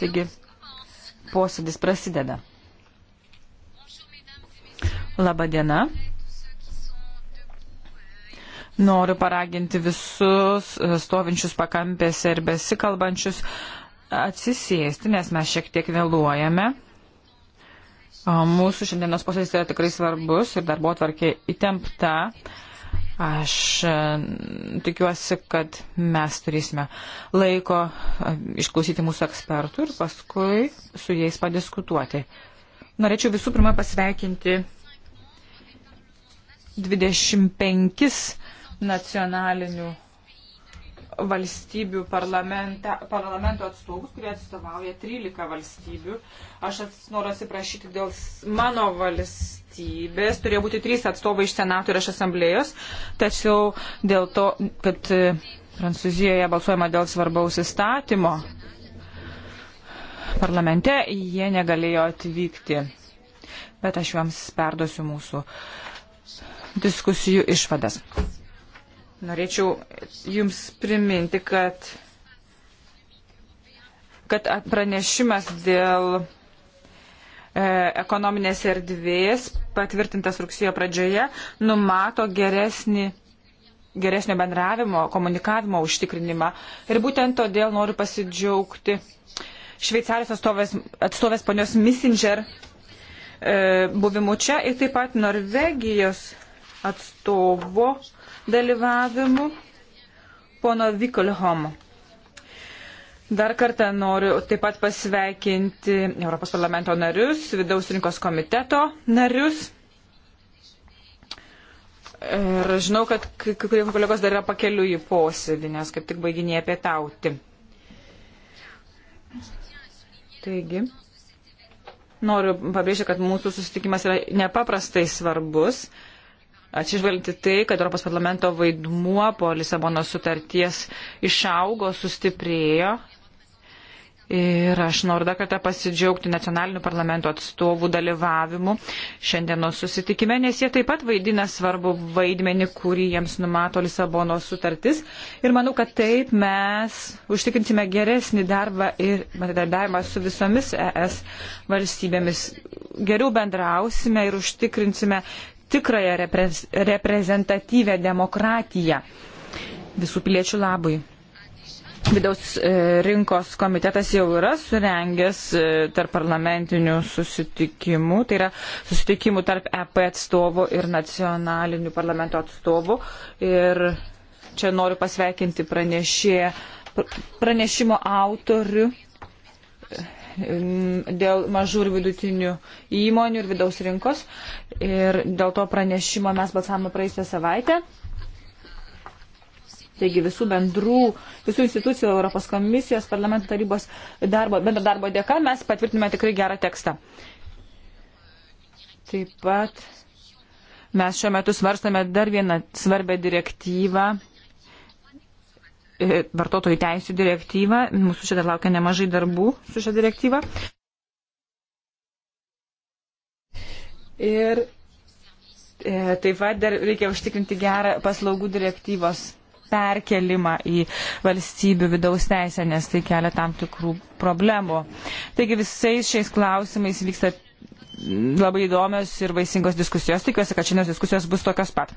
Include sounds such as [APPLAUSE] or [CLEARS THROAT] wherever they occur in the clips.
Taigi, posėdis prasideda. Labadiena. Noriu paraginti visus e, stovinčius pakampėse ir besikalbančius atsisėsti, nes mes šiek tiek vėluojame. O mūsų šiandienos posėdis yra tikrai svarbus ir darbo tvarkė įtempta. Aš e, tikiuosi, kad mes turėsime laiko e, išklausyti mūsų ekspertų ir paskui su jais padiskutuoti. Norėčiau visų pirma pasveikinti 25 nacionalinių valstybių parlamento atstovus, kurie atstovauja 13 valstybių. Aš noriu atsiprašyti dėl mano valstybės. Turėjo būti 3 atstovai iš Senato ir iš Asamblėjos, tačiau dėl to, kad e, Prancūzijoje balsuojama dėl svarbaus įstatymo, parlamente jie negalėjo atvykti. Bet aš jums perduosiu mūsų diskusijų išvadas. Norėčiau Jums priminti, kad, kad pranešimas dėl e, ekonominės erdvės patvirtintas rugsėjo pradžioje numato geresnį geresnio bendravimo, komunikavimo užtikrinimą. Ir būtent todėl noriu pasidžiaugti Šveicarijos atstovės, atstovės ponios Missinger e, buvimu čia ir taip pat Norvegijos atstovo dalyvavimu pono Vikolhomo. Dar kartą noriu taip pat pasveikinti Europos parlamento narius, vidaus rinkos komiteto narius. Ir žinau, kad kai kurie kolegos dar yra pakeliu į posėdį, nes kaip tik baiginėje pietauti. Taigi, noriu pabrėžti, kad mūsų susitikimas yra nepaprastai svarbus atsižvelgti tai, kad Europos parlamento vaidmuo po Lisabono sutarties išaugo, sustiprėjo. Ir aš noriu dar kartą pasidžiaugti nacionalinių parlamento atstovų dalyvavimu šiandienos susitikime, nes jie taip pat vaidina svarbu vaidmenį, kurį jiems numato Lisabono sutartis. Ir manau, kad taip mes užtikrinsime geresnį darbą ir bendradarbiavimą su visomis ES valstybėmis. Geriau bendrausime ir užtikrinsime tikrąją repres, reprezentatyvę demokratiją visų piliečių labui. Vidaus e, rinkos komitetas jau yra surengęs e, tarp parlamentinių susitikimų, tai yra susitikimų tarp EP atstovų ir nacionalinių parlamento atstovų. Ir čia noriu pasveikinti pranešė, pranešimo autorių dėl mažų ir vidutinių įmonių ir vidaus rinkos. Ir dėl to pranešimo mes balsavome praeisę savaitę. Taigi visų bendrų, visų institucijų Europos komisijos, parlamento tarybos darbo, bendro darbo dėka mes patvirtinime tikrai gerą tekstą. Taip pat mes šiuo metu svarstame dar vieną svarbę direktyvą E, vartotojų teisų direktyvą. Mūsų čia dar laukia nemažai darbų su šia direktyva. Ir e, taip pat dar reikia užtikrinti gerą paslaugų direktyvos perkelimą į valstybių vidaus teisę, nes tai kelia tam tikrų problemų. Taigi visais šiais klausimais vyksta labai įdomios ir vaisingos diskusijos. Tikiuosi, kad šiandienos diskusijos bus tokios pat.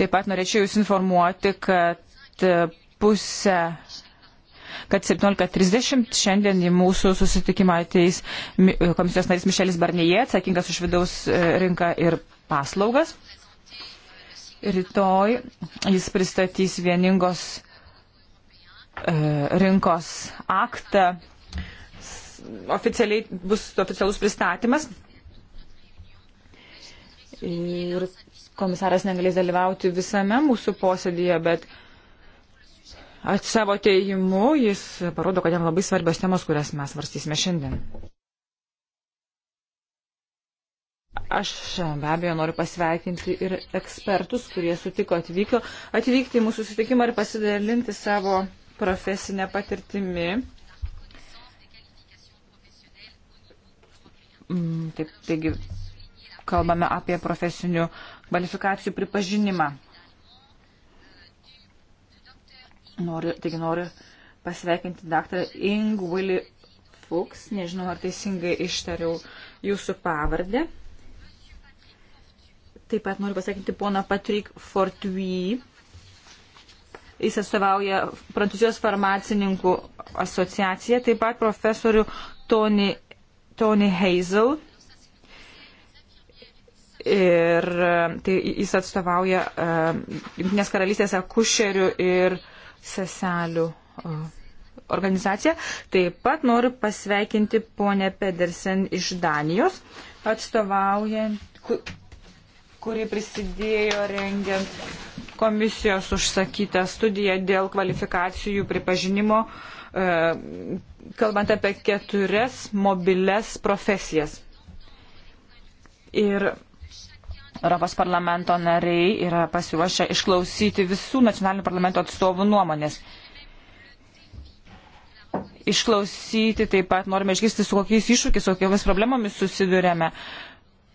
Taip pat norėčiau Jūs informuoti, kad e, pusę kad 17.30 šiandien į mūsų susitikimą ateis e, komisijos narys Mišelis Barnyje, atsakingas už vidaus e, rinką ir paslaugas. Rytoj jis pristatys vieningos rinkos aktą. Oficialiai bus oficialus pristatymas. Ir komisaras negalės dalyvauti visame mūsų posėdėje, bet at savo teigimu jis parodo, kad jam labai svarbios temos, kurias mes varstysime šiandien. Aš be abejo noriu pasveikinti ir ekspertus, kurie sutiko atvyko, atvykti į mūsų susitikimą ir pasidalinti savo profesinę patirtimi. Mm, taip, taigi kalbame apie profesinių kvalifikacijų pripažinimą. Noriu, taigi noriu pasveikinti daktarą Ingvili Fuchs, nežinau ar teisingai ištariau jūsų pavardę. Taip pat noriu pasveikinti poną Patrick Fortui. Jis atstovauja Prancūzijos farmacininkų asociaciją, taip pat profesorių Tony, Tony Hazel Ir e, tai jis atstovauja e, Junktinės uh, karalystės akušerių ir seselių uh, organizaciją. Taip pat noriu pasveikinti ponę Pedersen iš Danijos, atstovaujant, ku, kuri prisidėjo rengiant komisijos užsakytą studiją dėl kvalifikacijų pripažinimo, uh, kalbant apie keturias mobiles profesijas. Ir Europos parlamento nariai yra pasiruošę išklausyti visų nacionalinių parlamento atstovų nuomonės. Išklausyti taip pat norime išgirsti, su kokiais iššūkiais, su kokiamis problemomis susidurėme.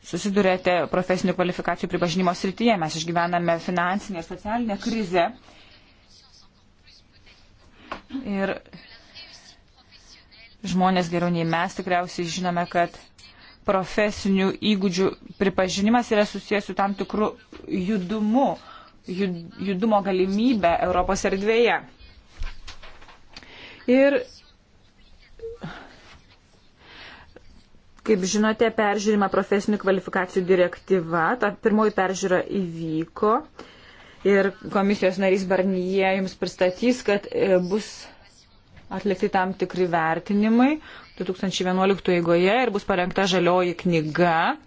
Susidurėte profesinių kvalifikacijų pripažinimo srityje. Mes išgyvename finansinę ir socialinę krizę. Ir žmonės geriau nei mes tikriausiai žinome, kad profesinių įgūdžių pripažinimas yra susijęs su tam tikru judumu, jud, judumo galimybę Europos erdvėje. Ir, kaip žinote, peržiūrima profesinių kvalifikacijų direktyva, ta pirmoji peržiūra įvyko ir komisijos narys Barnyje jums pristatys, kad e, bus atlikti tam tikri vertinimai, 2011 eigoje ir bus parengta žalioji knyga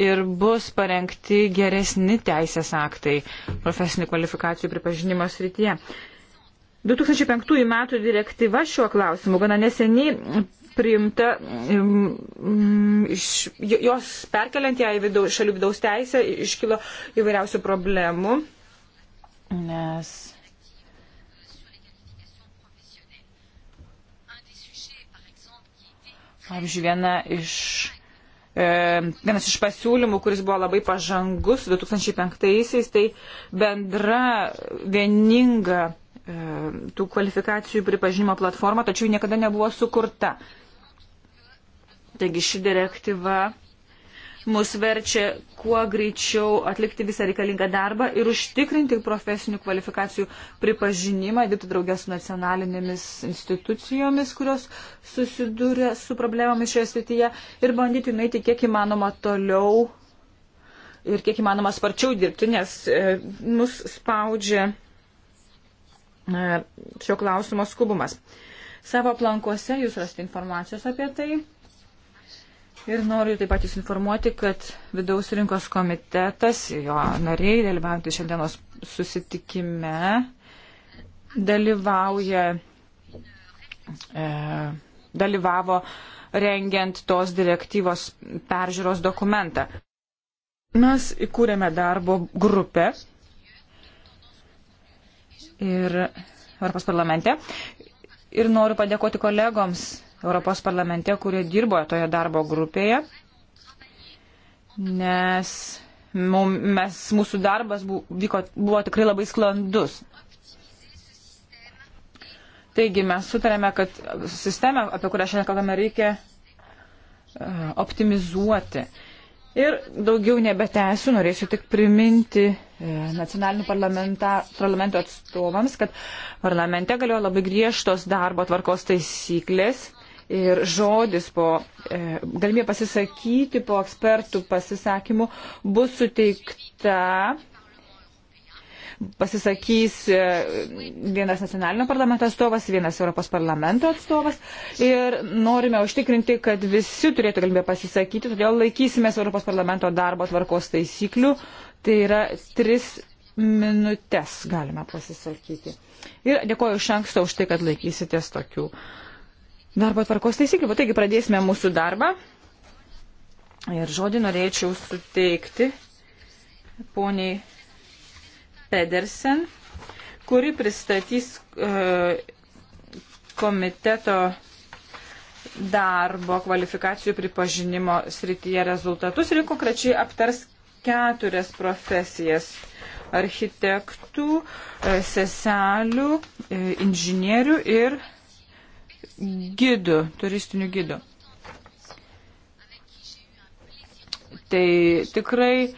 ir bus parengti geresni teisės aktai profesinių kvalifikacijų pripažinimo srityje. 2005 metų direktyva šiuo klausimu gana neseniai priimta, jos perkeliant ją į vidau, šalių vidaus teisę iškilo įvairiausių problemų, nes Pavyzdžiui, viena iš, e, vienas iš pasiūlymų, kuris buvo labai pažangus 2005-aisiais, tai bendra vieninga e, tų kvalifikacijų pripažinimo platforma, tačiau niekada nebuvo sukurta. Taigi ši direktyva mus verčia kuo greičiau atlikti visą reikalingą darbą ir užtikrinti profesinių kvalifikacijų pripažinimą, dirbti draugės su nacionalinėmis institucijomis, kurios susidūrė su problemomis šioje srityje ir bandyti nueiti kiek įmanoma toliau ir kiek įmanoma sparčiau dirbti, nes e, mus spaudžia e, šio klausimo skubumas. Savo plankuose jūs rasite informacijos apie tai. Ir noriu taip pat Jūs informuoti, kad vidaus rinkos komitetas, jo nariai, dalyvaujantys šiandienos susitikime, dalyvauja, e, dalyvavo rengiant tos direktyvos peržiūros dokumentą. Mes įkūrėme darbo grupę ir Europos parlamente ir noriu padėkoti kolegoms Europos parlamente, kurie dirbo toje darbo grupėje, nes mes, mūsų darbas buvo, vyko, buvo tikrai labai sklandus. Taigi mes sutarėme, kad sistemą, apie kurią šiandien kalbame, reikia uh, optimizuoti. Ir daugiau nebetęsiu, norėsiu tik priminti uh, nacionalinių parlamento atstovams, kad parlamente galioja labai griežtos darbo tvarkos taisyklės ir žodis po, e, galimybė pasisakyti po ekspertų pasisakymų bus suteikta. Pasisakys e, vienas nacionalinio parlamento atstovas, vienas Europos parlamento atstovas ir norime užtikrinti, kad visi turėtų galimybę pasisakyti, todėl laikysimės Europos parlamento darbo tvarkos taisyklių. Tai yra tris minutės galima pasisakyti. Ir dėkoju iš anksto už tai, kad laikysitės tokių uh, darbo tvarkos taisyklių. Taigi pradėsime mūsų darbą. Ir žodį norėčiau suteikti poniai Pedersen, kuri pristatys e, komiteto darbo kvalifikacijų pripažinimo srityje rezultatus ir konkrečiai aptars keturias profesijas - architektų, e, seselių, e, inžinierių ir gidų, turistinių gidų. Tai tikrai e,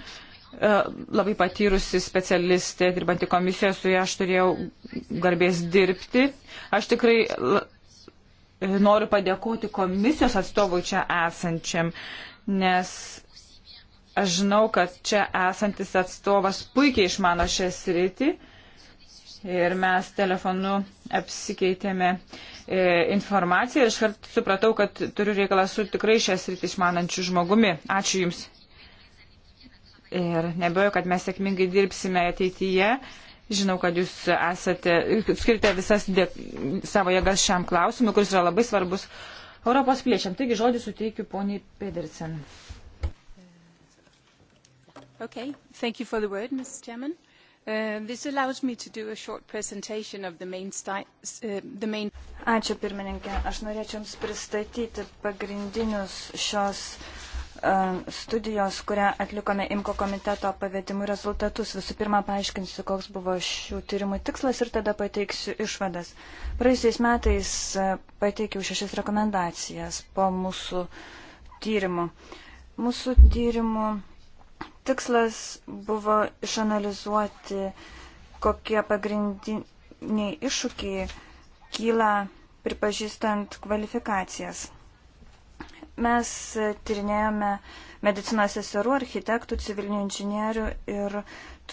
labai patyrusi specialistė, dirbanti komisijoje, su ja aš turėjau garbės dirbti. Aš tikrai e, noriu padėkoti komisijos atstovui čia esančiam, nes aš žinau, kad čia esantis atstovas puikiai išmano šią sritį ir mes telefonu apsikeitėme uh, E, informaciją ir iškart supratau, kad turiu reikalą su tikrai šias rytį išmanančiu žmogumi. Ačiū Jums. Ir nebejoju, kad mes sėkmingai dirbsime ateityje. Žinau, kad jūs esate, skirite visas dė, savo jėgas šiam klausimui, kuris yra labai svarbus Europos piliečiam. Taigi žodį suteikiu poniai Pedersen. Okay. Thank you for the word, Mr. Chairman. Uh, Uh, uh, Ačiū pirmininkė. Aš norėčiau Jums pristatyti pagrindinius šios uh, studijos, kurią atlikome IMKO komiteto pavėdimų rezultatus. Visų pirma, paaiškinsiu, koks buvo šių tyrimų tikslas ir tada pateiksiu išvadas. Praėjusiais metais uh, pateikiau šešias rekomendacijas po mūsų tyrimų. Mūsų tyrimų Tikslas buvo išanalizuoti, kokie pagrindiniai iššūkiai kyla pripažįstant kvalifikacijas. Mes tyrinėjome medicinos seserų, architektų, civilinių inžinierių ir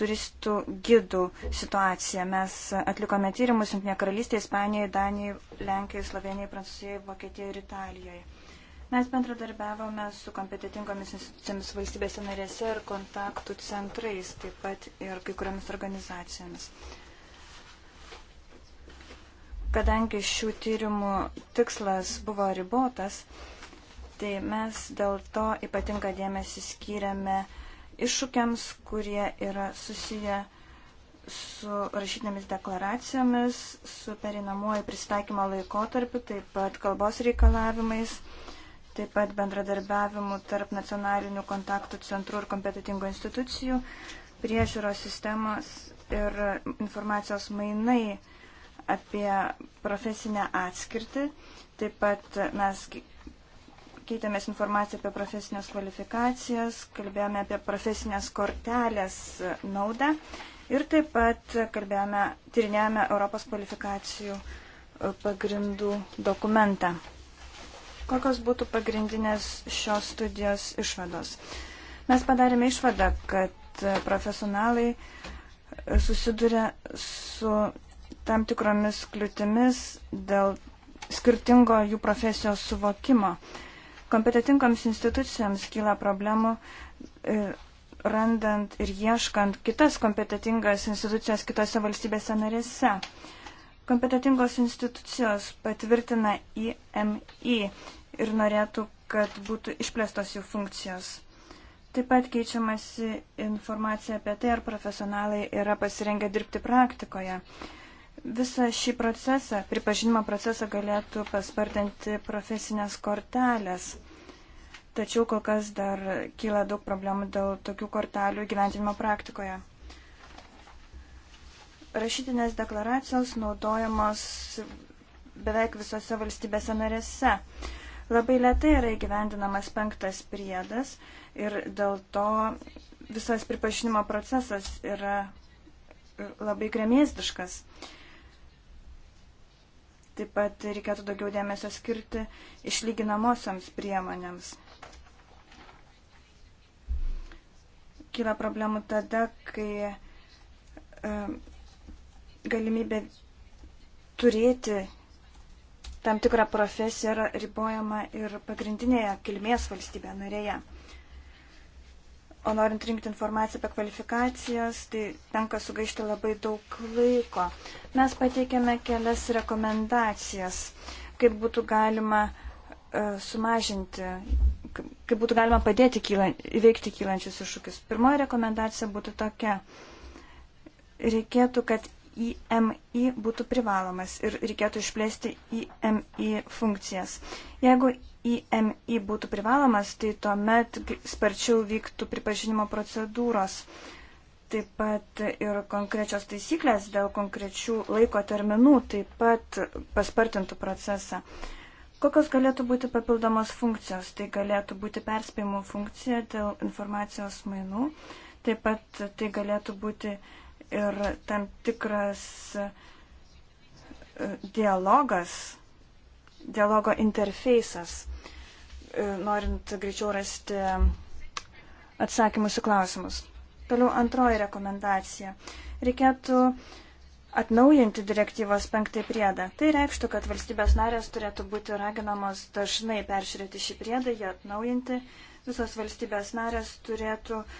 turistų gidų situaciją. Mes atlikome tyrimus Junktinė karalystė, Ispanijai, Danijai, Lenkijai, Slovenijai, Prancūzijai, Vokietijai ir Italijoje. Mes bendradarbiavome su kompetitingomis institucijomis valstybėse narėse ir kontaktų centrais, taip pat ir kai kuriamis organizacijomis. Kadangi šių tyrimų tikslas buvo ribotas, tai mes dėl to ypatingą dėmesį skiriame iššūkiams, kurie yra susiję su rašytinėmis deklaracijomis, su perinamuoju pristaikymo laikotarpiu, taip pat kalbos reikalavimais, taip pat bendradarbiavimu tarp nacionalinių kontaktų centrų ir kompetitingų institucijų, priežiūros sistemos ir informacijos mainai apie profesinę atskirtį. Taip pat mes keitėmės informaciją apie profesinės kvalifikacijas, kalbėjome apie profesinės kortelės naudą ir taip pat kalbėjome, tyrinėjome Europos kvalifikacijų pagrindų dokumentą. Kokios būtų pagrindinės šios studijos išvados? Mes padarėme išvadą, kad profesionalai susiduria su tam tikromis kliūtimis dėl skirtingo jų profesijos suvokimo. Kompetitinkoms institucijoms kyla problemų e, randant ir ieškant kitas kompetitingas institucijas kitose valstybėse narėse. Kompetitingos institucijos patvirtina IMI ir norėtų, kad būtų išplėstos jų funkcijos. Taip pat keičiamasi informacija apie tai, ar profesionalai yra pasirengę dirbti praktikoje. Visą šį procesą, pripažinimo procesą galėtų paspartinti profesinės kortelės. Tačiau kol kas dar kyla daug problemų dėl tokių kortelių gyventinimo praktikoje. Rašytinės deklaracijos naudojamos beveik visose valstybėse narėse. Labai lietai yra įgyvendinamas penktas priedas ir dėl to visas pripažinimo procesas yra labai gremėzdiškas. Taip pat reikėtų daugiau dėmesio skirti išlyginamosioms priemonėms. Kyla problemų tada, kai e, galimybė turėti tam tikra profesija yra ribojama ir pagrindinėje kilmės valstybėje narėje. O norint rinkti informaciją apie kvalifikacijas, tai tenka sugaišti labai daug laiko. Mes pateikėme kelias rekomendacijas, kaip būtų galima e, sumažinti, kaip būtų galima padėti kyla, įveikti kylančius iššūkius. Pirmoji rekomendacija būtų tokia. Reikėtų, kad IMI būtų privalomas ir reikėtų išplėsti IMI funkcijas. Jeigu IMI būtų privalomas, tai tuomet sparčiau vyktų pripažinimo procedūros. Taip pat ir konkrečios taisyklės dėl konkrečių laiko terminų taip pat paspartintų procesą. Kokios galėtų būti papildomos funkcijos? Tai galėtų būti perspėjimo funkcija dėl informacijos mainų. Taip pat tai galėtų būti uh, ir tam tikras e, dialogas, dialogo interfejsas, e, norint greičiau rasti atsakymus į klausimus. Toliau antroji rekomendacija. Reikėtų atnaujinti direktyvos penktąjį priedą. Tai reikštų, kad valstybės narės turėtų būti raginamos dažnai peržiūrėti šį priedą, jį atnaujinti. Visos valstybės narės turėtų uh,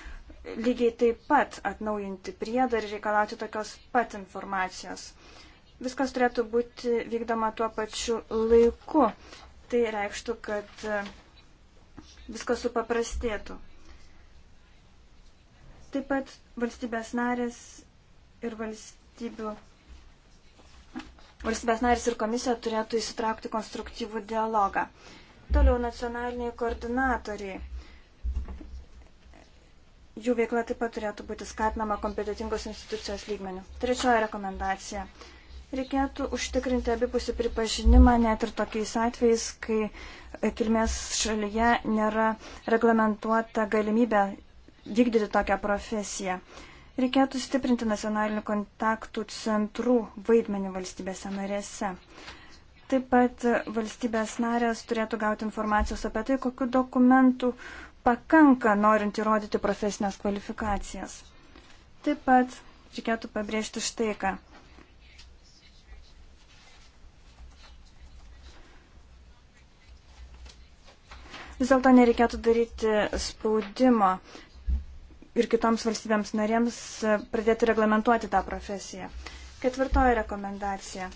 lygiai taip pat atnaujinti priedą ir reikalauti tokios pat informacijos. Viskas turėtų būti vykdoma tuo pačiu laiku. Tai reikštų, kad e, viskas supaprastėtų. Taip pat valstybės narės ir valstybių. Valstybės narės ir komisija turėtų įsitraukti konstruktyvų dialogą. Toliau nacionaliniai koordinatoriai jų veikla taip pat turėtų būti skatinama kompetitingos institucijos lygmenių. Trečioji rekomendacija. Reikėtų užtikrinti abipusį pripažinimą net ir tokiais atvejais, kai e, kilmės šalyje nėra reglamentuota galimybė vykdyti tokią profesiją. Reikėtų stiprinti nacionalinių kontaktų centrų vaidmenį valstybėse narėse. Taip pat valstybės narės turėtų gauti informacijos apie tai, kokiu dokumentu pakanka norint įrodyti profesinės kvalifikacijas. Taip pat reikėtų pabrėžti štai ką. Vis dėlto nereikėtų daryti spaudimo ir kitoms valstybėms narėms pradėti reglamentuoti tą profesiją. Ketvirtoji rekomendacija.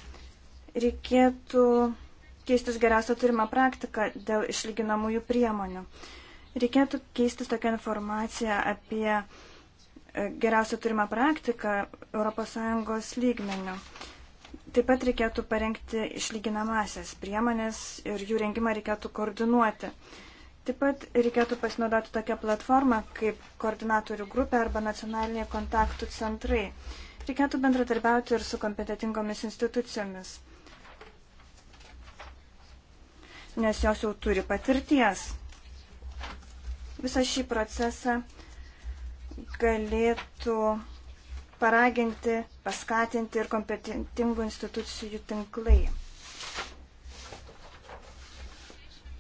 Reikėtų keistis geriausią turimą praktiką dėl išlyginamųjų priemonių. Reikėtų keistis tokią informaciją apie e, geriausią turimą praktiką ES lygmenių. Taip pat reikėtų parengti išlyginamasias priemonės ir jų rengimą reikėtų koordinuoti. Taip pat reikėtų pasinaudoti tokią platformą kaip koordinatorių grupė arba nacionaliniai kontaktų centrai. Reikėtų bendradarbiauti ir su kompetitingomis institucijomis, nes jos jau turi patirties visą šį procesą galėtų paraginti, paskatinti ir kompetentingų institucijų tinklai.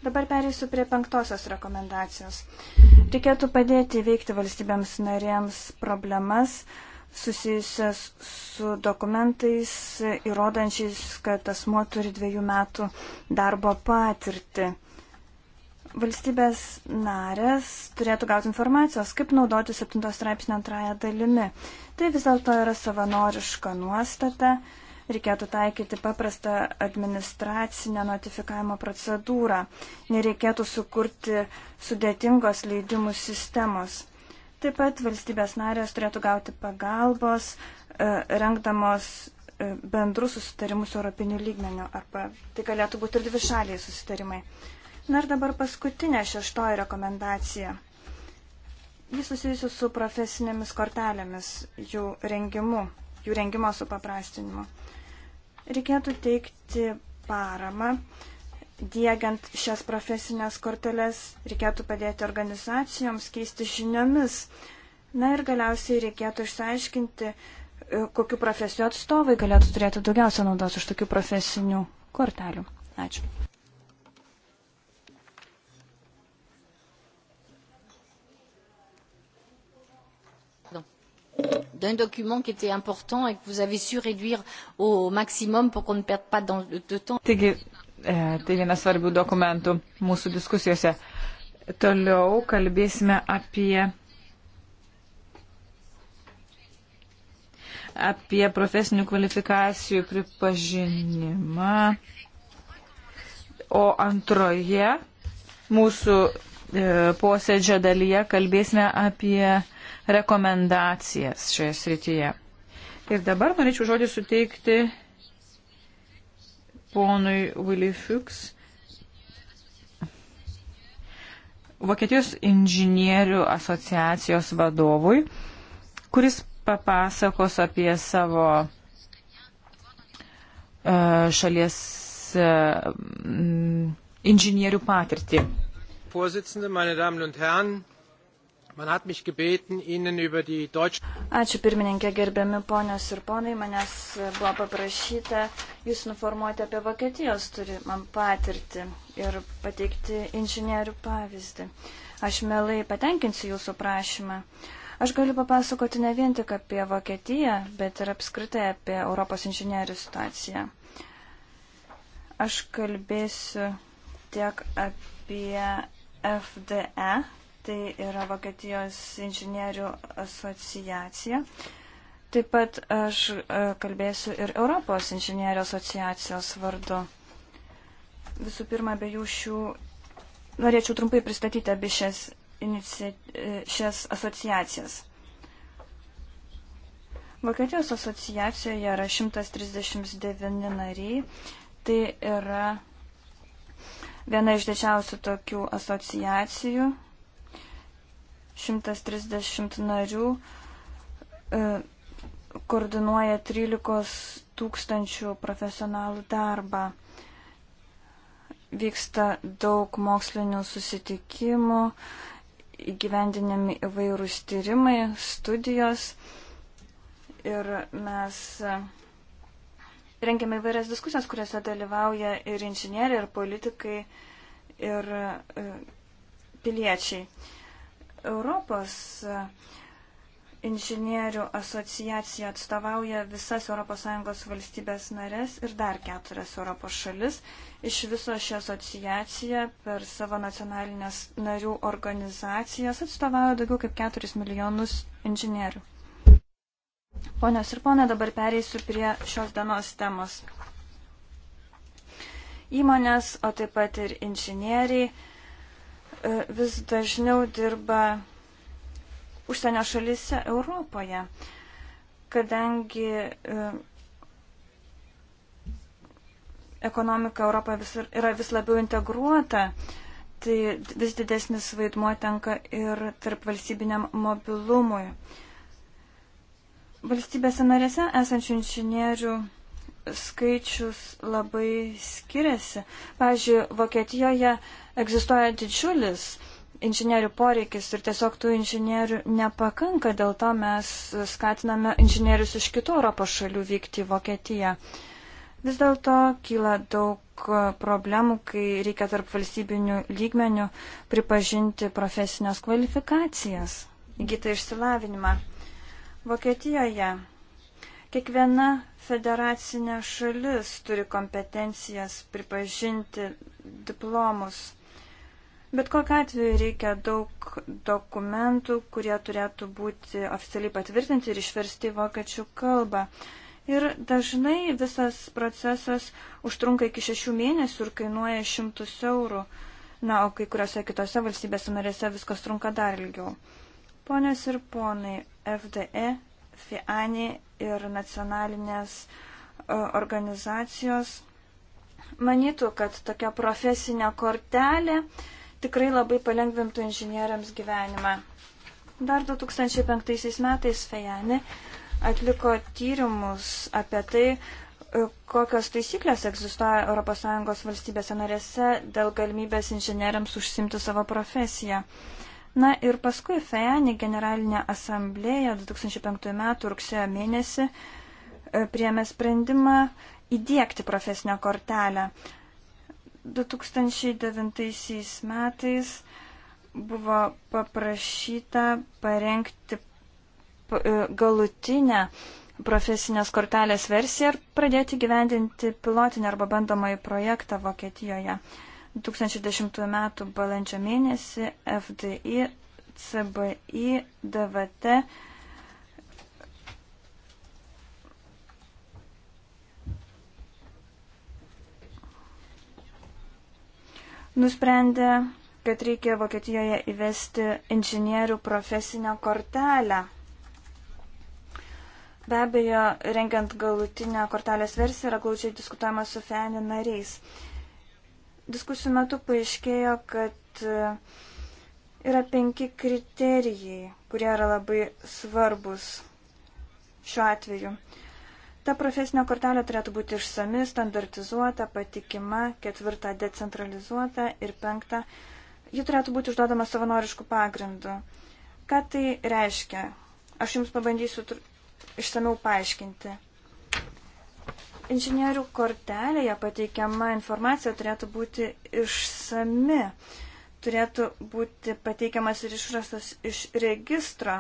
Dabar perėsiu prie penktosios rekomendacijos. Reikėtų padėti veikti valstybėms narėms problemas susijusias su dokumentais įrodančiais, kad asmo turi dviejų metų darbo patirtį valstybės narės turėtų gauti informacijos, kaip naudoti 7 straipsnio antrąją dalimi. Tai vis dėlto yra savanoriška nuostata, reikėtų taikyti paprastą administracinę notifikavimo procedūrą, nereikėtų sukurti sudėtingos leidimų sistemos. Taip pat valstybės narės turėtų gauti pagalbos, e, rengdamos e, bendrus susitarimus europinių lygmenių, arba tai galėtų būti ir dvišaliai susitarimai. Na ir dabar paskutinė šeštoji rekomendacija. Jis susijusi su profesinėmis kortelėmis, jų rengimu, jų rengimo supaprastinimu. Reikėtų teikti paramą, diegiant šias profesinės korteles, reikėtų padėti organizacijoms keisti žiniomis. Na ir galiausiai reikėtų išsiaiškinti, e, kokiu profesijų atstovai galėtų turėti daugiausia naudos iš tokių profesinių kortelių. Ačiū. d'un document qui était important et que vous avez su réduire au maximum pour qu'on ne perde pas dans, de temps. Taigi, e, tai vienas svarbių dokumentų mūsų diskusijose. Toliau kalbėsime apie, apie profesinių kvalifikacijų pripažinimą. O antroje mūsų e, posėdžio dalyje kalbėsime apie rekomendacijas šioje srityje. Ir dabar norėčiau žodį suteikti ponui Willy Fuchs, Vokietijos inžinierių asociacijos vadovui, kuris papasakos apie savo e, šalies e, inžinierių patirtį. Vorsitzende, meine Damen und Herren, Ačiū pirmininkė, gerbiami ponios ir ponai, manęs buvo paprašyta jūs nuformuoti apie Vokietijos turimą patirtį ir pateikti inžinierių pavyzdį. Aš melai patenkinsiu jūsų prašymą. Aš galiu papasakoti ne vien tik apie Vokietiją, bet ir apskritai apie Europos inžinierių situaciją. Aš kalbėsiu tiek apie FDE tai yra Vokietijos inžinierių asociacija. Taip pat aš e, kalbėsiu ir Europos inžinierių asociacijos vardu. Visų pirma, be jų šių norėčiau trumpai pristatyti abi šias, inici... E, šias asociacijas. Vokietijos asociacijoje yra 139 nariai. Tai yra viena iš didžiausių tokių asociacijų 130 narių e, koordinuoja 13 tūkstančių profesionalų darbą. Vyksta daug mokslinių susitikimų, įgyvendinami įvairūs tyrimai, studijos ir mes e, rengiame įvairias diskusijas, kuriuose dalyvauja ir inžinieriai, ir politikai, ir e, piliečiai. Europos e, inžinierių asociacija atstovauja visas ES valstybės narės ir dar keturias Europos šalis. Iš viso ši asociacija per savo nacionalinės narių organizacijas atstovauja daugiau kaip 4 milijonus inžinierių. Ponios ir ponai, dabar pereisiu prie šios dienos temos. Įmonės, o taip pat ir inžinieriai E, vis dažniau dirba užsienio šalyse Europoje, kadangi e, ekonomika Europoje vis, yra vis labiau integruota, tai vis didesnis vaidmuo tenka ir tarp valstybiniam mobilumui. Valstybėse narėse esančių inžinierių skaičius labai skiriasi. Pavyzdžiui, Vokietijoje egzistuoja didžiulis inžinierių poreikis ir tiesiog tų inžinierių nepakanka, dėl to mes skatiname inžinierius iš kitų Europos šalių vykti į Vokietiją. Vis dėlto kyla daug problemų, kai reikia tarp valstybinių lygmenių pripažinti profesinės kvalifikacijas, įgytą išsilavinimą. Vokietijoje kiekviena federacinė šalis turi kompetencijas pripažinti diplomus. Bet kokiu atveju reikia daug dokumentų, kurie turėtų būti oficialiai patvirtinti ir išversti į vokiečių kalbą. Ir dažnai visas procesas užtrunka iki šešių mėnesių ir kainuoja šimtus eurų. Na, o kai kuriuose kitose valstybėse narėse viskas trunka dar ilgiau. Ponios ir ponai, FDE FIANI ir nacionalinės e, organizacijos manytų, kad tokia profesinė kortelė tikrai labai palengvintų inžinieriams gyvenimą. Dar 2005 metais FIANI atliko tyrimus apie tai, e, kokios taisyklės egzistuoja ES valstybėse narėse dėl galimybės inžinieriams užsimti savo profesiją. Uh, Na ir paskui FEANI generalinė asamblėja 2005 m. rugsėjo mėnesį e, priėmė sprendimą įdėkti profesinę kortelę. 2009 metais buvo paprašyta parengti e, galutinę profesinės kortelės versiją ir pradėti gyvendinti pilotinį arba bandomąjį projektą Vokietijoje. 2010 m. balandžio mėnesį FDI, CBI, DVT nusprendė, kad reikia Vokietijoje įvesti inžinierių profesinę kortelę. Be abejo, rengiant galutinę kortelės versiją yra glaučiai diskutuojama su FENI nariais. Diskusijų metu paaiškėjo, kad e, yra penki kriterijai, kurie yra labai svarbus šiuo atveju. Ta profesinio kortelė turėtų būti išsami, standartizuota, patikima, ketvirta decentralizuota ir penkta. Ji turėtų būti užduodama savanoriškų pagrindų. Ką tai reiškia? Aš jums pabandysiu tr... išsamiau paaiškinti. Inžinierių kortelėje pateikiama informacija turėtų būti išsami, turėtų būti pateikiamas ir išrastas iš registro.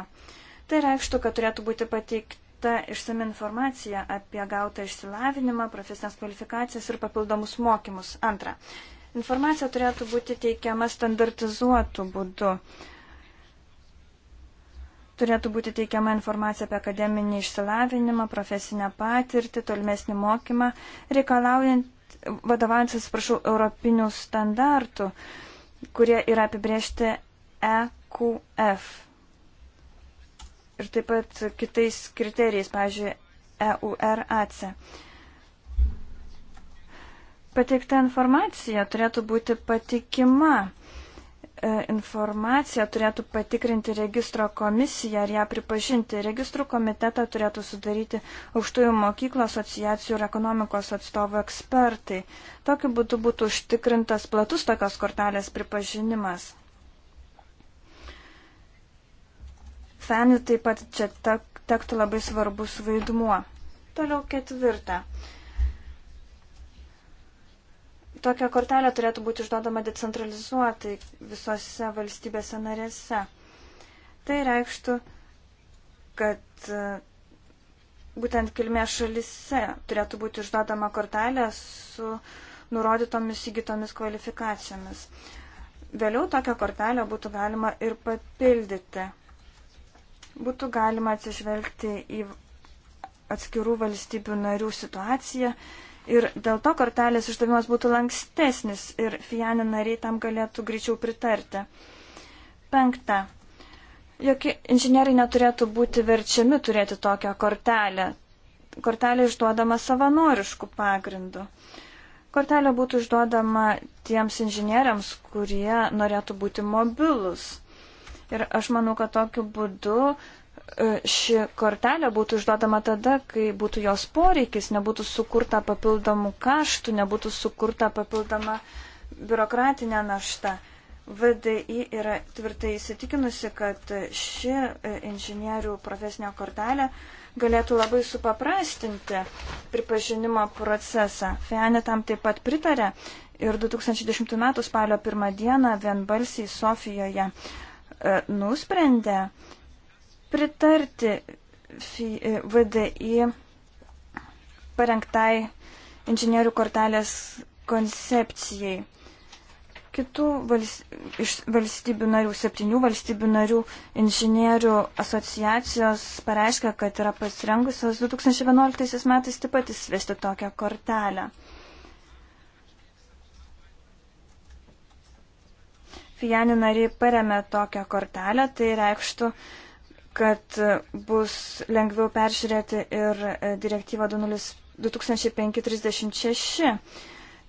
Tai reikštų, kad turėtų būti pateikta išsami informacija apie gautą išsilavinimą, profesinės kvalifikacijas ir papildomus mokymus. Antra, informacija turėtų būti teikiama standartizuotų būdų. Turėtų būti teikiama informacija apie akademinį išsilavinimą, profesinę patirtį, tolimesnį mokymą, reikalaujant, vadovaujant, atsiprašau, europinių standartų, kurie yra apibriežti EQF. Ir taip pat kitais kriterijais, pavyzdžiui, EURAC. Pateikta informacija turėtų būti patikima E, informaciją turėtų patikrinti registro komisija ir ją pripažinti. Registrų komitetą turėtų sudaryti aukštųjų mokyklų asociacijų ir ekonomikos atstovų ekspertai. Tokiu būdu būtų užtikrintas platus tokios kortelės pripažinimas. FENI taip pat čia tektų labai svarbus vaidmuo. Toliau ketvirta. Tokia kortelė turėtų būti išduodama decentralizuotai visose valstybėse narėse. Tai reikštų, kad e, būtent kilmės šalise turėtų būti išduodama kortelė su nurodytomis įgytomis kvalifikacijomis. Vėliau tokią kortelę būtų galima ir papildyti. Būtų galima atsižvelgti į atskirų valstybių narių situaciją Ir dėl to kortelės išdavimas būtų lankstesnis ir FIANI nariai tam galėtų greičiau pritarti. Penkta. Jokie inžinieriai neturėtų būti verčiami turėti tokią kortelę. Kortelė išduodama savanoriškų pagrindų. Kortelė būtų išduodama tiems inžinieriams, kurie norėtų būti mobilus. Ir aš manau, kad tokiu būdu E, ši kortelė būtų išduodama tada, kai būtų jos poreikis, nebūtų sukurta papildomų kaštų, nebūtų sukurta papildoma biurokratinė našta. VDI yra tvirtai įsitikinusi, kad ši e, inžinierių profesinė kortelė galėtų labai supaprastinti pripažinimo procesą. Fianė tam taip pat pritarė ir 2010 m. spalio 1 dieną vienbalsiai Sofijoje e, nusprendė, pritarti VDI e, parengtai inžinierių kortelės koncepcijai. Kitų vals, iš valstybių narių, septynių valstybių narių inžinierių asociacijos pareiškia, kad yra pasirengusios 2011 metais taip pat įsivesti tokią kortelę. Fijani nariai paremė tokią kortelę, tai reikštų, uh, kad bus lengviau peržiūrėti ir e, direktyvą 2005-36,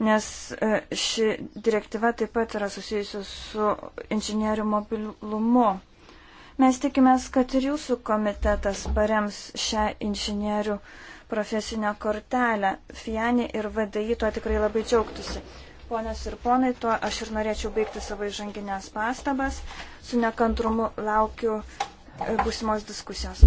nes e, ši direktyva taip pat yra susijusi su inžinierių mobilumu. Mes tikimės, kad ir jūsų komitetas parems šią inžinierių profesinę kortelę. Fiani ir VDI tuo tikrai labai džiaugtųsi. Ponios ir ponai, tuo aš ir norėčiau baigti savo įžanginės pastabas. Su nekantrumu laukiu E, būsimos diskusijos.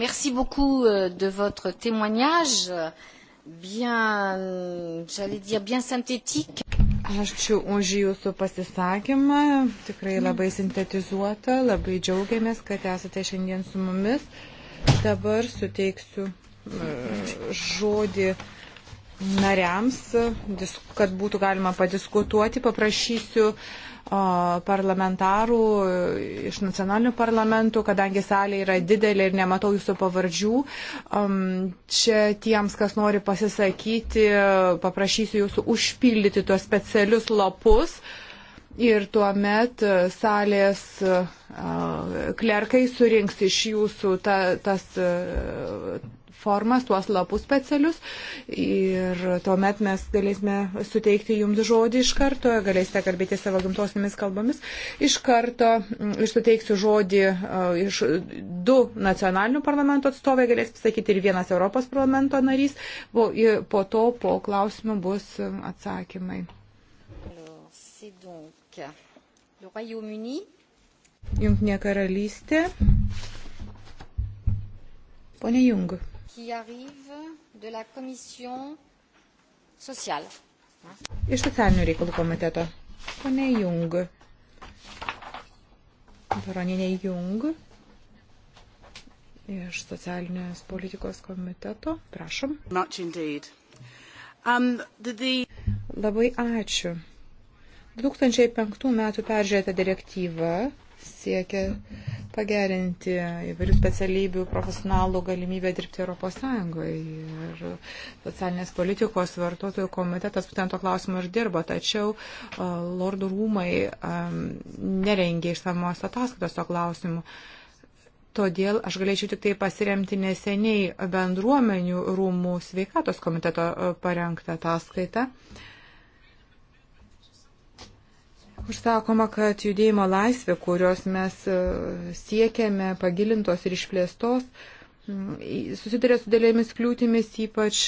Merci beaucoup euh, de votre témoignage, bien, j'allais dire, bien synthétique. Ačiū už jūsų pasisakymą, tikrai labai sintetizuota, labai džiaugiamės, kad esate šiandien su mumis. Dabar suteiksiu žodį nariams, kad būtų galima padiskutuoti. Paprašysiu parlamentarų e, iš nacionalinių parlamentų, kadangi salė yra didelė ir nematau jūsų pavardžių. Čia tiems, kas nori pasisakyti, paprašysiu jūsų užpildyti tuos specialius lapus. Ir tuomet e, salės e, klerkai surinks iš jūsų ta, tas formas, tuos lapus specialius ir tuomet mes galėsime suteikti jums žodį iš karto, galėsite kalbėti savo gimtosiamis kalbomis. Iš karto mm, ir suteiksiu žodį iš du nacionalinių parlamento atstovai, galės pasakyti ir vienas Europos parlamento narys, po, po to po klausimų bus atsakymai. Jungtinė karalystė. Pone Jung qui arrive de la Commission sociale. Iš socialinių reikalų komiteto. Pone Jung. Baroninė Jung. Iš socialinės politikos komiteto. Prašom. Much indeed. Um, the, the... Labai ačiū. 2005 metų peržiūrėta direktyva siekia pagerinti įvairių specialybių profesionalų galimybę dirbti ES. Ir socialinės politikos vartotojų komitetas būtent to klausimo ir dirbo, tačiau lordų rūmai nerengė išsamos ataskaitos to klausimu. Todėl aš galėčiau tik tai pasiremti neseniai bendruomenių rūmų sveikatos komiteto parengtą ataskaitą. Uh, Užsakoma, kad judėjimo laisvė, kurios mes e, siekiame pagilintos ir išplėstos, susiduria su dėlėmis kliūtimis, ypač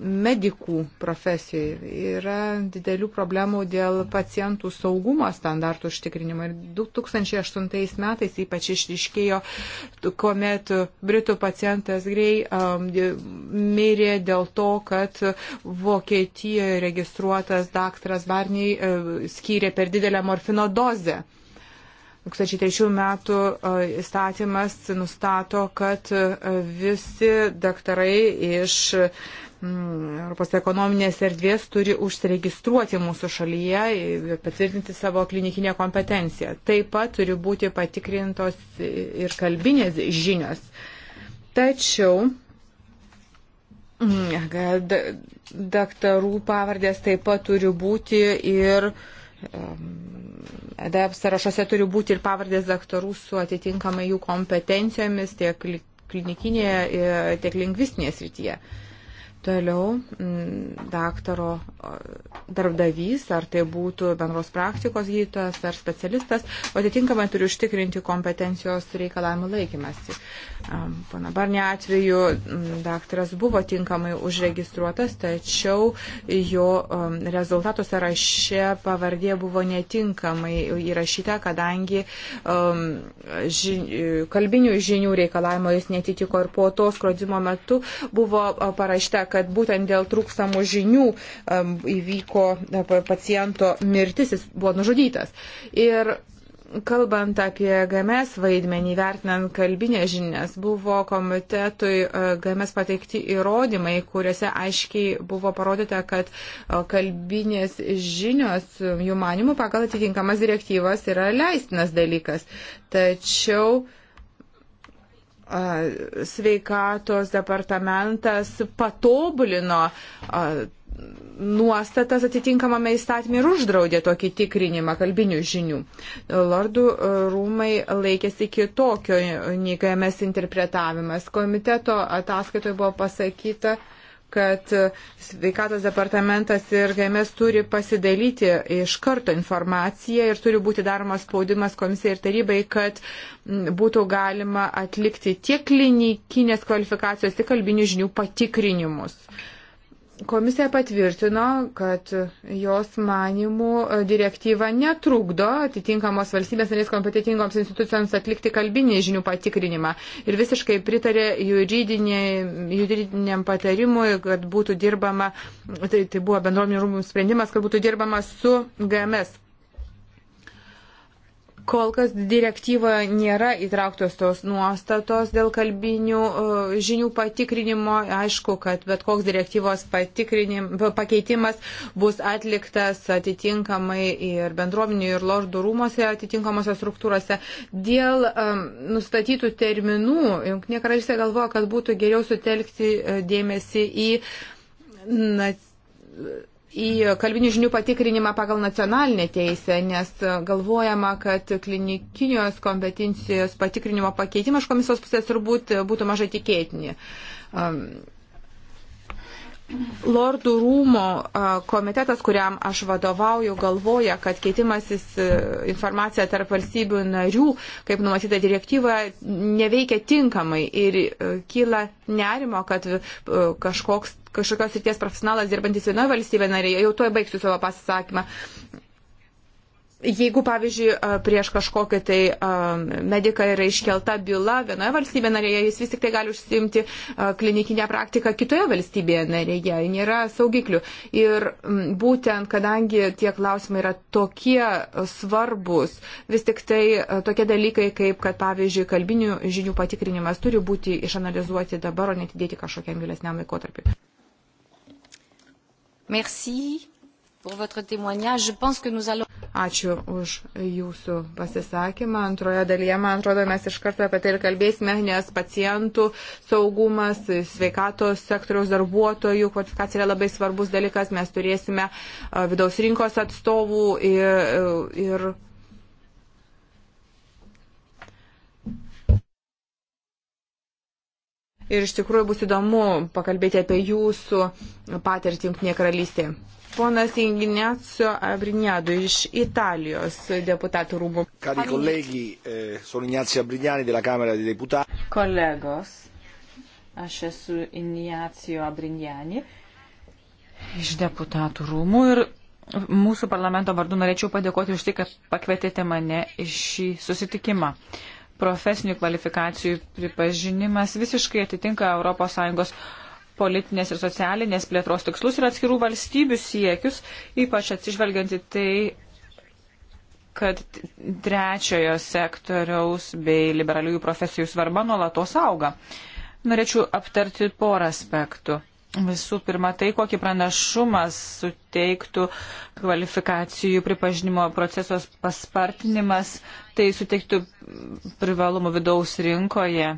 medikų profesijoje. Yra didelių problemų dėl pacientų saugumo standartų užtikrinimo. Ir 2008 metais ypač išriškėjo, kuomet Britų pacientas grei um, mirė dėl to, kad Vokietijoje registruotas daktaras Varniai uh, skyrė per didelę morfino dozę. 2003 metų e, įstatymas nustato, kad e, visi daktarai iš mm, Europos ekonominės erdvės turi užsiregistruoti mūsų šalyje, e, patvirtinti savo klinikinę kompetenciją. Taip pat turi būti patikrintos ir kalbinės žinios. Tačiau mm, kad daktarų pavardės taip pat turi būti ir uh, EDF sąrašuose turi būti ir pavardės daktarų su atitinkamai jų kompetencijomis tiek klinikinėje, tiek lingvistinėje srityje. Toliau mm, daktaro darbdavys, ar tai būtų bendros praktikos gydytojas ar specialistas, o atitinkamai turi užtikrinti kompetencijos reikalavimų laikymasi. Pana Barnė atveju mm, daktaras buvo tinkamai užregistruotas, tačiau jo rezultatų sąraše pavardė buvo netinkamai įrašyta, kadangi um, ži, kalbinių žinių reikalavimo jis netitiko ir po to skrodimo metu buvo parašyta, kad būtent dėl trūksamų žinių įvyko e, paciento mirtis, jis buvo nužudytas. Ir kalbant apie GMS vaidmenį, vertinant kalbinės žinias, buvo komitetui e, GMS pateikti įrodymai, kuriuose aiškiai buvo parodyta, kad e, kalbinės žinios, jų manimų, pagal atitinkamas direktyvas yra leistinas dalykas. Tačiau uh, sveikatos departamentas patobulino nuostatas atitinkamame įstatymė ir uždraudė tokį tikrinimą kalbinių žinių. Lordų rūmai laikėsi kitokio nei KMS interpretavimas. Komiteto ataskaitoje buvo pasakyta, kad sveikatos departamentas ir GMS turi pasidalyti iš karto informaciją ir turi būti daromas spaudimas komisijai ir tarybai, kad būtų galima atlikti tiek klinikinės kvalifikacijos, tiek kalbinių žinių patikrinimus. Uh, Komisija patvirtino, kad jos manimų direktyva netrukdo atitinkamos valstybės narės kompetitingoms institucijoms atlikti kalbinį žinių patikrinimą ir visiškai pritarė juridiniam patarimui, kad būtų dirbama, tai, tai buvo bendruomenių rūmų sprendimas, kad būtų dirbama su GMS Kol kas direktyvoje nėra įtrauktos tos nuostatos dėl kalbinių e, žinių patikrinimo. Aišku, kad bet koks direktyvos pakeitimas bus atliktas atitinkamai ir bendruomenių, ir lordų rūmose atitinkamose struktūrose. Dėl um, nustatytų terminų, Junknė karalystė galvoja, kad būtų geriau sutelkti e, dėmesį į. Na, į kalbinių žinių patikrinimą pagal nacionalinę teisę, nes galvojama, kad klinikinios kompetencijos patikrinimo pakeitimas iš komisijos pusės turbūt būtų mažai tikėtini. Um, Lordų rūmo komitetas, kuriam aš vadovauju, galvoja, kad keitimasis e, informacija tarp valstybių narių, kaip numatyta direktyva, neveikia tinkamai ir e, kyla nerimo, kad e, kažkoks kažkokios ryties profesionalas dirbantis vienoje valstybėje narėje, jau tuoj baigsiu savo pasisakymą, Jeigu, pavyzdžiui, prieš kažkokį tai mediką yra iškelta byla vienoje valstybėje narėje, jis vis tik tai gali užsimti klinikinę praktiką kitoje valstybėje narėje, nėra saugiklių. Ir būtent, kadangi tie klausimai yra tokie svarbus, vis tik tai tokie dalykai, kaip, kad, pavyzdžiui, kalbinių žinių patikrinimas turi būti išanalizuoti dabar, o netidėti kažkokiam vėlesniam laikotarpiu. Merci pour votre témoignage. Je pense que nous allons. Ačiū už jūsų pasisakymą. Antroje dalyje, man atrodo, mes iš karto apie tai ir kalbėsime, nes pacientų saugumas, sveikatos sektoriaus darbuotojų kvalifikacija yra labai svarbus dalykas. Mes turėsime vidaus rinkos atstovų ir. ir Ir iš tikrųjų bus įdomu pakalbėti apie jūsų patirtį Junktinėje karalystėje. Ponas Ignazio Abrignado iš Italijos deputatų rūmų. Cari colleghi, eh, sono Ignazio Abrignani della Camera dei Deputati. Kolegos, aš esu Ignazio Abrignani iš deputatų rūmų ir mūsų parlamento vardu norėčiau padėkoti už tai, kad pakvietėte mane į šį susitikimą. Profesinių kvalifikacijų pripažinimas visiškai atitinka ES politinės ir socialinės plėtros tikslus ir atskirų valstybių siekius, ypač atsižvelgiant į tai, kad trečiojo sektoriaus bei liberaliųjų profesijų svarba nuolatos auga. Norėčiau aptarti porą aspektų. Visų pirma, tai kokį pranašumą suteiktų kvalifikacijų pripažinimo procesos paspartinimas, tai suteiktų privalumų vidaus rinkoje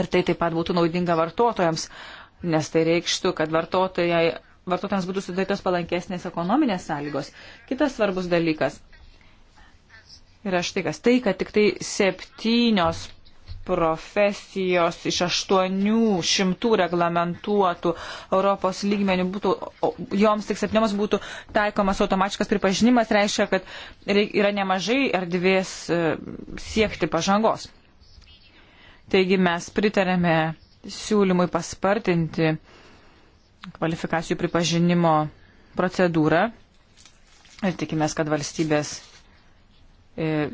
Ir tai taip pat būtų naudinga vartotojams, nes tai reikštų, kad vartotojai, vartotojams būtų sudarytos palankesnės ekonominės sąlygos. Kitas svarbus dalykas yra štai kas. Tai, kad tik tai septynios profesijos iš 800 reglamentuotų Europos lygmenių būtų, joms tik septynioms būtų taikomas automatiškas pripažinimas, reiškia, kad yra nemažai erdvės e, siekti pažangos. Taigi mes pritarėme siūlymui paspartinti kvalifikacijų pripažinimo procedūrą ir tikimės, kad valstybės e,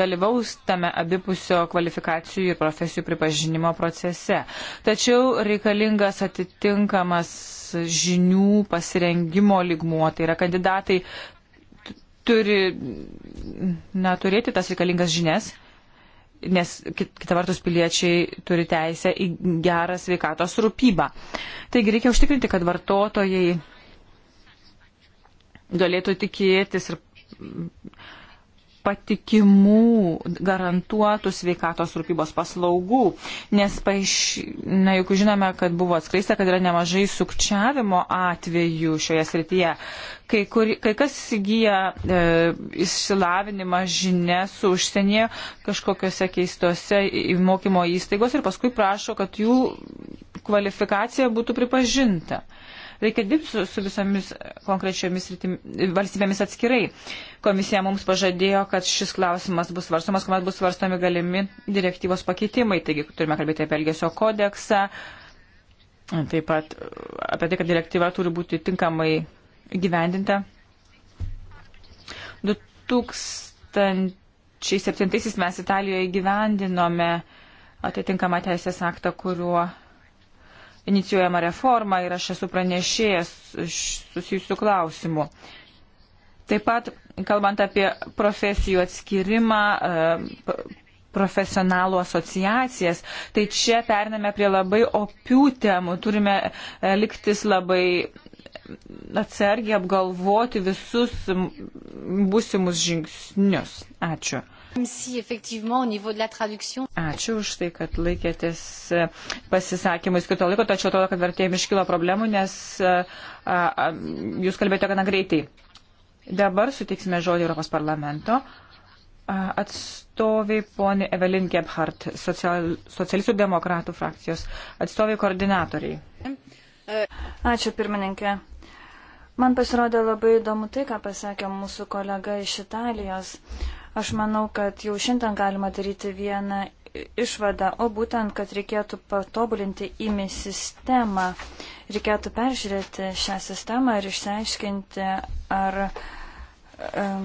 dalyvaus tame abipusio kvalifikacijų ir profesijų pripažinimo procese. Tačiau reikalingas atitinkamas žinių pasirengimo ligmuo, tai yra kandidatai turi na, turėti tas reikalingas žinias nes kita vertus piliečiai turi teisę į gerą sveikatos rūpybą. Taigi reikia užtikrinti, kad vartotojai galėtų tikėtis ir patikimų, garantuotų sveikatos rūpybos paslaugų, nes, paaiš, na, juk žinome, kad buvo atskleista, kad yra nemažai sukčiavimo atvejų šioje srityje. Kai, kur, kai kas įgyja e, išsilavinimą žinias užsienyje kažkokiose keistose mokymo įstaigos ir paskui prašo, kad jų kvalifikacija būtų pripažinta. E, Reikia dirbti su, su visomis konkrečiomis rytim, valstybėmis atskirai. Komisija mums pažadėjo, kad šis klausimas bus svarstomas, kuomet bus svarstomi galimi direktyvos pakeitimai. Taigi turime kalbėti apie Elgesio kodeksą, taip pat apie tai, kad direktyva turi būti tinkamai gyvendinta. 2007 mes Italijoje gyvendinome atitinkamą teisės aktą, kuriuo inicijuojama reforma ir aš esu pranešėjęs susijusių klausimų. Taip pat, kalbant apie profesijų atskirimą, e, profesionalų asociacijas, tai čia pername prie labai opių temų, turime e, liktis labai atsargiai apgalvoti visus būsimus žingsnius. Ačiū. Ačiū už tai, kad laikėtės e, pasisakymui skirto laiko, tačiau atrodo, kad vertėjim iškilo problemų, nes e, a, a, jūs kalbėjote gana greitai. Dabar sutiksime žodį Europos parlamento atstovai poni Evelin Gebhardt, social, socialistų demokratų frakcijos, atstovai koordinatoriai. Ačiū pirmininkė. Man pasirodė labai įdomu tai, ką pasakė mūsų kolega iš Italijos. Uh, Aš manau, kad jau šiandien galima daryti vieną išvadą, o būtent, kad reikėtų patobulinti įmi sistemą. Reikėtų peržiūrėti šią sistemą ir išsiaiškinti, ar um,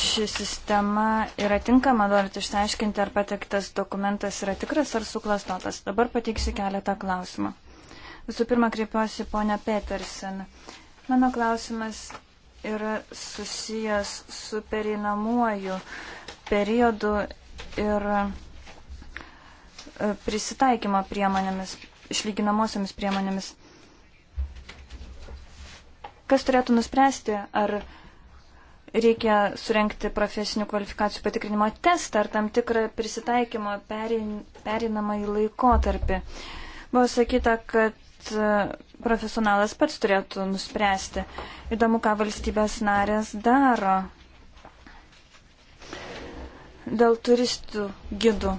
ši sistema yra tinkama, norint išsiaiškinti, ar patektas dokumentas yra tikras ar suklastotas. Dabar pateiksiu keletą klausimų. Visų pirma, kreipiuosi ponia Petersen. Mano klausimas yra susijęs su pereinamuoju periodu ir e, prisitaikymo priemonėmis, išlyginamosiamis priemonėmis. Kas turėtų nuspręsti, ar reikia surenkti profesinių kvalifikacijų patikrinimo testą ar tam tikrą prisitaikymo pereinamą į laikotarpį. Buvo sakyta, kad E, profesionalas pats turėtų nuspręsti. Įdomu, ką valstybės narės daro dėl turistų gidų.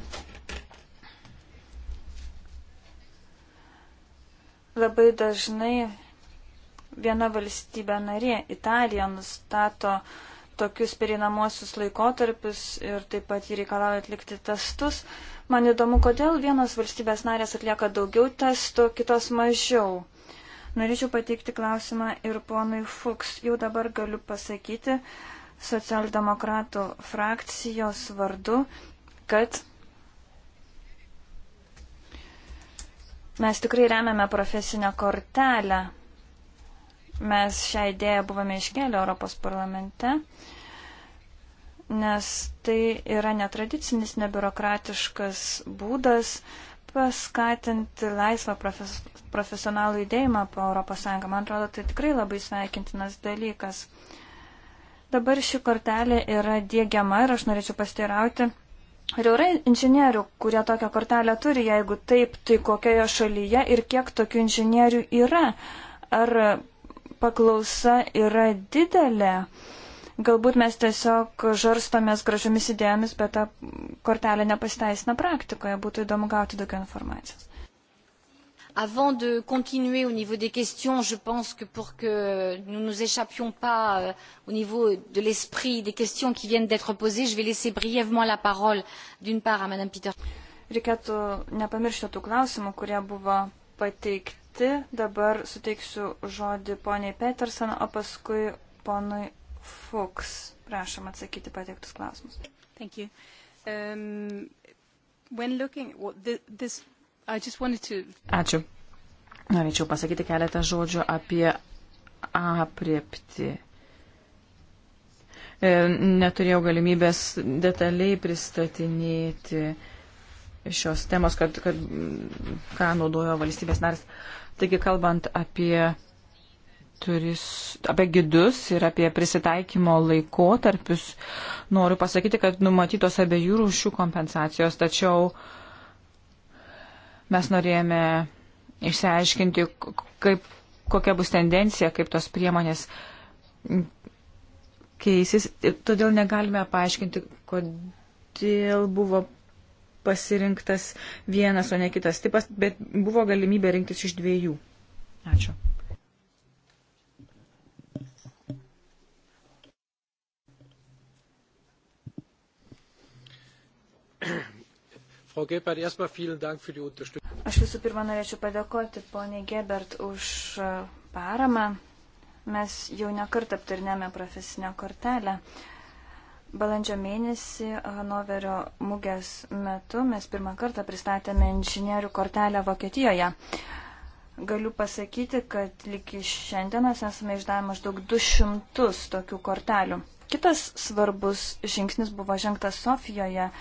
Labai dažnai viena valstybė narė, Italija, nustato tokius perinamosius laikotarpius ir taip pat jį reikalauja atlikti testus. Uh, Man įdomu, kodėl vienos valstybės narės atlieka daugiau testų, kitos mažiau. Norėčiau pateikti klausimą ir ponui Fuchs. Jau dabar galiu pasakyti socialdemokratų frakcijos vardu, kad mes tikrai remiame profesinę kortelę. Mes šią idėją buvome iškėlę Europos parlamente. Uh, nes tai yra netradicinis, nebiurokratiškas būdas paskatinti laisvą profes, profesionalų judėjimą po ES. Man atrodo, tai tikrai labai sveikintinas dalykas. Dabar ši kortelė yra dėgiama ir aš norėčiau pasteirauti, ar yra inžinierių, kurie tokią kortelę turi, jeigu taip, tai kokioje šalyje ir kiek tokių inžinierių yra. Ar paklausa yra didelė? Uh, Galbūt mes tiesiog žarstomės gražiomis idėjomis, bet ta kortelė nepasiteisina praktikoje. Būtų įdomu gauti daugiau informacijos. Avant de continuer au niveau des questions, je pense que pour que nous ne nous échappions pas euh, au niveau de l'esprit des questions qui viennent d'être posées, je vais laisser brièvement la parole d'une part à Madame Peter. Reikėtų nepamiršti tų klausimų, kurie buvo pateikti. Dabar suteiksiu žodį poniai Peterson, o paskui ponui Fuchs. Prašom atsakyti pateiktus klausimus. Thank you. Um, when looking, well, this, I just wanted to... Ačiū. Norėčiau pasakyti keletą žodžių apie apriepti. E, neturėjau galimybės detaliai pristatinėti šios temos, kad, kad ką naudojo valstybės narys. Taigi, kalbant apie turis, apie gidus ir apie prisitaikymo laikotarpius. Noriu pasakyti, kad numatytos abiejų rūšių kompensacijos, tačiau mes norėjome išsiaiškinti, kaip, kokia bus tendencija, kaip tos priemonės keisis. Ir todėl negalime paaiškinti, kodėl buvo pasirinktas vienas, o ne kitas tipas, bet buvo galimybė rinktis iš dviejų. Ačiū. Frau Gebhardt, erstmal vielen Dank für die Unterstützung. Aš visų pirma norėčiau padėkoti poniai Gebert už uh, paramą. Mes jau nekart aptarnėme profesinę kortelę. Balandžio mėnesį Hanoverio mugės metu mes pirmą kartą pristatėme inžinierių kortelę Vokietijoje. Galiu pasakyti, kad iki šiandienos esame išdavę maždaug 200 tokių kortelių. Kitas svarbus žingsnis buvo žengtas Sofijoje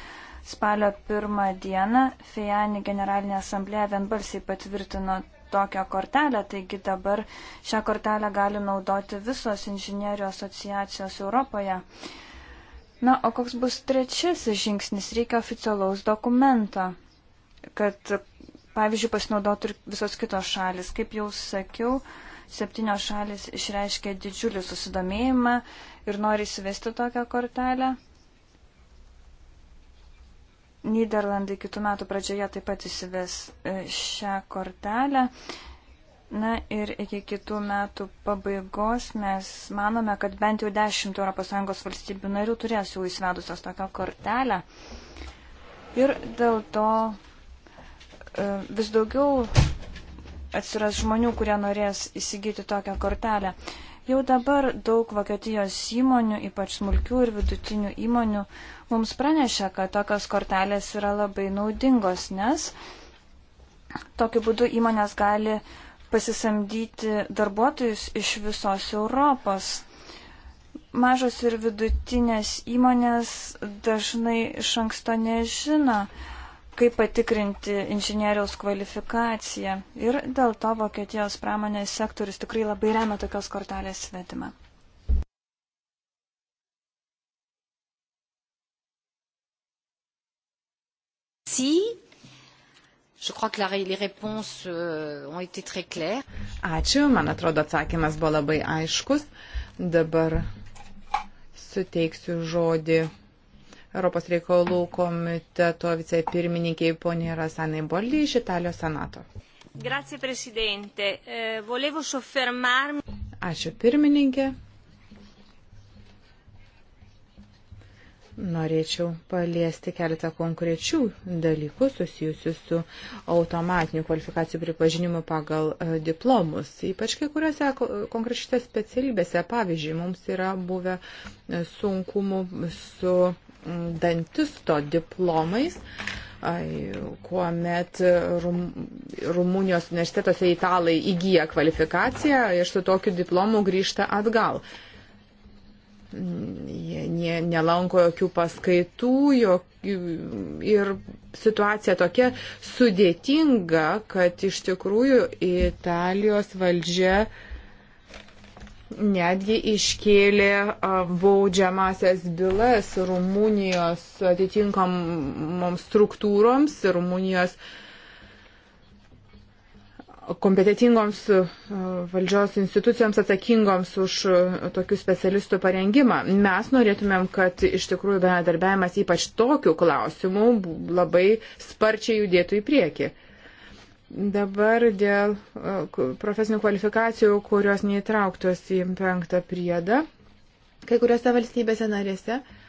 Spalio pirmą dieną Fejani generalinė asamblėja vienbalsiai patvirtino tokią kortelę, taigi dabar šią kortelę gali naudoti visos inžinierių asociacijos Europoje. Na, o koks bus trečiasis žingsnis? Reikia oficialaus dokumento, kad, pavyzdžiui, pasinaudotų ir visos kitos šalis. Kaip jau sakiau, septynios šalis išreiškė didžiulį susidomėjimą ir nori įsivesti tokią kortelę. Niderlandai kitų metų pradžioje taip pat įsives e, šią kortelę. Na ir iki kitų metų pabaigos mes manome, kad bent jau 10 ES valstybių narių turės jau įsvedusios tokią kortelę. Ir dėl to e, vis daugiau atsiras žmonių, kurie norės įsigyti tokią kortelę. Jau dabar daug Vokietijos įmonių, ypač smulkių ir vidutinių įmonių, uh, mums pranešė, kad tokios kortelės yra labai naudingos, nes tokiu būdu įmonės gali pasisamdyti darbuotojus iš visos Europos. Mažos ir vidutinės įmonės dažnai iš anksto nežino, kaip patikrinti inžinieriaus kvalifikaciją. Ir dėl to Vokietijos pramonės sektorius tikrai labai remia tokios kortelės svedimą. Merci. Je crois que la, les réponses euh, ont été très claires. Ačiū, man atrodo, atsakymas buvo labai aiškus. Dabar suteiksiu žodį Europos reikalų komiteto vicepirmininkiai poniai Rasanai Boldi iš Italijos senato. Grazie, Presidente. Eh, volevo soffermarmi. Ačiū, pirmininkė. Norėčiau paliesti keletą konkrečių dalykų susijusių su automatiniu kvalifikacijų pripažinimu pagal e, diplomus, ypač kai kuriuose konkrečiose specialybėse. Pavyzdžiui, mums yra buvę e, sunkumų su dantisto diplomais, kuomet e, rum, Rumunijos universitetuose italai įgyja kvalifikaciją ir su tokiu diplomu grįžta atgal jie, jie nelanko jokių paskaitų, jokių, ir situacija tokia sudėtinga, kad iš tikrųjų Italijos valdžia netgi iškėlė baudžiamasias bylas Rumunijos atitinkamoms struktūroms, Rumunijos uh, kompetitingoms e, valdžios institucijoms atsakingoms už e, tokių specialistų parengimą. Mes norėtumėm, kad iš tikrųjų bendradarbiavimas ypač tokių klausimų labai sparčiai judėtų į priekį. Dabar dėl e, profesinių kvalifikacijų, kurios neįtrauktos į penktą priedą, kai kuriuose valstybėse narėse. Uh,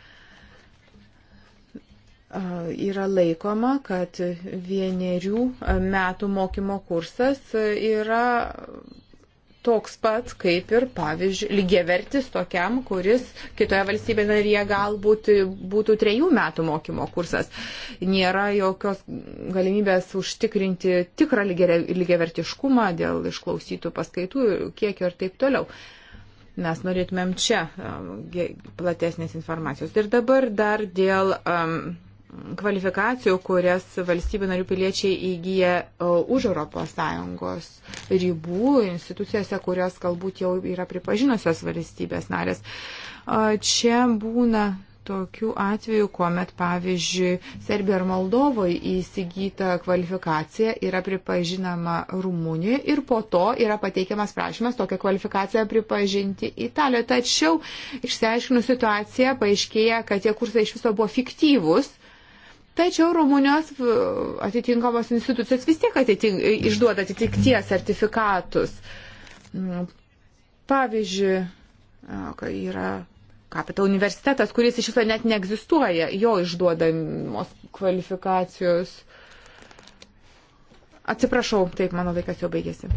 yra laikoma, kad vienerių metų mokymo kursas yra toks pat kaip ir, pavyzdžiui, lygiavertis tokiam, kuris kitoje valstybėje narėje galbūt būtų trejų metų mokymo kursas. Nėra jokios galimybės užtikrinti tikrą lygiavertiškumą dėl išklausytų paskaitų, kiekio ir taip toliau mes norėtumėm čia platesnės informacijos. Ir dabar dar dėl um, kvalifikacijų, kurias valstybių narių piliečiai įgyja e, už ES ribų, institucijose, kurios galbūt jau yra pripažinusios valstybės narės. Čia būna tokių atvejų, kuomet, pavyzdžiui, Serbija ir Moldovoje įsigyta kvalifikacija yra pripažinama Rumunijoje ir po to yra pateikiamas prašymas tokią kvalifikaciją pripažinti Italijoje. Tačiau išsiaiškinus situaciją, paaiškėja, kad tie kursai iš viso buvo fiktyvus. Tačiau Rumunijos atitinkamos institucijos vis tiek atitink, išduoda atitikties sertifikatus. Mm, pavyzdžiui, yra Kapita universitetas, kuris iš viso net neegzistuoja, jo išduodamos kvalifikacijos. Atsiprašau, taip, mano laikas jau baigėsi.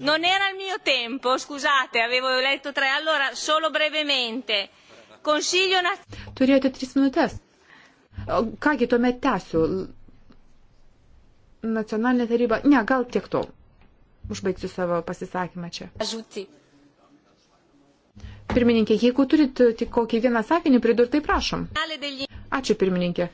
Non era il mio tempo, scusate, avevo letto tre, allora solo brevemente. Consiglio nazionale. Turėjote tris minutės. Kągi tuomet tęsiu. Nacionalinė taryba. Ne, gal tiek to. Užbaigsiu savo pasisakymą čia. Ažuti. Pirmininkė, jeigu turit tik kokį vieną sakinį pridurti, tai prašom. Ačiū, pirmininkė.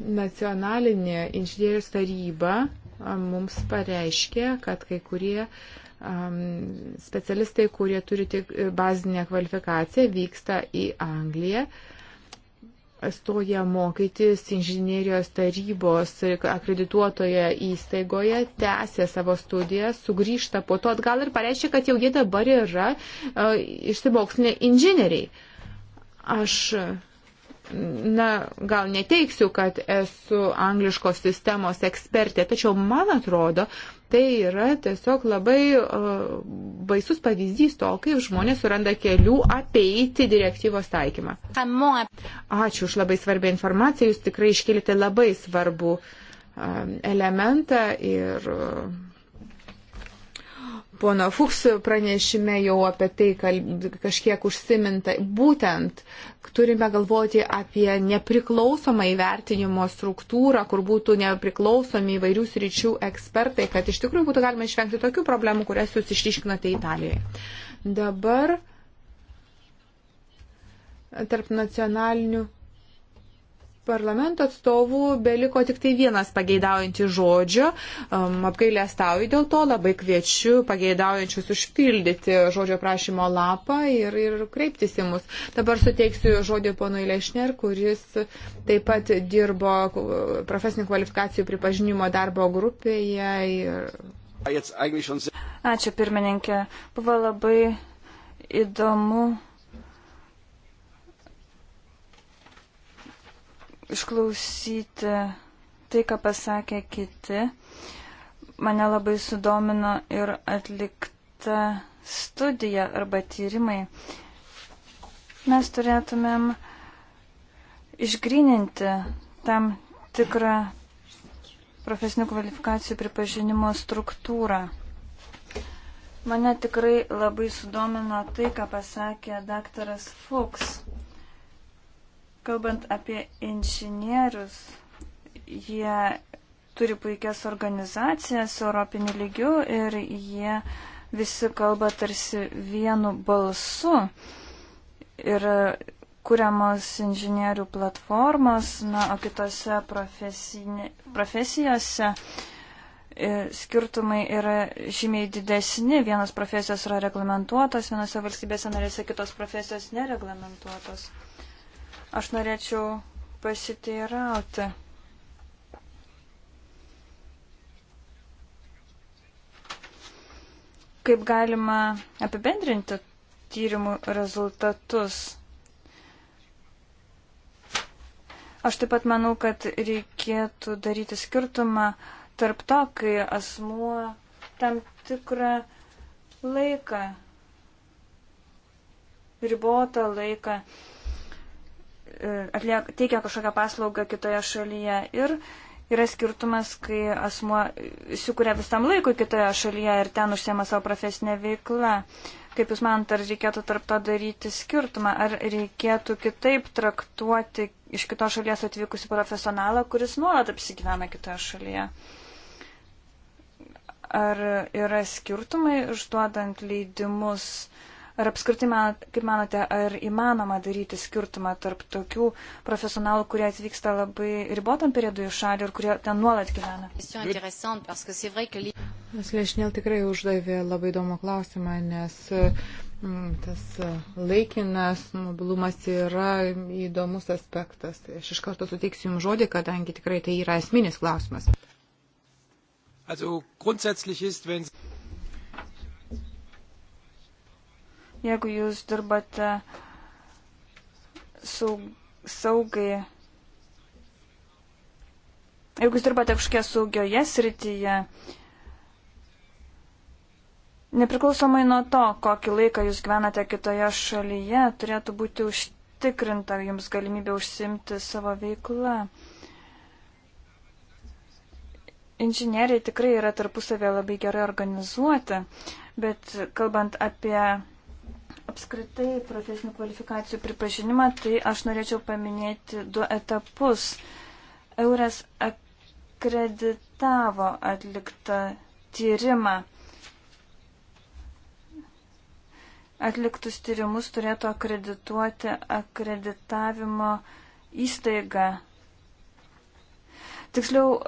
nacionalinė inžinierius taryba mums pareiškė, kad kai kurie um, specialistai, kurie turi tik bazinę kvalifikaciją, vyksta į Angliją, stoja mokytis inžinierijos tarybos akredituotoje įstaigoje, tęsė savo studijas, sugrįžta po to atgal ir pareiškia, kad jau jie dabar yra uh, išsimokslinė inžinieriai. Aš uh, na, gal neteiksiu, kad esu angliškos sistemos ekspertė, tačiau man atrodo, tai yra tiesiog labai uh, baisus pavyzdys to, kaip žmonės suranda kelių apeiti direktyvos taikymą. Ačiū už labai svarbią informaciją, jūs tikrai iškelite labai svarbų uh, elementą ir. Uh, pono Fuchs pranešime jau apie tai kalb, kažkiek užsiminta. Būtent turime galvoti apie nepriklausomą įvertinimo struktūrą, kur būtų nepriklausomi įvairių sričių ekspertai, kad iš tikrųjų būtų galima išvengti tokių problemų, kurias jūs ištiškinote Italijoje. Dabar tarp nacionalinių parlamento atstovų beliko tik tai vienas pageidaujantis žodžio. Um, apgailę stauju dėl to, labai kviečiu pageidaujančius užpildyti žodžio prašymo lapą ir, ir kreiptis į mus. Dabar suteiksiu žodį ponui Lešner, kuris taip pat dirbo profesinių kvalifikacijų pripažinimo darbo grupėje. Ir... Ačiū pirmininkė. Buvo labai įdomu išklausyti tai, ką pasakė kiti. Mane labai sudomino ir atlikta studija arba tyrimai. Mes turėtumėm išgrininti tam tikrą profesinių kvalifikacijų pripažinimo struktūrą. Mane tikrai labai sudomino tai, ką pasakė daktaras Fuchs. Kalbant apie inžinierius, jie turi puikias organizacijas europinių lygių ir jie visi kalba tarsi vienu balsu. Ir kuriamos inžinierių platformos, na, o kitose profesijose e, skirtumai yra žymiai didesni. Vienos profesijos yra reglamentuotos, vienose valstybėse narėse kitos profesijos nereglamentuotos. Aš norėčiau pasiteirauti. Kaip galima apibendrinti tyrimų rezultatus? Aš taip pat manau, kad reikėtų daryti skirtumą tarp to, kai asmuo tam tikrą laiką, ribotą laiką atliek, teikia kažkokią paslaugą kitoje šalyje ir yra skirtumas, kai asmuo įsikuria visam laikui kitoje šalyje ir ten užsiema savo profesinę veiklą. Kaip Jūs manot, ar reikėtų tarp to daryti skirtumą, ar reikėtų kitaip traktuoti iš kitos šalies atvykusi profesionalą, kuris nuolat apsigyvena kitoje šalyje? Ar yra skirtumai išduodant leidimus uh, Ar apskritai, man, kaip manote, ar įmanoma daryti skirtumą tarp tokių profesionalų, kurie atvyksta labai ribotam periodui į šalį ir kurie ten nuolat gyvena? Lešnėl tikrai uždavė labai įdomų klausimą, nes mm, tas e, laikinas mobilumas yra įdomus aspektas. Tai aš iš karto suteiksiu Jums žodį, kadangi tikrai tai yra esminis klausimas. Also grundsätzlich ist, wenn Jeigu jūs dirbate saug, saugai, jeigu jūs dirbate kažkokie saugioje srityje, nepriklausomai nuo to, kokį laiką jūs gyvenate kitoje šalyje, turėtų būti užtikrinta jums galimybė užsimti savo veiklą. Inžinieriai tikrai yra tarpusavėje labai gerai organizuoti, bet kalbant apie apskritai profesinių kvalifikacijų pripažinimą, tai aš norėčiau paminėti du etapus. Euras akreditavo atliktą tyrimą. Atliktus tyrimus turėtų akredituoti akreditavimo įstaiga. Tiksliau, e,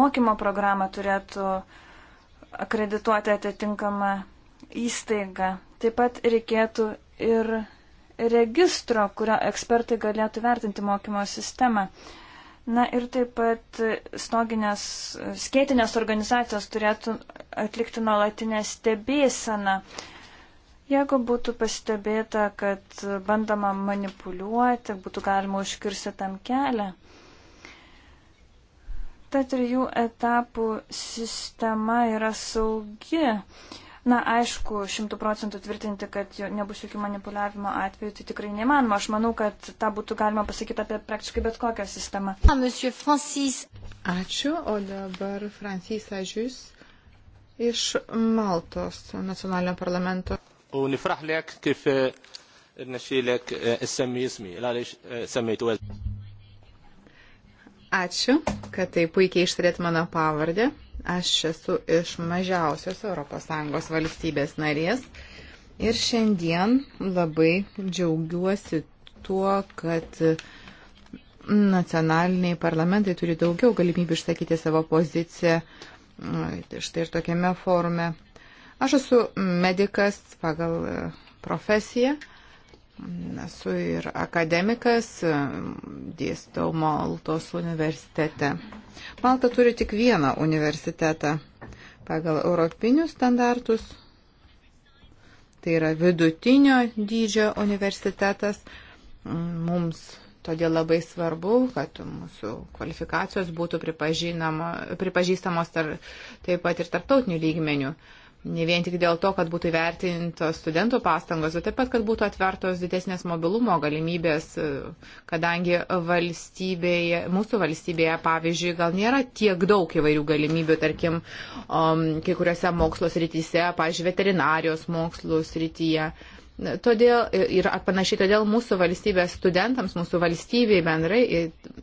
mokymo programą turėtų akredituoti atitinkamą įstaigą. Taip pat reikėtų ir registro, kurio ekspertai galėtų vertinti mokymo sistemą. Na ir taip pat snoginės, skėtinės organizacijos turėtų atlikti nuolatinę stebėseną. Jeigu būtų pastebėta, kad bandoma manipuliuoti, būtų galima užkirsti tam kelią. Ta trijų etapų sistema yra saugi Na, aišku, šimtų procentų tvirtinti, kad nebus jokių manipuliavimo atveju, tai tikrai neįmanoma. Aš manau, kad tą būtų galima pasakyti apie praktiškai bet kokią sistemą. Ah, Ačiū, o dabar Francis Ažius iš Maltos nacionalinio parlamento. Eh, eh, eh, Ačiū, kad tai puikiai ištarėt mano pavardę. Aš esu iš mažiausios ES valstybės narės ir šiandien labai džiaugiuosi tuo, kad nacionaliniai parlamentai turi daugiau galimybių išsakyti savo poziciją mm, štai ir tokiame forume. Aš esu medicas pagal e, profesiją Esu ir akademikas, dėstau Maltos universitete. Malta turi tik vieną universitetą pagal europinius standartus. Tai yra vidutinio dydžio universitetas. Mums todėl labai svarbu, kad mūsų kvalifikacijos būtų pripažįstamos tar, taip pat ir tarptautinių lygmenių. Uh, ne vien tik dėl to, kad būtų vertintos studentų pastangos, bet taip pat, kad būtų atvertos didesnės mobilumo galimybės, kadangi valstybėje, mūsų valstybėje, pavyzdžiui, gal nėra tiek daug įvairių galimybių, tarkim, um, kai kuriuose mokslo srityse, pavyzdžiui, veterinarijos mokslo srityje. Todėl ir panašiai, todėl mūsų valstybės studentams, mūsų valstybei bendrai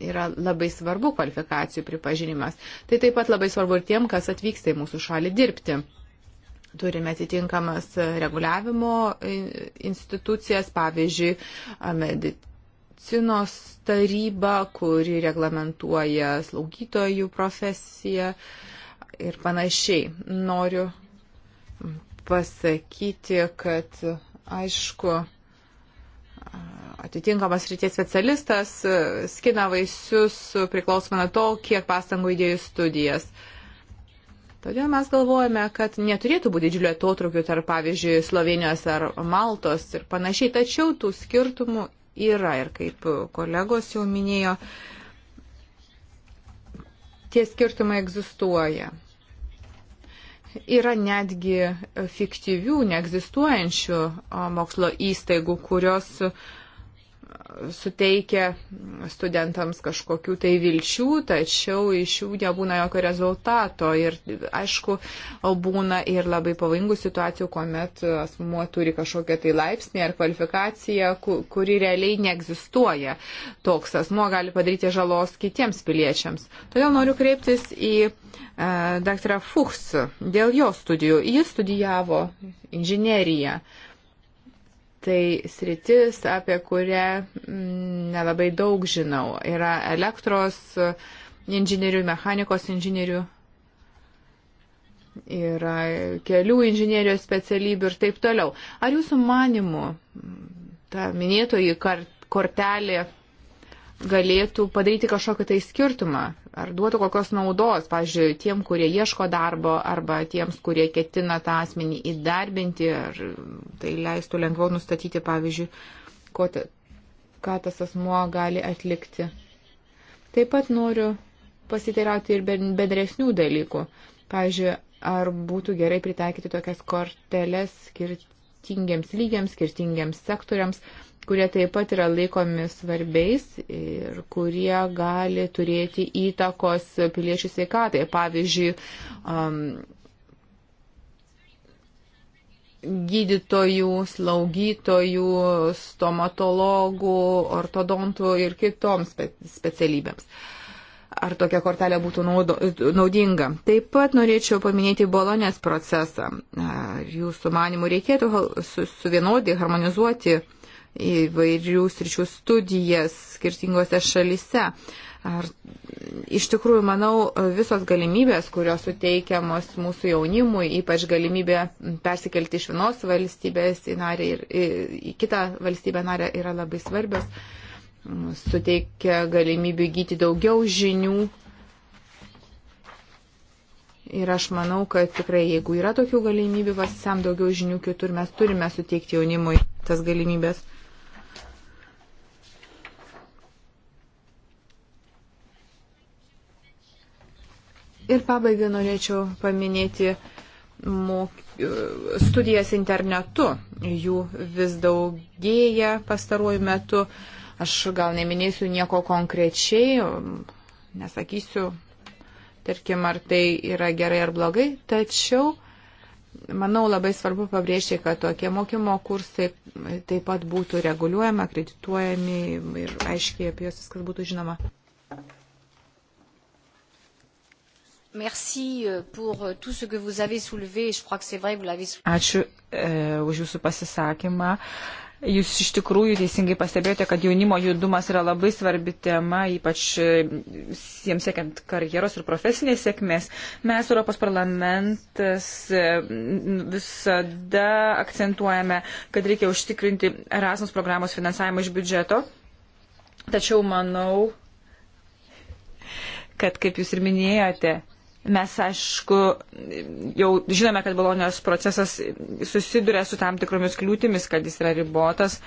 yra labai svarbu kvalifikacijų pripažinimas. Tai taip pat labai svarbu ir tiem, kas atvyksta į mūsų šalį dirbti. Turime atitinkamas reguliavimo institucijas, pavyzdžiui, medicinos taryba, kuri reglamentuoja slaugytojų profesiją ir panašiai. Noriu pasakyti, kad aišku, atitinkamas ryties specialistas skina vaisius priklausomai nuo to, kiek pastangų įdėjus studijas. Uh, Todėl mes galvojame, kad neturėtų būti didžiulio atotrukio tarp, pavyzdžiui, Slovenijos ar Maltos ir panašiai, tačiau tų skirtumų yra ir kaip kolegos jau minėjo, tie skirtumai egzistuoja. Yra netgi fiktyvių, neegzistuojančių mokslo įstaigų, kurios uh, suteikia studentams kažkokių tai vilčių, tačiau iš jų nebūna jokio rezultato. Ir aišku, būna ir labai pavojingų situacijų, kuomet asmuo turi kažkokią tai laipsnį ar kvalifikaciją, kuri realiai neegzistuoja. Toks asmuo gali padaryti žalos kitiems piliečiams. Todėl noriu kreiptis į e, daktarą Fuchs dėl jo studijų. Jis studijavo inžineriją tai sritis, apie kurią mm, nelabai daug žinau. Yra elektros inžinierių, mechanikos inžinierių, yra kelių inžinierijos specialybių ir taip toliau. Ar jūsų manimų ta minėtoji kortelė galėtų padaryti kažkokį tai skirtumą, ar duotų kokios naudos, pavyzdžiui, tiem, kurie ieško darbo, arba tiems, kurie ketina tą asmenį įdarbinti, ar tai leistų lengviau nustatyti, pavyzdžiui, ta, ką tas asmuo gali atlikti. Taip pat noriu pasiteirauti ir bendresnių dalykų. Pavyzdžiui, ar būtų gerai pritaikyti tokias korteles skirtingiems lygiams, skirtingiems sektoriams kurie taip pat yra laikomi svarbiais ir kurie gali turėti įtakos piliečių sveikatai. Pavyzdžiui, um, gydytojų, slaugytojų, stomatologų, ortodontų ir kitoms specialybėms. Ar tokia kortelė būtų naudo, naudinga? Taip pat norėčiau paminėti bolonės procesą. Ar jūsų manimų reikėtų suvienodį, harmonizuoti uh, įvairių sričių studijas skirtingose šalise. Ar iš tikrųjų, manau, visos galimybės, kurios suteikiamos mūsų jaunimui, ypač galimybė persikelti iš vienos valstybės į, narį, į, į kitą valstybę narę, yra labai svarbios, suteikia galimybių įgyti daugiau žinių. Ir aš manau, kad tikrai, jeigu yra tokių galimybių, pasisemti daugiau žinių kitur, mes turime suteikti jaunimui tas galimybės. Ir pabaigai norėčiau paminėti mok... studijas internetu. Jų vis daugėja pastaruoju metu. Aš gal neminėsiu nieko konkrečiai, nesakysiu, tarkim, ar tai yra gerai ar blogai, tačiau manau labai svarbu pabrėžti, kad tokie mokymo kursai taip pat būtų reguliuojami, akredituojami ir aiškiai apie juos viskas būtų žinoma. Merci euh, pour euh, tout ce que vous avez soulevé. Je crois que c'est vrai, vous l'avez soulevé. Ačiū e, už jūsų pasisakymą. Jūs iš tikrųjų teisingai pastebėjote, kad jaunimo judumas yra labai svarbi tema, ypač e, jiems siekiant karjeros ir profesinės sėkmės. Mes, Europos parlamentas, e, visada akcentuojame, kad reikia užtikrinti Erasmus programos finansavimą iš biudžeto. Tačiau manau, kad, kaip jūs ir minėjote, Mes, aišku, jau žinome, kad Bolonijos procesas susiduria su tam tikromis kliūtimis, kad jis yra ribotas.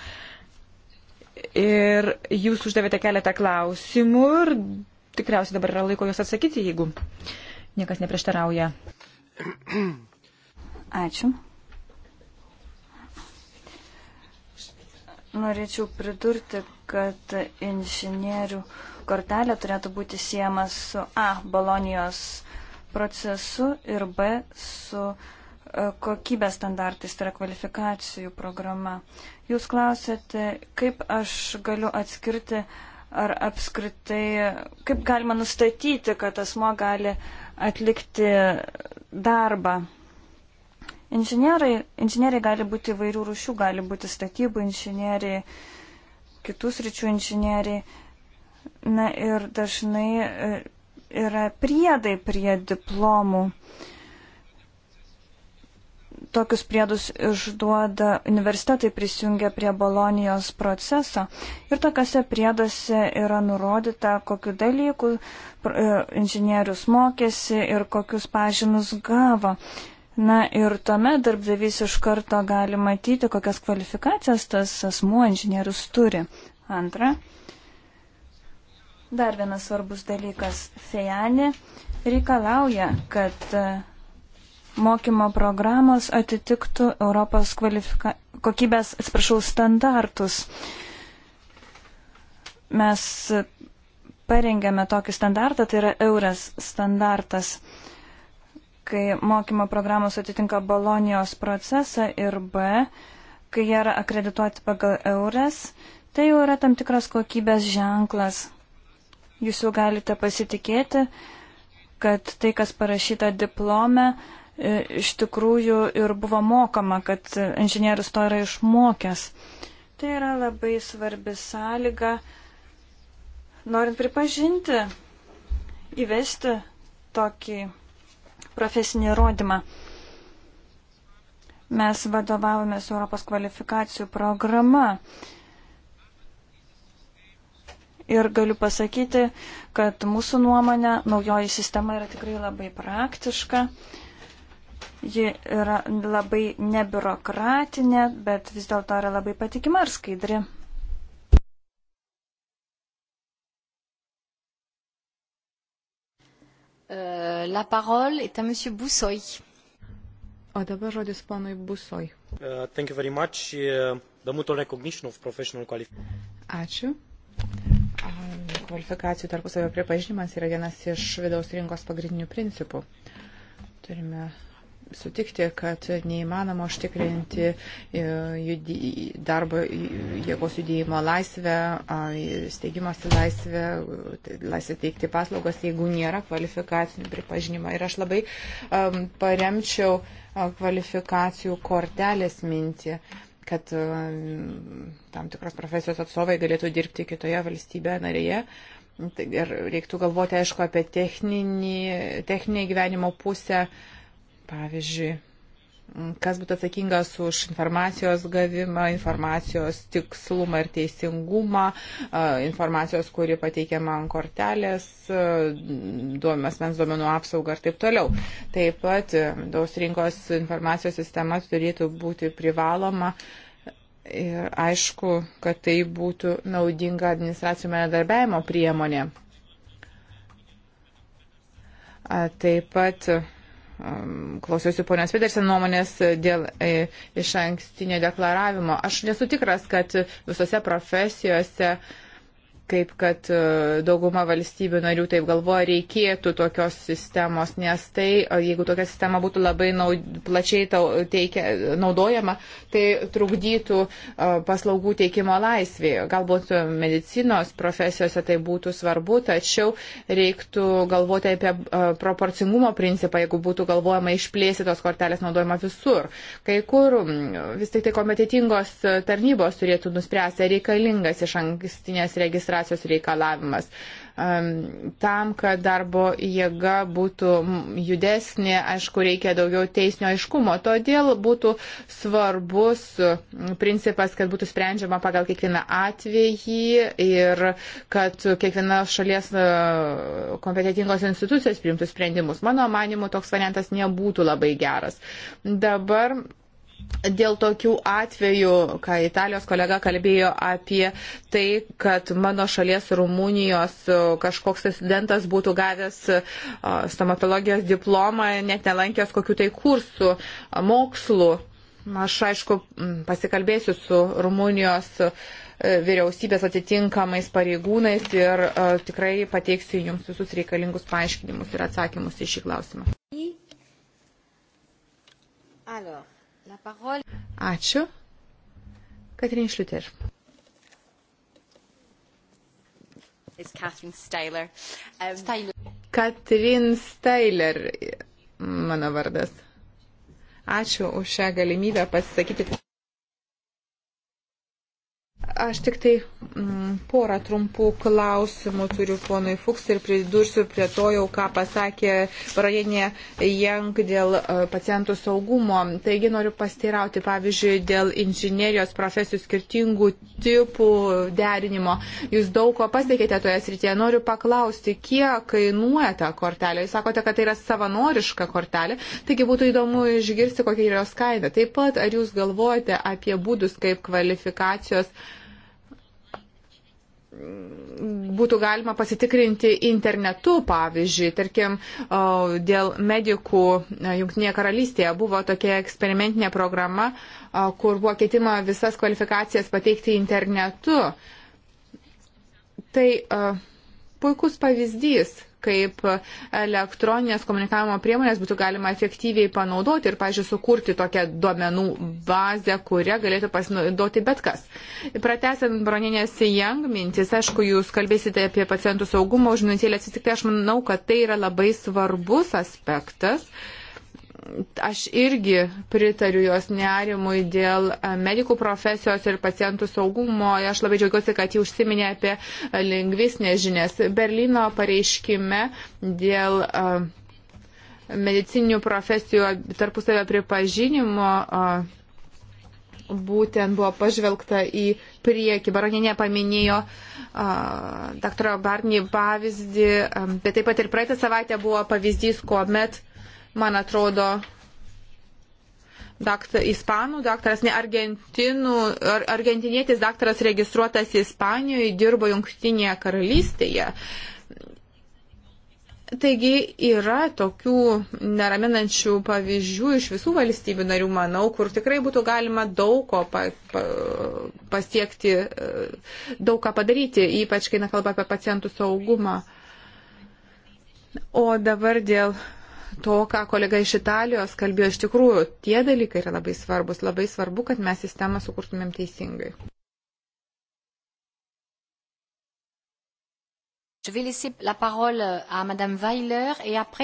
Ir jūs uždavėte keletą klausimų ir tikriausiai dabar yra laiko juos atsakyti, jeigu niekas neprieštarauja. Ačiū. Norėčiau pridurti, kad inžinierių kortelė turėtų būti siejama su A, Bolonijos procesu ir B su e, kokybės standartais, tai yra kvalifikacijų programa. Jūs klausėte, kaip aš galiu atskirti, ar apskritai, kaip galima nustatyti, kad asmo gali atlikti darbą. Inžinierai, inžinieriai gali būti įvairių rušių, gali būti statybų inžinieriai, kitus ryčių inžinieriai. Na ir dažnai e, yra priedai prie diplomų. Tokius priedus išduoda universitetai prisijungia prie Bolonijos proceso ir tokiuose prieduose yra nurodyta, kokiu dalyku e, inžinierius mokėsi ir kokius pažymus gavo. Na ir tuomet darbdavys iš karto gali matyti, kokias kvalifikacijas tas asmuo inžinierius turi. Antra, Dar vienas svarbus dalykas. Fejani reikalauja, kad e, mokymo programos atitiktų Europos kvalifika... kokybės, atsiprašau, standartus. Mes parengėme tokį standartą, tai yra euras standartas, kai mokymo programos atitinka Bolonijos procesą ir B, kai jie yra akredituoti pagal euras, tai jau yra tam tikras kokybės ženklas. Jūs jau galite pasitikėti, kad tai, kas parašyta diplome, e, iš tikrųjų ir buvo mokama, kad inžinierius to yra išmokęs. Tai yra labai svarbi sąlyga, norint pripažinti, įvesti tokį profesinį įrodymą. Mes vadovavomės Europos kvalifikacijų programa. Ir galiu pasakyti, kad mūsų nuomonė naujoji sistema yra tikrai labai praktiška. Ji yra labai nebiurokratinė, bet vis dėlto yra labai patikima ir skaidri. La parole est à Monsieur Boussoy. O dabar žodis ponui Busoj. Uh, thank you very much. The mutual recognition of professional qualification. Ačiū. Kvalifikacijų tarpusavio pripažinimas yra vienas iš vidaus rinkos pagrindinių principų. Turime sutikti, kad neįmanoma užtikrinti e, darbo jėgos judėjimo laisvę, steigimosi laisvę, laisvę teikti paslaugas, jeigu nėra kvalifikacijų pripažinimo. Ir aš labai um, paremčiau kvalifikacijų kortelės mintį. Um, kad um, tam tikros profesijos atstovai galėtų dirbti kitoje valstybėje narėje. Tai ir reiktų galvoti, aišku, apie techninį, techninį gyvenimo pusę. Pavyzdžiui, kas būtų atsakingas už informacijos gavimą, informacijos tikslumą ir teisingumą, informacijos, kuri pateikiama ant kortelės, duomenės mens duomenų apsaugą ir taip toliau. Taip pat daus rinkos informacijos sistema turėtų būti privaloma. Ir aišku, kad tai būtų naudinga administracijų bendradarbiavimo priemonė. Taip pat klausiausi ponios Pedersen nuomonės dėl e, iš ankstinio deklaravimo. Aš nesu tikras, kad visose profesijose uh, kaip kad e, dauguma valstybių narių taip galvoja, reikėtų tokios sistemos, nes tai, e, jeigu tokia sistema būtų labai naud, plačiai teikia, naudojama, tai trukdytų e, paslaugų teikimo laisvėje. Galbūt medicinos profesijose tai būtų svarbu, tačiau reiktų galvoti apie proporcingumo principą, jeigu būtų galvojama išplėsti tos kortelės naudojimą visur. Kai kur vis tik tai kompetitingos tarnybos turėtų nuspręsti, ar reikalingas iš ankstinės registracijos migracijos reikalavimas. Tam, kad darbo jėga būtų judesnė, aišku, reikia daugiau teisinio aiškumo. Todėl būtų svarbus principas, kad būtų sprendžiama pagal kiekvieną atvejį ir kad kiekviena šalies e, kompetitingos institucijos priimtų sprendimus. Mano manimu, toks variantas nebūtų labai geras. Dabar dėl tokių atvejų, kai Italijos kolega kalbėjo apie tai, kad mano šalies Rumunijos e, kažkoks studentas būtų gavęs e, stomatologijos diplomą, net nelankęs kokių tai kursų, e, mokslų. Aš aišku pasikalbėsiu su Rumunijos vyriausybės atitinkamais pareigūnais ir tikrai pateiksiu jums visus reikalingus paaiškinimus ir atsakymus į šį klausimą. Alors. Ačiū. Katrin Šliuter. Um, Katrin Steiler, mano vardas. Ačiū už šią galimybę pasisakyti. Aš tik tai mm, porą trumpų klausimų turiu ponui Fuchs ir pridursiu prie to jau, ką pasakė Rajenė Jank dėl e, pacientų saugumo. Taigi noriu pasteirauti, pavyzdžiui, dėl inžinierijos profesijų skirtingų tipų derinimo. Jūs daug ko pasiekėte toje srityje. Noriu paklausti, kiek kainuoja ta kortelė. Jūs sakote, kad tai yra savanoriška kortelė. Taigi būtų įdomu išgirsti, kokia yra jos kaina. Taip pat, ar jūs galvojate apie būdus, kaip kvalifikacijos būtų galima pasitikrinti internetu, pavyzdžiui, tarkim, dėl medikų e, Junktinėje karalystėje buvo tokia eksperimentinė programa, kur buvo ketima visas kvalifikacijas pateikti internetu. Tai e, puikus pavyzdys kaip elektroninės komunikavimo priemonės būtų galima efektyviai panaudoti ir, pažiūrėjau, sukurti tokią duomenų bazę, kurią galėtų pasinaudoti bet kas. Pratesiant broninės jang mintis, aišku, jūs kalbėsite apie pacientų saugumą už minutėlę atsitikti, aš manau, kad tai yra labai svarbus aspektas. Uh, aš irgi pritariu jos nerimui dėl e, medikų profesijos ir pacientų saugumo. Aš labai džiaugiuosi, kad jį užsiminė apie e, lingvisnės žinias. Berlyno pareiškime dėl e, medicinių profesijų tarpusavio pripažinimo būtent buvo pažvelgta į priekį. Baronienė paminėjo uh, dr. Barnį pavyzdį, um, bet taip pat ir praeitą savaitę buvo pavyzdys, kuomet man atrodo, daktar, ispanų daktaras, ne argentinų, ar, argentinietis daktaras registruotas Ispanijoje, dirbo Junktinėje karalystėje. Taigi yra tokių neraminančių pavyzdžių iš visų valstybių narių, manau, kur tikrai būtų galima daug ko pa, pa, pasiekti, e, daug ką padaryti, ypač kai nekalba apie pacientų saugumą. O dabar dėl to, ką kolega iš Italijos kalbėjo, iš tikrųjų tie dalykai yra labai svarbus. Labai svarbu, kad mes sistemą sukurtumėm teisingai.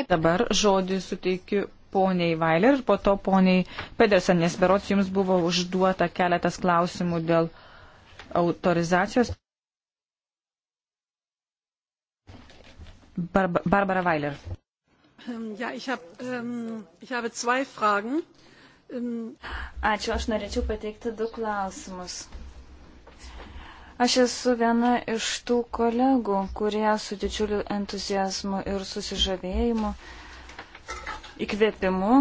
Dabar žodį suteikiu poniai Vailer ir po to poniai Pedersen, nes berots jums buvo užduota keletas klausimų dėl autorizacijos. Barbara Vailer. Ähm, ja, ich hab, um, ich habe zwei Fragen. Um... Ačiū, aš norėčiau pateikti du klausimus. Aš esu viena iš tų kolegų, kurie su didžiuliu entuzijazmu ir susižavėjimu, įkvėpimu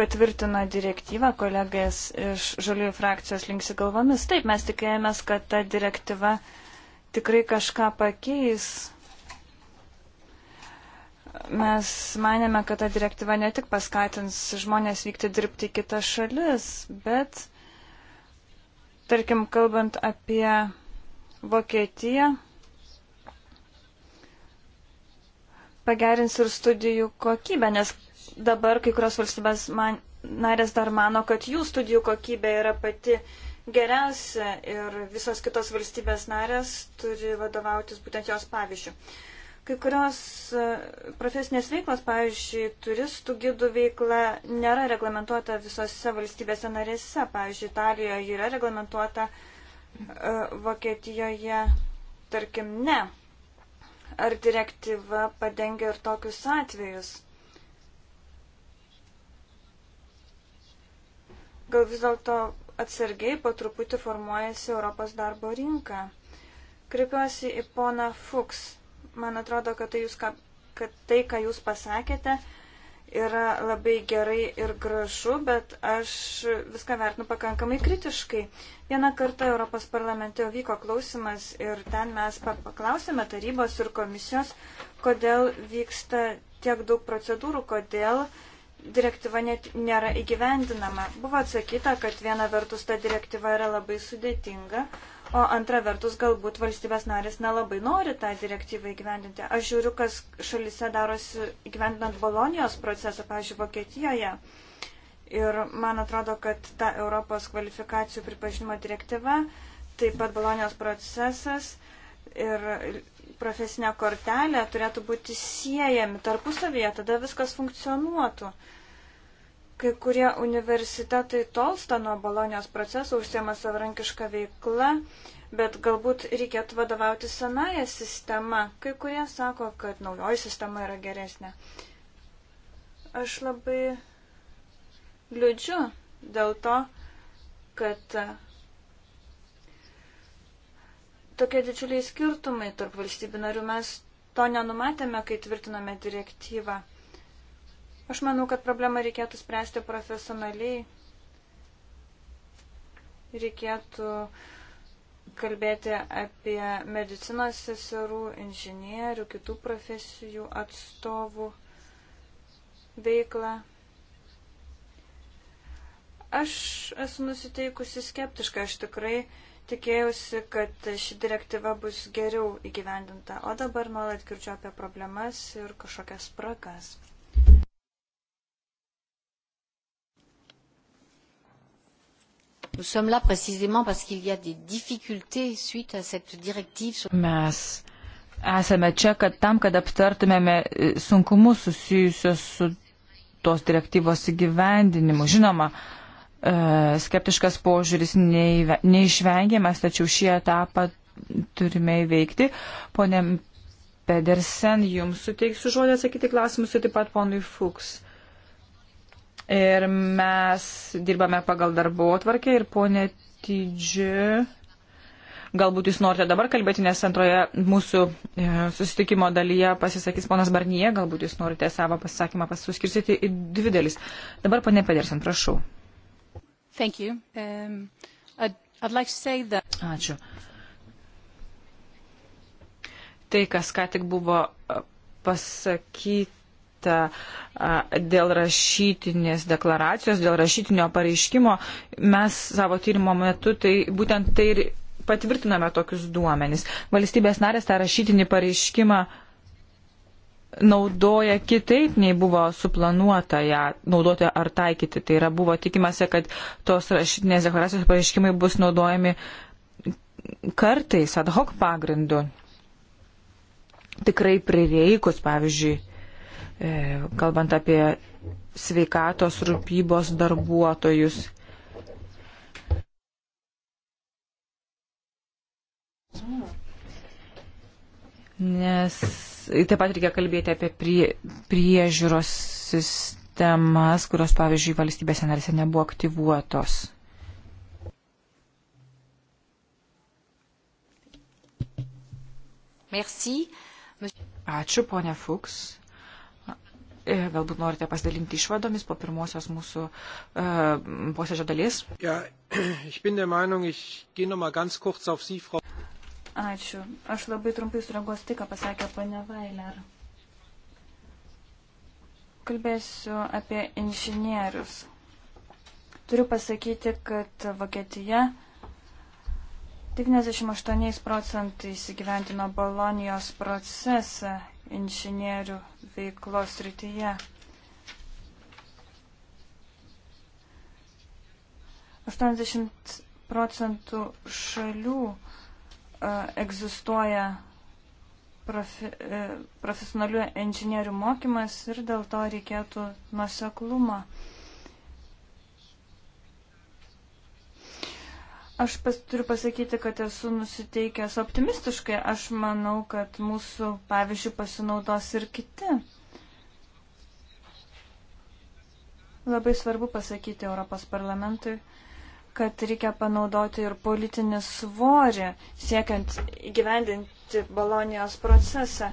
patvirtino direktyvą, kolegas iš žaliųjų frakcijos linksi galvomis. Taip, mes tikėjomės, kad ta direktyva tikrai kažką pakeis Mes manėme, kad ta direktyva ne tik paskatins žmonės vykti dirbti į kitas šalis, bet, tarkim, kalbant apie Vokietiją, pagerins ir studijų kokybę, nes dabar kai kurios valstybės man, narės dar mano, kad jų studijų kokybė yra pati geriausia ir visos kitos valstybės narės turi vadovautis būtent jos pavyzdžių. Kai kurios e, profesinės veiklos, pavyzdžiui, turistų gidų veikla nėra reglamentuota visose valstybėse narėse. Pavyzdžiui, Italijoje yra reglamentuota, e, Vokietijoje, tarkim, ne. Ar direktyva padengia ir tokius atvejus? Gal vis dėlto atsargiai po truputį formuojasi Europos darbo rinka. Kreipiuosi į poną Fuchs Man atrodo, kad tai, jūs, ką, kad tai, ką jūs pasakėte, yra labai gerai ir gražu, bet aš viską vertinu pakankamai kritiškai. Vieną kartą Europos parlamente vyko klausimas ir ten mes paklausėme tarybos ir komisijos, kodėl vyksta tiek daug procedūrų, kodėl direktyva net nėra įgyvendinama. Buvo atsakyta, kad viena vertus ta direktyva yra labai sudėtinga, O antra vertus, galbūt valstybės narės nelabai nori tą direktyvą įgyvendinti. Aš žiūriu, kas šalise darosi įgyvendinant Bolonijos procesą, pavyzdžiui, Vokietijoje. Ir man atrodo, kad ta Europos kvalifikacijų pripažinimo direktyva, taip pat Bolonijos procesas ir profesinė kortelė turėtų būti siejami tarpusavyje, tada viskas funkcionuotų. Uh, Kai kurie universitetai tolsta nuo Bolonijos proceso, užsiema savarankišką veiklą, bet galbūt reikėtų vadovauti senąją sistemą. Kai kurie sako, kad naujoji sistema yra geresnė. Aš labai liūdžiu dėl to, kad tokie didžiuliai skirtumai tarp valstybių narių mes to nenumatėme, kai tvirtiname direktyvą. Aš manau, kad problemą reikėtų spręsti profesionaliai. Reikėtų kalbėti apie medicinos seserų, inžinierių, kitų profesijų atstovų veiklą. Aš esu nusiteikusi skeptiškai, aš tikrai tikėjausi, kad ši direktyva bus geriau įgyvendinta, o dabar nuolat girdžiu apie problemas ir kažkokias spragas. Nous sommes là précisément parce qu'il y a des difficultés suite à cette directive. Sur... Mes esame čia, kad tam, kad aptartumėme e, sunkumus susijusios su tos direktyvos įgyvendinimu. Žinoma, e, skeptiškas požiūris neišvengiamas, tačiau šį etapą turime įveikti. Pone Pedersen, jums suteiksiu žodį atsakyti klausimus ir taip pat ponui Fuchs. Ir mes dirbame pagal darbo atvarkę ir ponė Tidži. Galbūt jūs norite dabar kalbėti, nes antroje mūsų e, susitikimo dalyje pasisakys ponas Barnyje, galbūt jūs norite savo pasisakymą suskirstyti į dvi dalis. Dabar ponė Pedersen, prašau. Thank you. Um, I'd, I'd like to say that... Ačiū. Tai, kas ką tik buvo e, pasakyti dėl rašytinės deklaracijos, dėl rašytinio pareiškimo. Mes savo tyrimo metu tai būtent tai ir patvirtiname tokius duomenys. Valstybės narės tą rašytinį pareiškimą naudoja kitaip, nei buvo suplanuota ją naudoti ar taikyti. Tai yra buvo tikimasi, kad tos rašytinės deklaracijos pareiškimai bus naudojami kartais ad hoc pagrindu. Tikrai prireikus, pavyzdžiui, E, kalbant apie sveikatos rūpybos darbuotojus. Nes taip pat reikia kalbėti apie prie, priežiūros sistemas, kurios, pavyzdžiui, valstybėse narėse nebuvo aktyvuotos. Merci. Ačiū, ponia Fuchs. E, galbūt norite pasidalinti išvadomis po pirmosios mūsų e, posėdžio dalies. Ja, [CLEARS THROAT] Meinung, Sie, Frau... Ačiū. Aš labai trumpai sureaguosiu tai, ką pasakė pane Vailer. Kalbėsiu apie inžinierius. Turiu pasakyti, kad Vokietija 98 procentais įgyventino Bolonijos procesą inžinierių veiklos rytyje. Aštuoniasdešimt procentų šalių e, egzistuoja profi, e, profesionalių inžinierių mokymas ir dėl to reikėtų nuoseklumą. Aš pas, turiu pasakyti, kad esu nusiteikęs optimistiškai. Aš manau, kad mūsų pavyzdžių pasinaudos ir kiti. Labai svarbu pasakyti Europos parlamentui, kad reikia panaudoti ir politinį svorį, siekiant įgyvendinti Bolonijos procesą.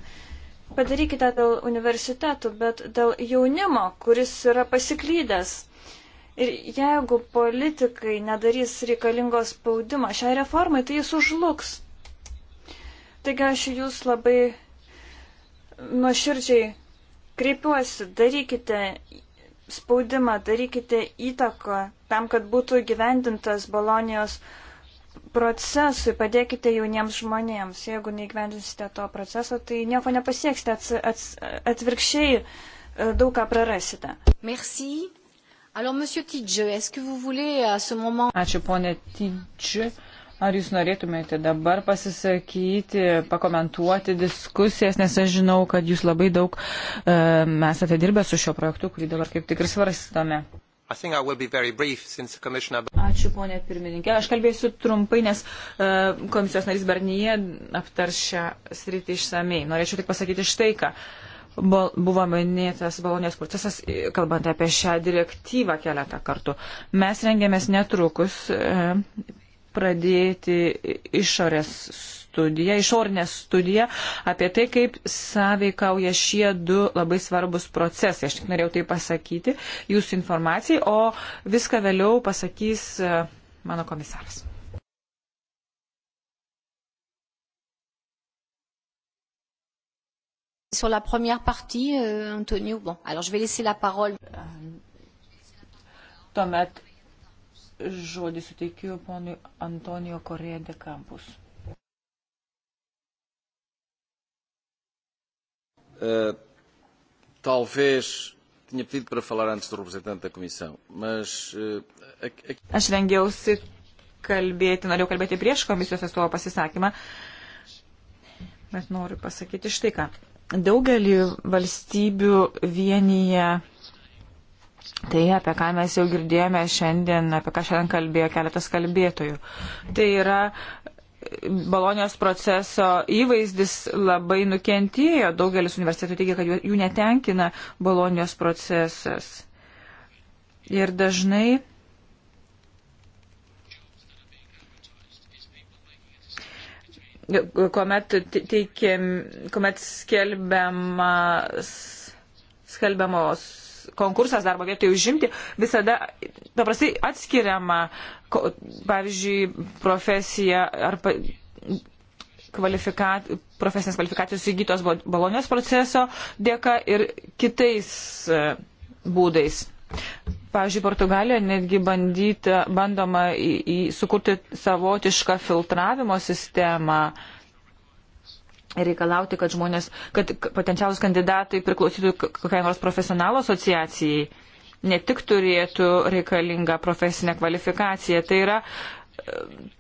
Padarykite dėl universitetų, bet dėl jaunimo, kuris yra pasiklydęs Ir jeigu politikai nedarys reikalingos spaudimo šiai reformai, tai jis užluks. Taigi aš jūs labai nuoširdžiai kreipiuosi, darykite spaudimą, darykite įtaką tam, kad būtų gyvendintas Bolonijos procesui, padėkite jauniems žmonėms. Jeigu neįgyvendinsite to proceso, tai nieko nepasieksite, ats, ats, atvirkščiai e, daug ką prarasite. Merci. Alors, monsieur Tidži, est-ce que vous voulez à ce moment... Ačiū, ponė Tidži. Ar jūs norėtumėte dabar pasisakyti, pakomentuoti diskusijas, nes aš žinau, kad jūs labai daug e, esate dirbę su šio projektu, kurį dabar kaip tik ir svarstame. I I brief, commissioner... Ačiū, ponė pirmininkė. Aš kalbėsiu trumpai, nes e, komisijos narys Barnyje aptar šią sritį išsamei. Norėčiau tik pasakyti štai ką. E, buvo minėtas balonės procesas, kalbant apie šią direktyvą keletą kartų. Mes rengiamės netrukus e, pradėti išorės studiją, išorinę studiją apie tai, kaip sąveikauja šie du labai svarbus procesai. Aš tik norėjau tai pasakyti jūsų informacijai, o viską vėliau pasakys e, mano komisaras. Sur la première partie, euh, Antonio, bon, alors je vais laisser la parole. Euh, Tuomet žodį suteikiu ponui Antonijo Korėje de Campus. Uh, talvez tinha pedido para falar antes do representante da Comissão, mas. Uh, a, a... Aš rengiausi kalbėti, norėjau kalbėti prieš komisijos atstovo pasisakymą, bet noriu pasakyti štai ką. Daugelį valstybių vienyje tai, apie ką mes jau girdėjome šiandien, apie ką šiandien kalbėjo keletas kalbėtojų. Tai yra Bolonijos proceso įvaizdis labai nukentėjo. Daugelis universitetų teigia, kad jų netenkina Bolonijos procesas. Ir dažnai kuomet, teikiam, kuomet skelbiamas, skelbiamos konkursas darbo vietoje užimti, visada paprastai atskiriama, pavyzdžiui, profesija ar kvalifika, profesinės kvalifikacijos įgytos Bolonijos proceso dėka ir kitais e, būdais. Pavyzdžiui, Portugalija netgi bandyti, bandoma į, į, sukurti savotišką filtravimo sistemą reikalauti, kad žmonės, kad potencialus kandidatai priklausytų kokiai nors profesionalo asociacijai, ne tik turėtų reikalingą profesinę kvalifikaciją. Tai yra,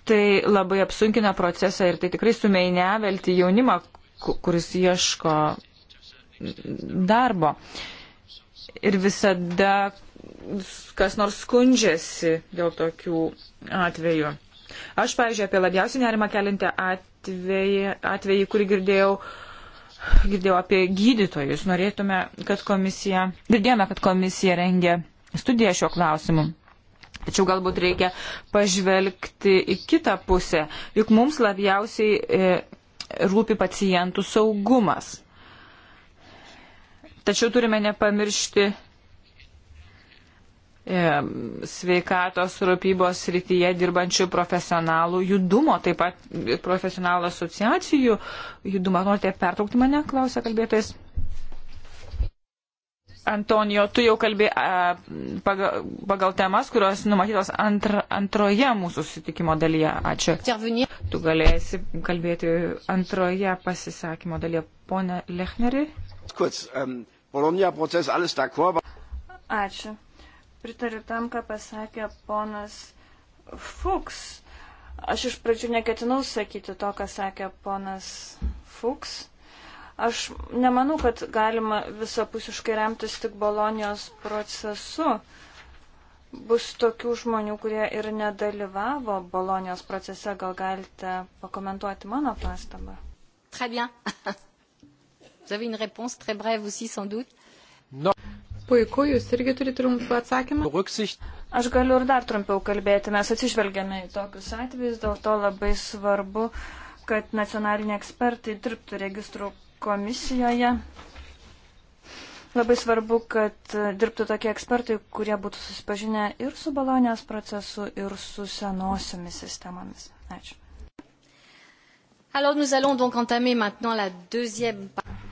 tai labai apsunkina procesą ir tai tikrai sumeinevelti jaunimą, kuris ieško darbo. Uh, ir visada kas nors skundžiasi dėl tokių atvejų. Aš, pavyzdžiui, apie labiausiai nerimą kelintę atvejį, atvejį kurį girdėjau, girdėjau apie gydytojus. Norėtume, kad komisija, girdėjome, kad komisija rengia studiją šiuo klausimu. Tačiau galbūt reikia pažvelgti į kitą pusę, juk mums labiausiai e, rūpi pacientų saugumas. Tačiau turime nepamiršti e, sveikatos rūpybos srityje dirbančių profesionalų judumo, taip pat profesionalų asociacijų judumą. Norite pertraukti mane, klausia kalbėtojas. Antonijo, tu jau kalbė pagal, pagal temas, kurios numatytos antr, antroje mūsų susitikimo dalyje. Ačiū. Tu galėsi kalbėti antroje pasisakymo dalyje. Pone Lechneri. Kurz, um... Bolonija procesas, alles d'accord. Ačiū. Pritariu tam, ką pasakė ponas Fuchs. Aš iš pradžių neketinau sakyti to, ką sakė ponas Fuchs. Aš nemanau, kad galima visapusiškai remtis tik Bolonijos procesu. Bus tokių žmonių, kurie ir nedalyvavo Bolonijos procese. Gal galite pakomentuoti mano pastabą? Très bien. [LAUGHS] Vous avez une réponse très brève aussi, sans doute. No. Puiku, jūs irgi turite trumpą atsakymą. Aš galiu ir dar trumpiau kalbėti. Mes atsižvelgiame į tokius atvejus, dėl to labai svarbu, kad nacionaliniai ekspertai dirbtų registrų komisijoje. Labai svarbu, kad dirbtų tokie ekspertai, kurie būtų susipažinę ir su balonės procesu, ir su senosiomis sistemomis. Ačiū. Alors nous allons donc entamer maintenant la deuxième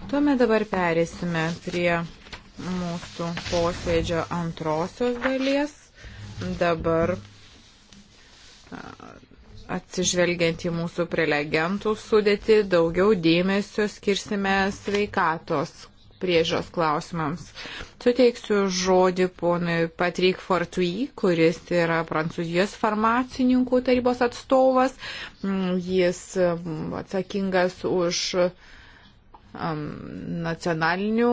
Tuomet dabar perėsime prie mūsų posėdžio antrosios dalies. Dabar atsižvelgiant į mūsų prelegentų sudėti, daugiau dėmesio skirsime sveikatos priežos klausimams. Suteiksiu žodį ponui Patrick Fortui, kuris yra Prancūzijos farmacininkų tarybos atstovas. Mm, jis mm, atsakingas už nacionalinių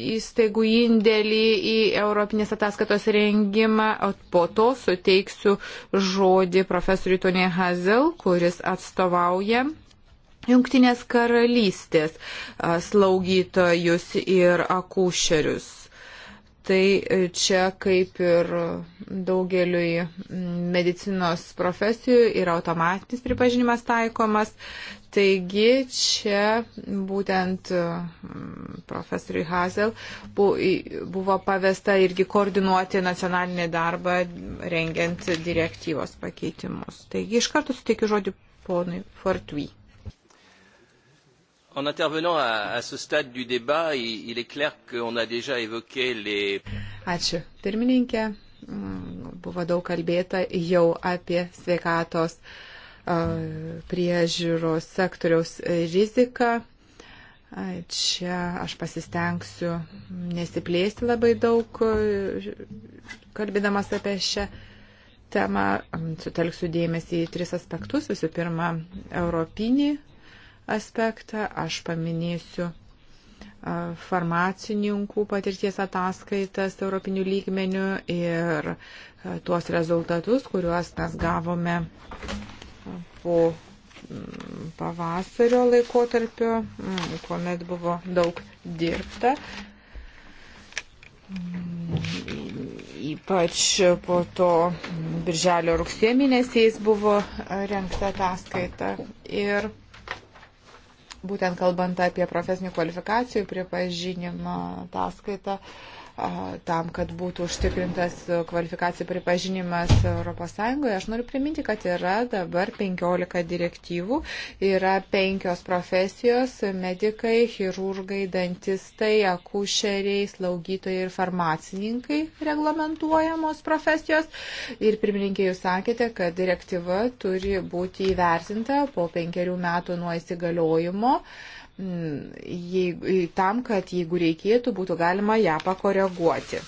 įstaigų indėlį į Europinės ataskaitos rengimą. Po to suteiksiu žodį profesoriui Tonė Hazel, kuris atstovauja Junktinės karalystės slaugytojus ir akušerius. Tai e, čia kaip ir daugeliui medicinos profesijų yra automatinis pripažinimas taikomas. Taigi čia būtent e, profesoriui Hazel buvo pavesta irgi koordinuoti nacionalinį darbą rengiant direktyvos pakeitimus. Taigi iš karto suteikiu žodį ponui Fortui en intervenant à, à ce stade du débat, il, il est clair qu'on a déjà évoqué les. Ačiū, pirmininkė. Mm, buvo daug kalbėta jau apie sveikatos priežiūros sektoriaus riziką. Čia aš pasistengsiu nesiplėsti labai daug, kalbėdamas apie šią temą. Mm, sutelksiu dėmesį į tris aspektus. Visų pirma, europinį aspektą, aš paminėsiu farmacininkų patirties ataskaitas europinių lygmenių ir tuos rezultatus, kuriuos mes gavome po pavasario laikotarpio, kuomet buvo daug dirbta. Ypač po to birželio rugsėjo mėnesiais buvo renkta ataskaita ir būtent kalbant apie profesinių kvalifikacijų pripažinimą ataskaitą. Uh, tam, kad būtų užtikrintas kvalifikacijų pripažinimas ES. Aš noriu priminti, kad yra dabar 15 direktyvų, yra penkios profesijos - medikai, chirurgai, dantistai, akušeriai, slaugytojai ir farmacininkai reglamentuojamos profesijos. Ir pirmininkė, jūs sakėte, kad direktyva turi būti įvertinta po penkerių metų nuo įsigaliojimo. Uh, jeigu, tam, kad jeigu reikėtų, būtų galima ją pakoreguoti.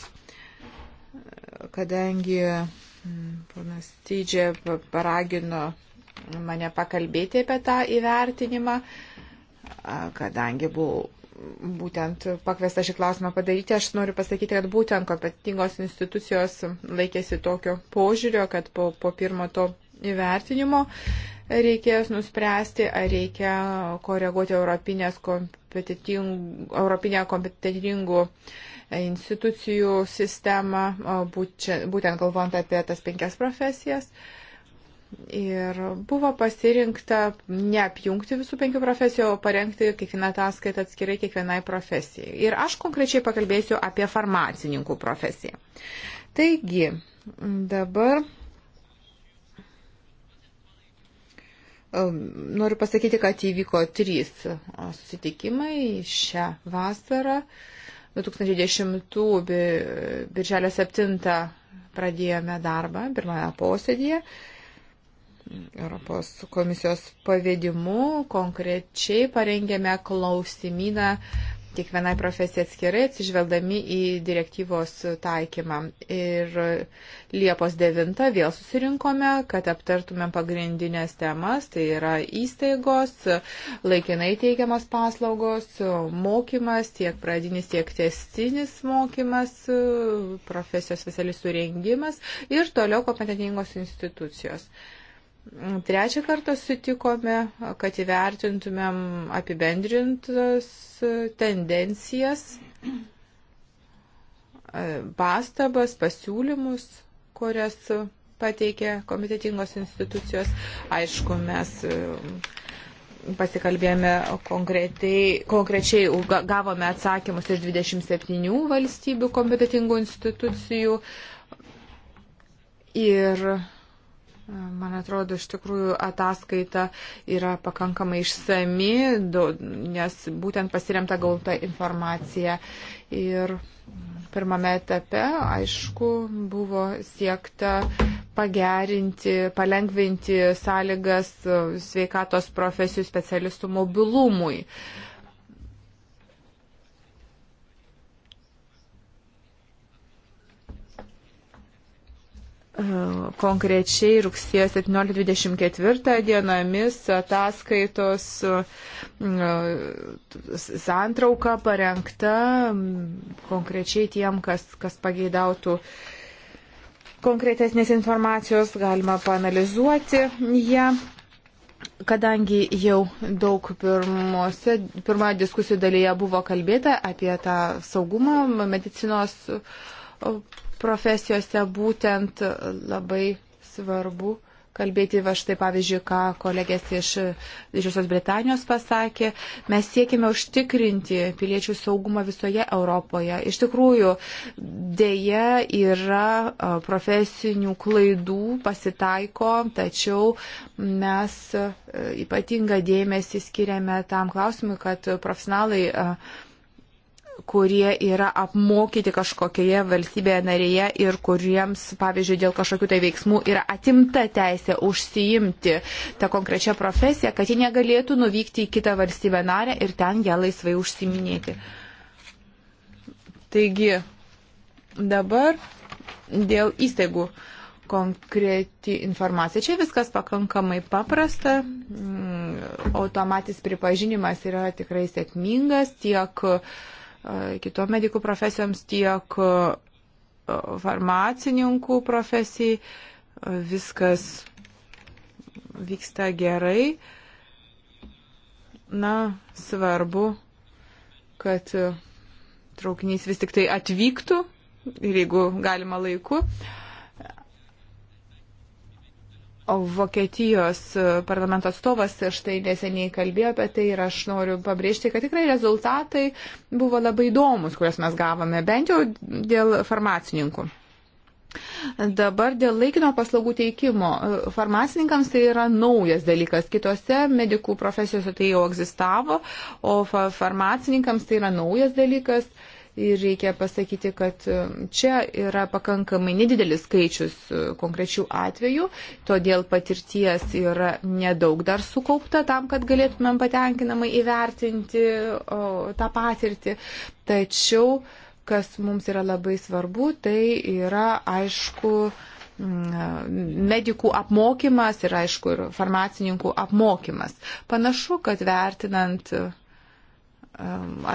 Kadangi mm, ponas Tydžė paragino mane pakalbėti apie tą įvertinimą, kadangi buvau būtent pakviesta šį klausimą padaryti, aš noriu pasakyti, kad būtent kompetitingos institucijos laikėsi tokio požiūrio, kad po, po pirmo to įvertinimo reikės nuspręsti, ar reikia koreguoti kompetiting, Europinę kompetitingų institucijų sistemą, būtent galvojant apie tas penkias profesijas. Ir buvo pasirinkta neapjungti visų penkių profesijų, o parengti kiekvieną ataskaitą atskirai kiekvienai profesijai. Ir aš konkrečiai pakalbėsiu apie farmacininkų profesiją. Taigi, dabar Noriu pasakyti, kad įvyko trys susitikimai šią vasarą. 2010 birželio 7 pradėjome darbą pirmąją posėdėje. Europos komisijos pavėdimu konkrečiai parengėme klausimyną kiekvienai profesijai atskirai, atsižvelgdami į direktyvos taikymą. Ir Liepos 9 vėl susirinkome, kad aptartumėm pagrindinės temas, tai yra įstaigos, laikinai teikiamas paslaugos, mokymas, tiek pradinis, tiek testinis mokymas, profesijos specialistų rengimas ir toliau kompetentingos institucijos. Uh, Trečią kartą sutikome, kad įvertintumėm apibendrintas tendencijas, pastabas, pasiūlymus, kurias pateikė komitetingos institucijos. Aišku, mes um, pasikalbėjome konkrečiai, gavome atsakymus iš 27 valstybių kompetitingų institucijų. Ir Man atrodo, iš tikrųjų ataskaita yra pakankamai išsami, nes būtent pasiremta gauta informacija. Ir pirmame etape, aišku, buvo siekta pagerinti, palengvinti sąlygas sveikatos profesijų specialistų mobilumui. Uh, E, konkrečiai rugsėjo 17-24 dienomis ataskaitos e, santrauka parengta konkrečiai tiem, kas, kas pageidautų konkretesnės informacijos, galima panalizuoti ją. Kadangi jau daug pirmose, pirmoje diskusijų dalyje buvo kalbėta apie tą saugumą medicinos profesijose būtent labai svarbu kalbėti, va štai pavyzdžiui, ką kolegės iš Didžiosios Britanijos pasakė, mes siekime užtikrinti piliečių saugumą visoje Europoje. Iš tikrųjų, dėje yra profesinių klaidų, pasitaiko, tačiau mes ypatingą dėmesį skiriame tam klausimui, kad profesionalai kurie yra apmokyti kažkokioje valstybėje narėje ir kuriems, pavyzdžiui, dėl kažkokių tai veiksmų yra atimta teisė užsiimti tą konkrečią profesiją, kad jie negalėtų nuvykti į kitą valstybę narę ir ten ją laisvai užsiminėti. Taigi, dabar dėl įstaigų konkreti informacija. Čia viskas pakankamai paprasta. Mm, Automatis pripažinimas yra tikrai sėkmingas tiek uh, kitom medikų profesijoms, tiek farmacininkų profesijai. Viskas vyksta gerai. Na, svarbu, kad traukinys vis tik tai atvyktų ir jeigu galima laiku. Uh, Vokietijos e, parlamento atstovas štai neseniai kalbėjo apie tai ir aš noriu pabrėžti, kad tikrai rezultatai buvo labai įdomus, kuriuos mes gavome, bent jau dėl farmacininkų. Dabar dėl laikino paslaugų teikimo. E, farmacininkams tai yra naujas dalykas. Kitose medikų profesijose tai jau egzistavo, o farmacininkams tai yra naujas dalykas. Uh, Ir reikia pasakyti, kad e, čia yra pakankamai nedidelis skaičius e, konkrečių atvejų, todėl patirties yra nedaug dar sukaupta tam, kad galėtumėm patenkinamai įvertinti o, tą patirtį. Tačiau, kas mums yra labai svarbu, tai yra aišku medikų apmokymas ir aišku ir farmacininkų apmokymas. Panašu, kad vertinant e,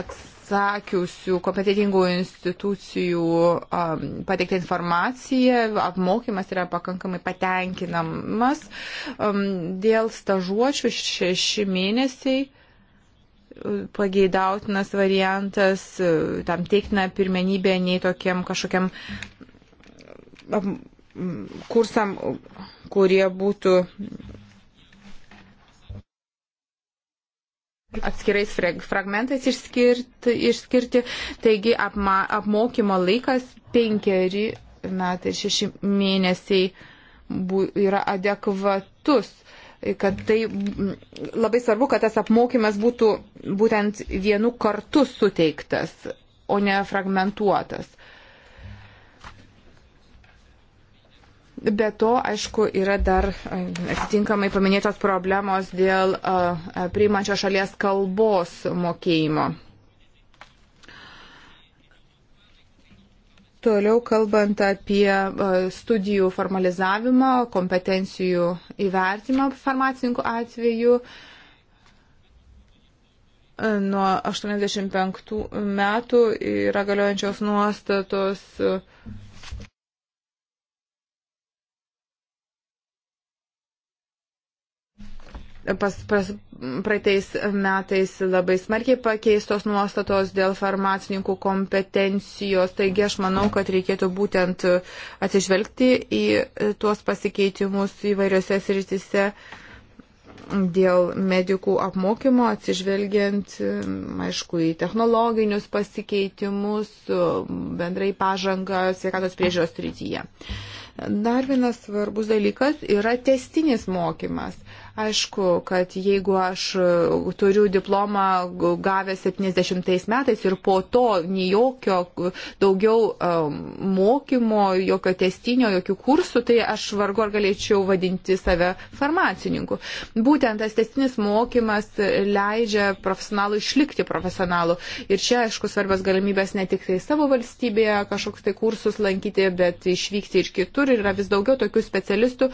ats atsakiusių kompetitingų institucijų um, pateiktą informaciją, apmokymas yra pakankamai patenkinamas. Um, dėl stažuočių šeši mėnesiai uh, pageidautinas variantas, uh, tam teiktina pirmenybė nei tokiem kažkokiam um, kursam, kurie būtų atskirais fragmentais išskirti, išskirti. taigi apma, apmokymo laikas penkeri metai ir šeši mėnesiai bu, yra adekvatus kad tai labai svarbu, kad tas apmokymas būtų būtent vienu kartu suteiktas, o ne fragmentuotas. Be to, aišku, yra dar e, atitinkamai paminėtos problemos dėl e, priimančio šalies kalbos mokėjimo. Toliau kalbant apie e, studijų formalizavimą, kompetencijų įvertimą farmacininkų atveju, nuo 85 metų yra galiojančios nuostatos pas, pas, praeitais metais labai smarkiai pakeistos nuostatos dėl farmacininkų kompetencijos. Taigi aš manau, kad reikėtų būtent atsižvelgti į tuos pasikeitimus įvairiose sritise dėl medikų apmokymo, atsižvelgiant, aišku, į technologinius pasikeitimus, bendrai pažangą sveikatos priežiūros srityje. Dar vienas svarbus dalykas yra testinis mokymas. Aišku, kad jeigu aš uh, turiu diplomą gavęs 70 metais ir po to nei jokio uh, daugiau um, mokymo, jokio testinio, jokių kursų, tai aš vargu ar galėčiau vadinti save farmacininku. Būtent tas testinis mokymas leidžia profesionalui išlikti profesionalu. Ir čia, aišku, svarbios galimybės ne tik tai savo valstybėje kažkoks tai kursus lankyti, bet išvykti ir kitur. Ir yra vis daugiau tokių specialistų,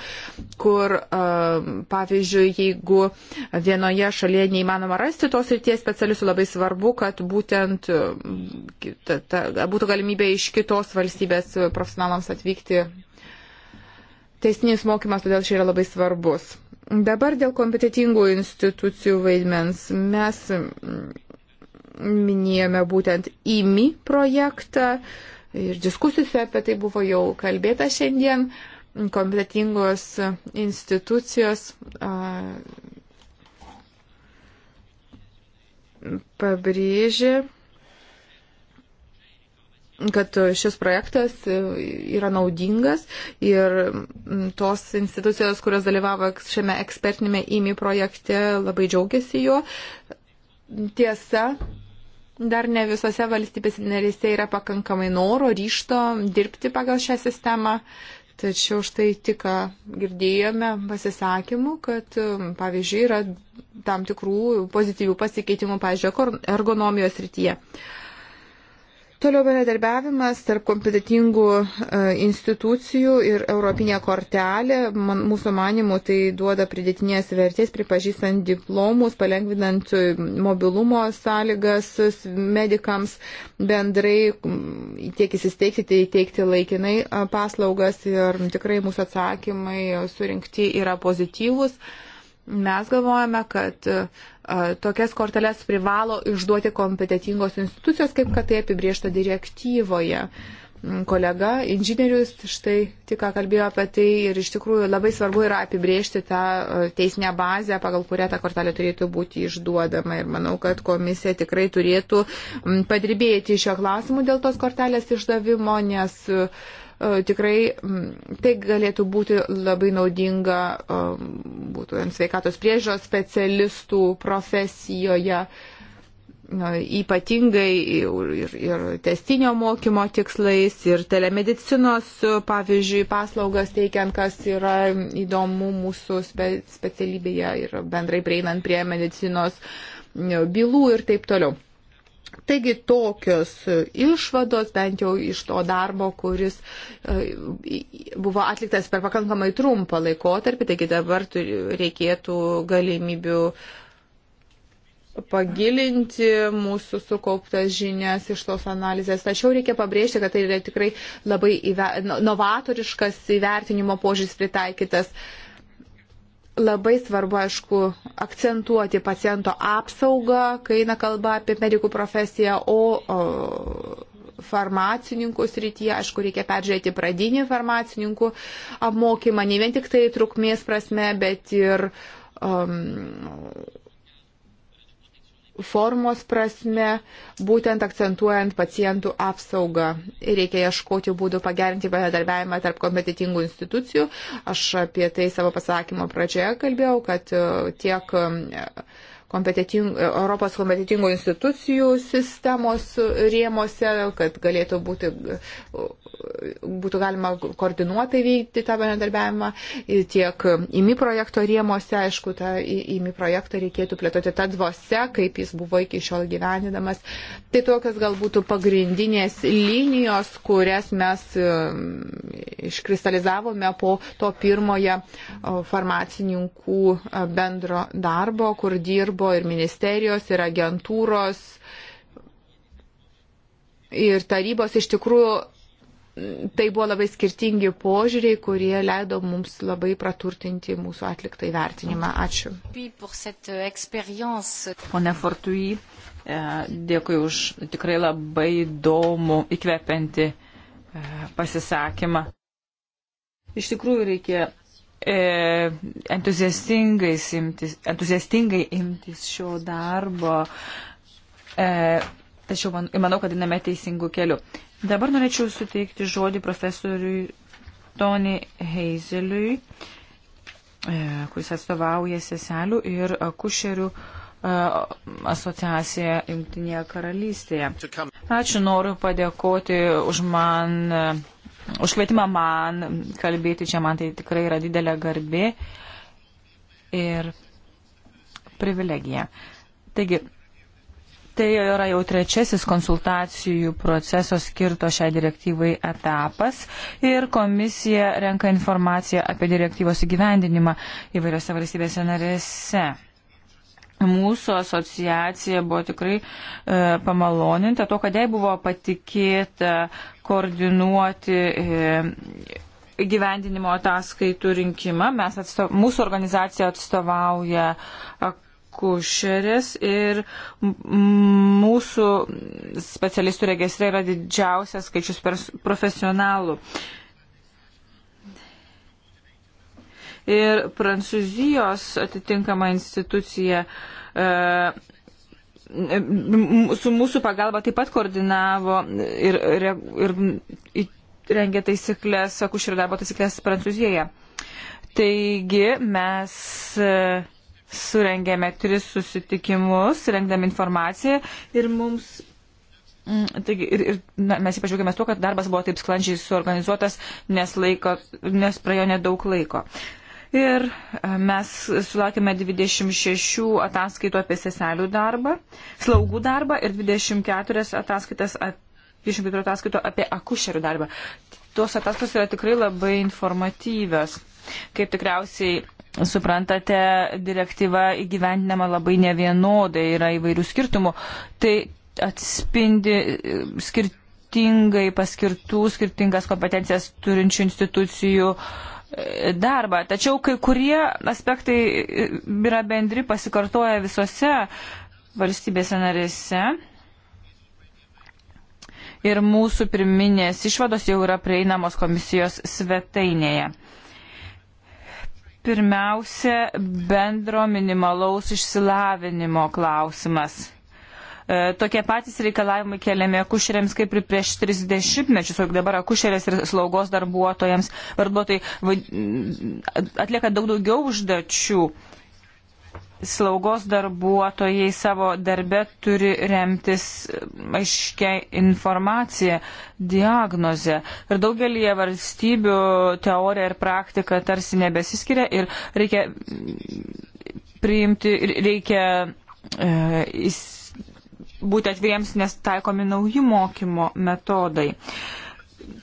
kur, um, pavyzdžiui, Pavyzdžiui, jeigu vienoje šalyje neįmanoma rasti tos ryties specialistų, labai svarbu, kad būtent mm, ta, ta, būtų galimybė iš kitos valstybės profesionalams atvykti. Teisinis mokymas todėl čia yra labai svarbus. Dabar dėl kompetitingų institucijų vaidmens. Mes mm, minėjome būtent IMI projektą ir diskusijose apie tai buvo jau kalbėta šiandien. Uh, kompetitingos institucijos pabrėžė, kad šis projektas yra naudingas ir tos institucijos, kurios dalyvavo šiame ekspertinėme įmi projekte, labai džiaugiasi juo. Tiesa, dar ne visose valstybės narėse yra pakankamai noro, ryšto dirbti pagal šią sistemą. Tačiau štai tik girdėjome pasisakymų, kad, pavyzdžiui, yra tam tikrų pozityvių pasikeitimų, pavyzdžiui, ergonomijos rytyje. Uh, Toliau bendradarbiavimas tarp kompetitingų e, institucijų ir Europinė kortelė, man, mūsų manimų, tai duoda pridėtinės vertės, pripažįstant diplomus, palengvinant mobilumo sąlygas medikams bendrai tiek įsisteigti, tai teikti laikinai e, paslaugas ir tikrai mūsų atsakymai surinkti yra pozityvus. Mes galvojame, kad uh, Tokias korteles privalo išduoti kompetitingos institucijos, kaip kad tai apibriešta direktyvoje mm, kolega, inžinierius, štai tik ką kalbėjo apie tai ir iš tikrųjų labai svarbu yra apibriežti tą teisinę bazę, pagal kurią ta kortelė turėtų būti išduodama. Ir manau, kad komisija tikrai turėtų mm, padirbėti šio klausimu dėl tos kortelės išdavimo, nes uh, E, tikrai tai galėtų būti labai naudinga e, būtų sveikatos priežiūros specialistų profesijoje, ypatingai ir, ir, ir testinio mokymo tikslais, ir telemedicinos, pavyzdžiui, paslaugas teikiant, kas yra įdomu mūsų spe, specialybėje ir bendrai prieinant prie medicinos e, bylų ir taip toliau. Taigi tokios e, išvados, bent jau iš to darbo, kuris e, buvo atliktas per pakankamai trumpą laikotarpį, taigi dabar reikėtų galimybių pagilinti mūsų sukauptas žinias iš tos analizės. Tačiau reikia pabrėžti, kad tai yra tikrai labai įve... novatoriškas įvertinimo požiūris pritaikytas uh, Labai svarbu, aišku, akcentuoti paciento apsaugą, kai eina kalba apie medikų profesiją, o, o farmacininkų srityje, aišku, reikia peržiūrėti pradinį farmacininkų apmokymą, ne vien tik tai trukmės prasme, bet ir um, formos prasme, būtent akcentuojant pacientų apsaugą. Reikia ieškoti būdų pagerinti bendradarbiavimą tarp kompetitingų institucijų. Aš apie tai savo pasakymo pradžioje kalbėjau, kad uh, tiek um, kompetiting, Europos kompetitingų institucijų sistemos rėmose, kad galėtų būti, būtų galima koordinuotai vykti tą bendradarbiavimą. Tiek įmi projekto rėmose, aišku, tą įmi projektą reikėtų plėtoti tą dvose, kaip jis buvo iki šiol gyveninamas. Tai tokios galbūt pagrindinės linijos, kurias mes um, iškristalizavome po to pirmoje uh, farmacininkų uh, bendro darbo, kur dirbo darbo ir ministerijos ir agentūros ir tarybos iš tikrųjų tai buvo labai skirtingi požiūriai, kurie leido mums labai praturtinti mūsų atliktą įvertinimą. Ačiū. Euh, Pone Fortui, e, dėkui už tikrai labai įdomų, įkvepiantį e, pasisakymą. Iš tikrųjų reikia E, entuziastingai imtis, entuziastingai imtis šio darbo. E, tačiau man, manau, kad einame teisingų kelių. Dabar norėčiau suteikti žodį profesoriui Toni Heizeliui, e, kuris atstovauja seselių ir akušerių e, asociaciją Junktinėje karalystėje. Ačiū, noriu padėkoti už man už kvietimą man kalbėti čia, man tai tikrai yra didelė garbė ir privilegija. Taigi, tai yra jau trečiasis konsultacijų proceso skirto šiai direktyvai etapas ir komisija renka informaciją apie direktyvos įgyvendinimą įvairiose valstybėse narėse. Mūsų asociacija buvo tikrai e, pamaloninta to, kad jai buvo patikėta koordinuoti e, gyvendinimo ataskaitų rinkimą. Mes atstov, mūsų organizacija atstovauja akušeris ir mūsų specialistų registre yra didžiausias skaičius profesionalų. Ir Prancūzijos atitinkama institucija e, su mūsų pagalba taip pat koordinavo ir, ir, ir rengė taisyklės, akušerio darbo taisyklės Prancūzijoje. Taigi mes e, surengėme tris susitikimus, rengdami informaciją ir mums. Mm, taigi, ir, ir na, mes ypač džiaugiamės tuo, kad darbas buvo taip sklandžiai suorganizuotas, nes, laiko, nes praėjo nedaug laiko. Uh, Ir e, mes sulaukime 26 ataskaitų apie seselių darbą, slaugų darbą ir 24 ataskaitas, 24 ataskaitų apie akušerių darbą. Tos ataskaitos yra tikrai labai informatyvios. Kaip tikriausiai suprantate, direktyva įgyvendinama labai nevienodai, yra įvairių skirtumų. Tai atspindi e, skirtingai paskirtų, skirtingas kompetencijas turinčių institucijų uh, darbą. Tačiau kai kurie aspektai yra bendri, pasikartoja visose valstybėse narėse. Ir mūsų pirminės išvados jau yra prieinamos komisijos svetainėje. Pirmiausia, bendro minimalaus išsilavinimo klausimas. E, tokie patys reikalavimai keliami akušeriams kaip ir prieš 30 mečius, o dabar akušerės ir slaugos darbuotojams, darbuotojai atlieka daug daugiau užduočių. Slaugos darbuotojai savo darbe turi remtis aiškia informacija, diagnoze. Ir daugelį valstybių teorija ir praktika tarsi nebesiskiria ir reikia priimti, reikia e, įs, būti atviriems, nes taikomi nauji mokymo metodai.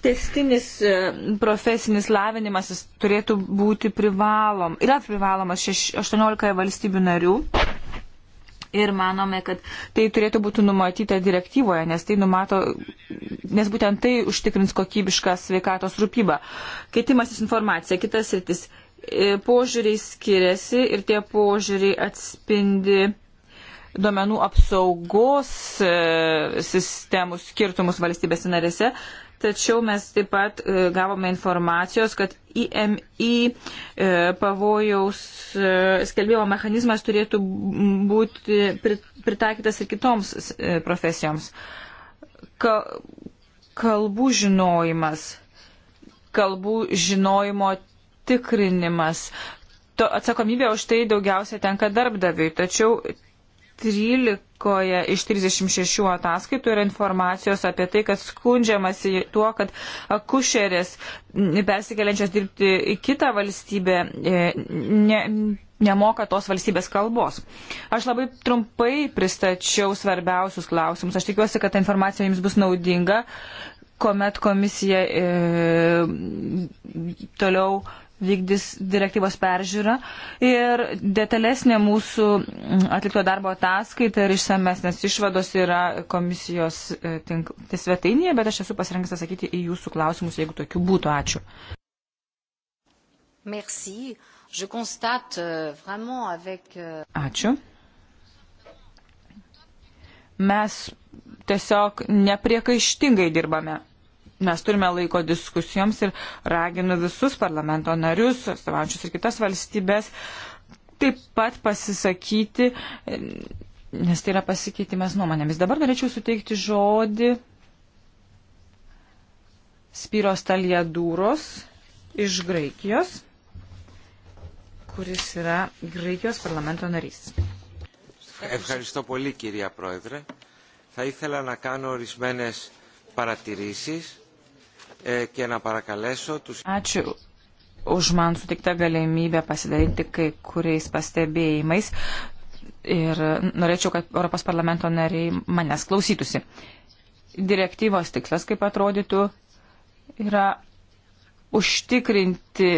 Testinis e, profesinis lavinimasis turėtų būti privalom, yra privalomas 18 valstybių narių. Ir manome, kad tai turėtų būti numatyta direktyvoje, nes tai numato, nes būtent tai užtikrins kokybišką sveikatos rūpybą. Keitimasis informacija, kitas rytis. E, požiūriai skiriasi ir tie požiūriai atspindi duomenų apsaugos e, sistemų skirtumus valstybės narėse, tačiau mes taip pat e, gavome informacijos, kad IMI e, pavojaus skelbimo mechanizmas turėtų būti pritaikytas ir kitoms profesijoms. Kalbų žinojimas, kalbų žinojimo tikrinimas. To atsakomybė už tai daugiausia tenka darbdaviui, tačiau 13 iš 36 ataskaitų yra informacijos apie tai, kad skundžiamasi tuo, kad akušerės persikeliančios dirbti į kitą valstybę e, ne, nemoka tos valstybės kalbos. Aš labai trumpai pristačiau svarbiausius klausimus. Aš tikiuosi, kad ta informacija jums bus naudinga kuomet komisija e, toliau vykdys direktyvos peržiūrą ir detalesnė mūsų mm, atlikto darbo ataskaita ir išsamesnės išvados yra komisijos e, tink... Tai svetainėje, bet aš esu pasirengęs atsakyti į jūsų klausimus, jeigu tokių būtų. Ačiū. Merci. Je constate euh, vraiment avec... Euh, Ačiū. Mes tiesiog nepriekaištingai dirbame mes turime laiko diskusijoms ir raginu visus parlamento narius, atstovaujančius ir kitas valstybės, taip pat pasisakyti, nes tai yra pasikeitimas nuomonėmis. Dabar norėčiau suteikti žodį Spyros Taliadūros iš Graikijos, kuris yra Graikijos parlamento narys. Ευχαριστώ πολύ κυρία Πρόεδρε. Θα ήθελα να κάνω ορισμένες παρατηρήσεις και να παρακαλέσω τους... Ačiū už man sutiktą galimybę pasidalinti kai kuriais pastebėjimais ir norėčiau, kad Europos parlamento nariai manęs klausytųsi. Direktyvos tikslas, kaip atrodytų, yra užtikrinti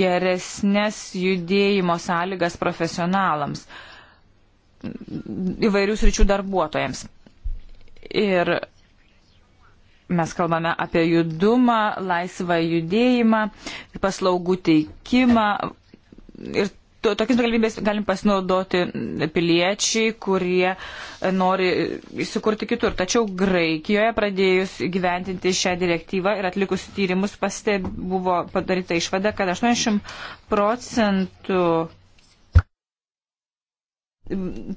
geresnės judėjimo sąlygas profesionalams, įvairių sričių darbuotojams. Ir Mes kalbame apie judumą, laisvą judėjimą, paslaugų teikimą ir tokias galimybės galim pasinaudoti piliečiai, kurie nori įsikurti kitur. Tačiau Graikijoje pradėjus gyventinti šią direktyvą ir atlikus tyrimus pasteb, buvo padaryta išvada, kad 80 procentų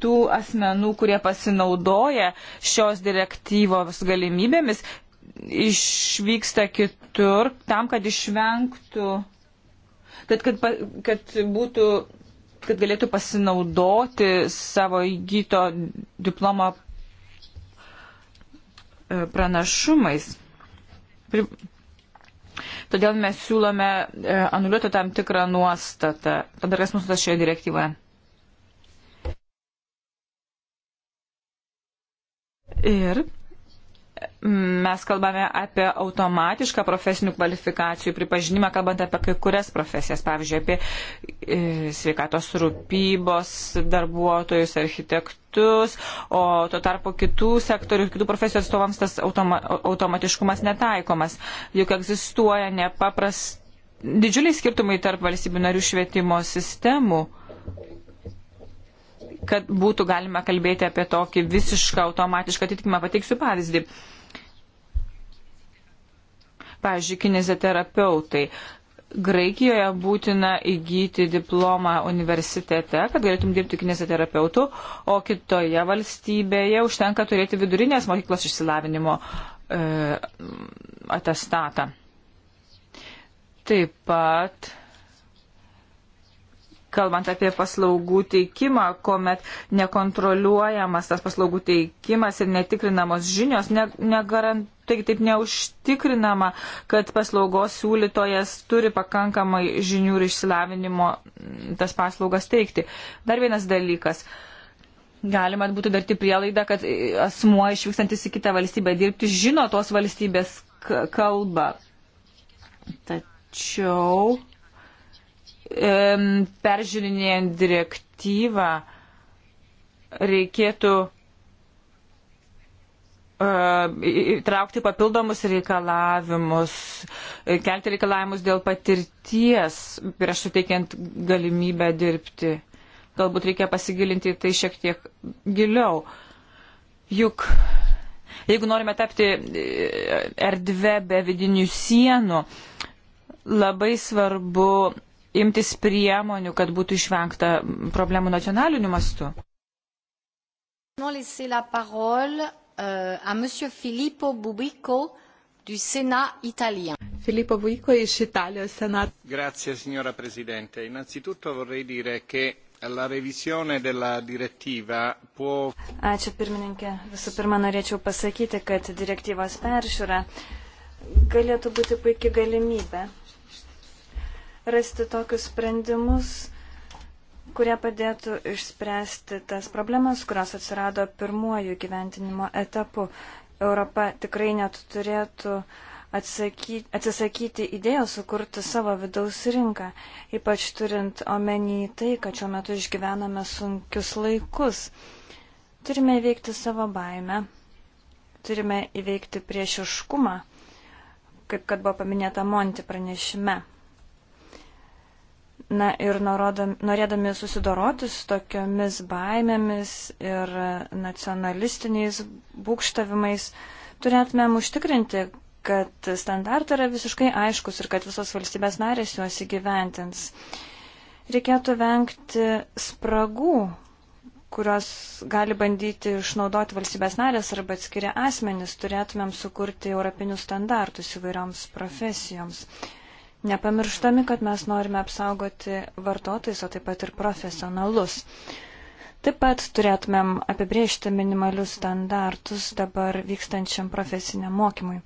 tų asmenų, kurie pasinaudoja šios direktyvos galimybėmis, išvyksta kitur tam, kad išvengtų, kad, kad, kad būtų kad galėtų pasinaudoti savo įgyto diplomo e, pranašumais. Pri... Todėl mes siūlome e, anuliuoti tam tikrą nuostatą. Tada kas nustatas šioje direktyvoje? Ir mes kalbame apie automatišką profesinių kvalifikacijų pripažinimą, kalbant apie kai kurias profesijas, pavyzdžiui, apie e, sveikatos rūpybos darbuotojus, architektus, o tuo tarpu kitų sektorių, kitų profesijų atstovams tas automa, automatiškumas netaikomas, juk egzistuoja nepaprast didžiuliai skirtumai tarp valstybių narių švietimo sistemų kad būtų galima kalbėti apie tokį visišką automatišką atitikimą. Pateiksiu pavyzdį. Uh, pavyzdžiui, kineziterapeutai. Graikijoje būtina įgyti diplomą universitete, kad galėtum dirbti kineziterapeutų, o kitoje valstybėje užtenka turėti vidurinės mokyklos išsilavinimo e, atestatą. Taip pat kalbant apie paslaugų teikimą, kuomet nekontroliuojamas tas paslaugų teikimas ir netikrinamos žinios, ne, negarant, taigi taip neužtikrinama, kad paslaugos siūlytojas turi pakankamai žinių ir išsilavinimo mm, tas paslaugas teikti. Dar vienas dalykas. Galima būtų daryti prielaidą, kad asmuo išvykstantis į kitą valstybę dirbti žino tos valstybės kalbą. Tačiau peržiūrinėjant direktyvą reikėtų e, įtraukti papildomus reikalavimus, e, kelti reikalavimus dėl patirties prieš suteikiant galimybę dirbti. Galbūt reikia pasigilinti tai šiek tiek giliau. Juk jeigu norime tapti e, erdvę be vidinių sienų, labai svarbu imtis priemonių, kad būtų išvengta problemų nacionaliniu mastu. Euh, Filippo Buico iš Italijos senato. Grazie signora Presidente. Innanzitutto vorrei dire che la revisione della direttiva può. Ačiū pirmininkė. Visų pirma, norėčiau pasakyti, kad direktyvos peržiūra galėtų būti puikia galimybė rasti tokius sprendimus, kurie padėtų išspręsti tas problemas, kurios atsirado pirmuoju gyventinimo etapu. Europa tikrai net turėtų atsaky, atsisakyti idėjos sukurti savo vidaus rinką, ypač turint omeny tai, kad šiuo metu išgyvename sunkius laikus. Turime įveikti savo baimę, turime įveikti priešiškumą, kaip kad buvo paminėta Monti pranešime. Na ir norodam, norėdami susidoroti su tokiomis baimėmis ir nacionalistiniais būkštavimais, turėtumėm užtikrinti, kad standartai yra visiškai aiškus ir kad visos valstybės narės juos įgyventins. Reikėtų vengti spragų, kurios gali bandyti išnaudoti valstybės narės arba atskiri asmenys, turėtumėm sukurti europinius standartus įvairioms profesijoms. Nepamirštami, kad mes norime apsaugoti vartotojus, o taip pat ir profesionalus. Taip pat turėtumėm apibriežti minimalius standartus dabar vykstančiam profesiniam mokymui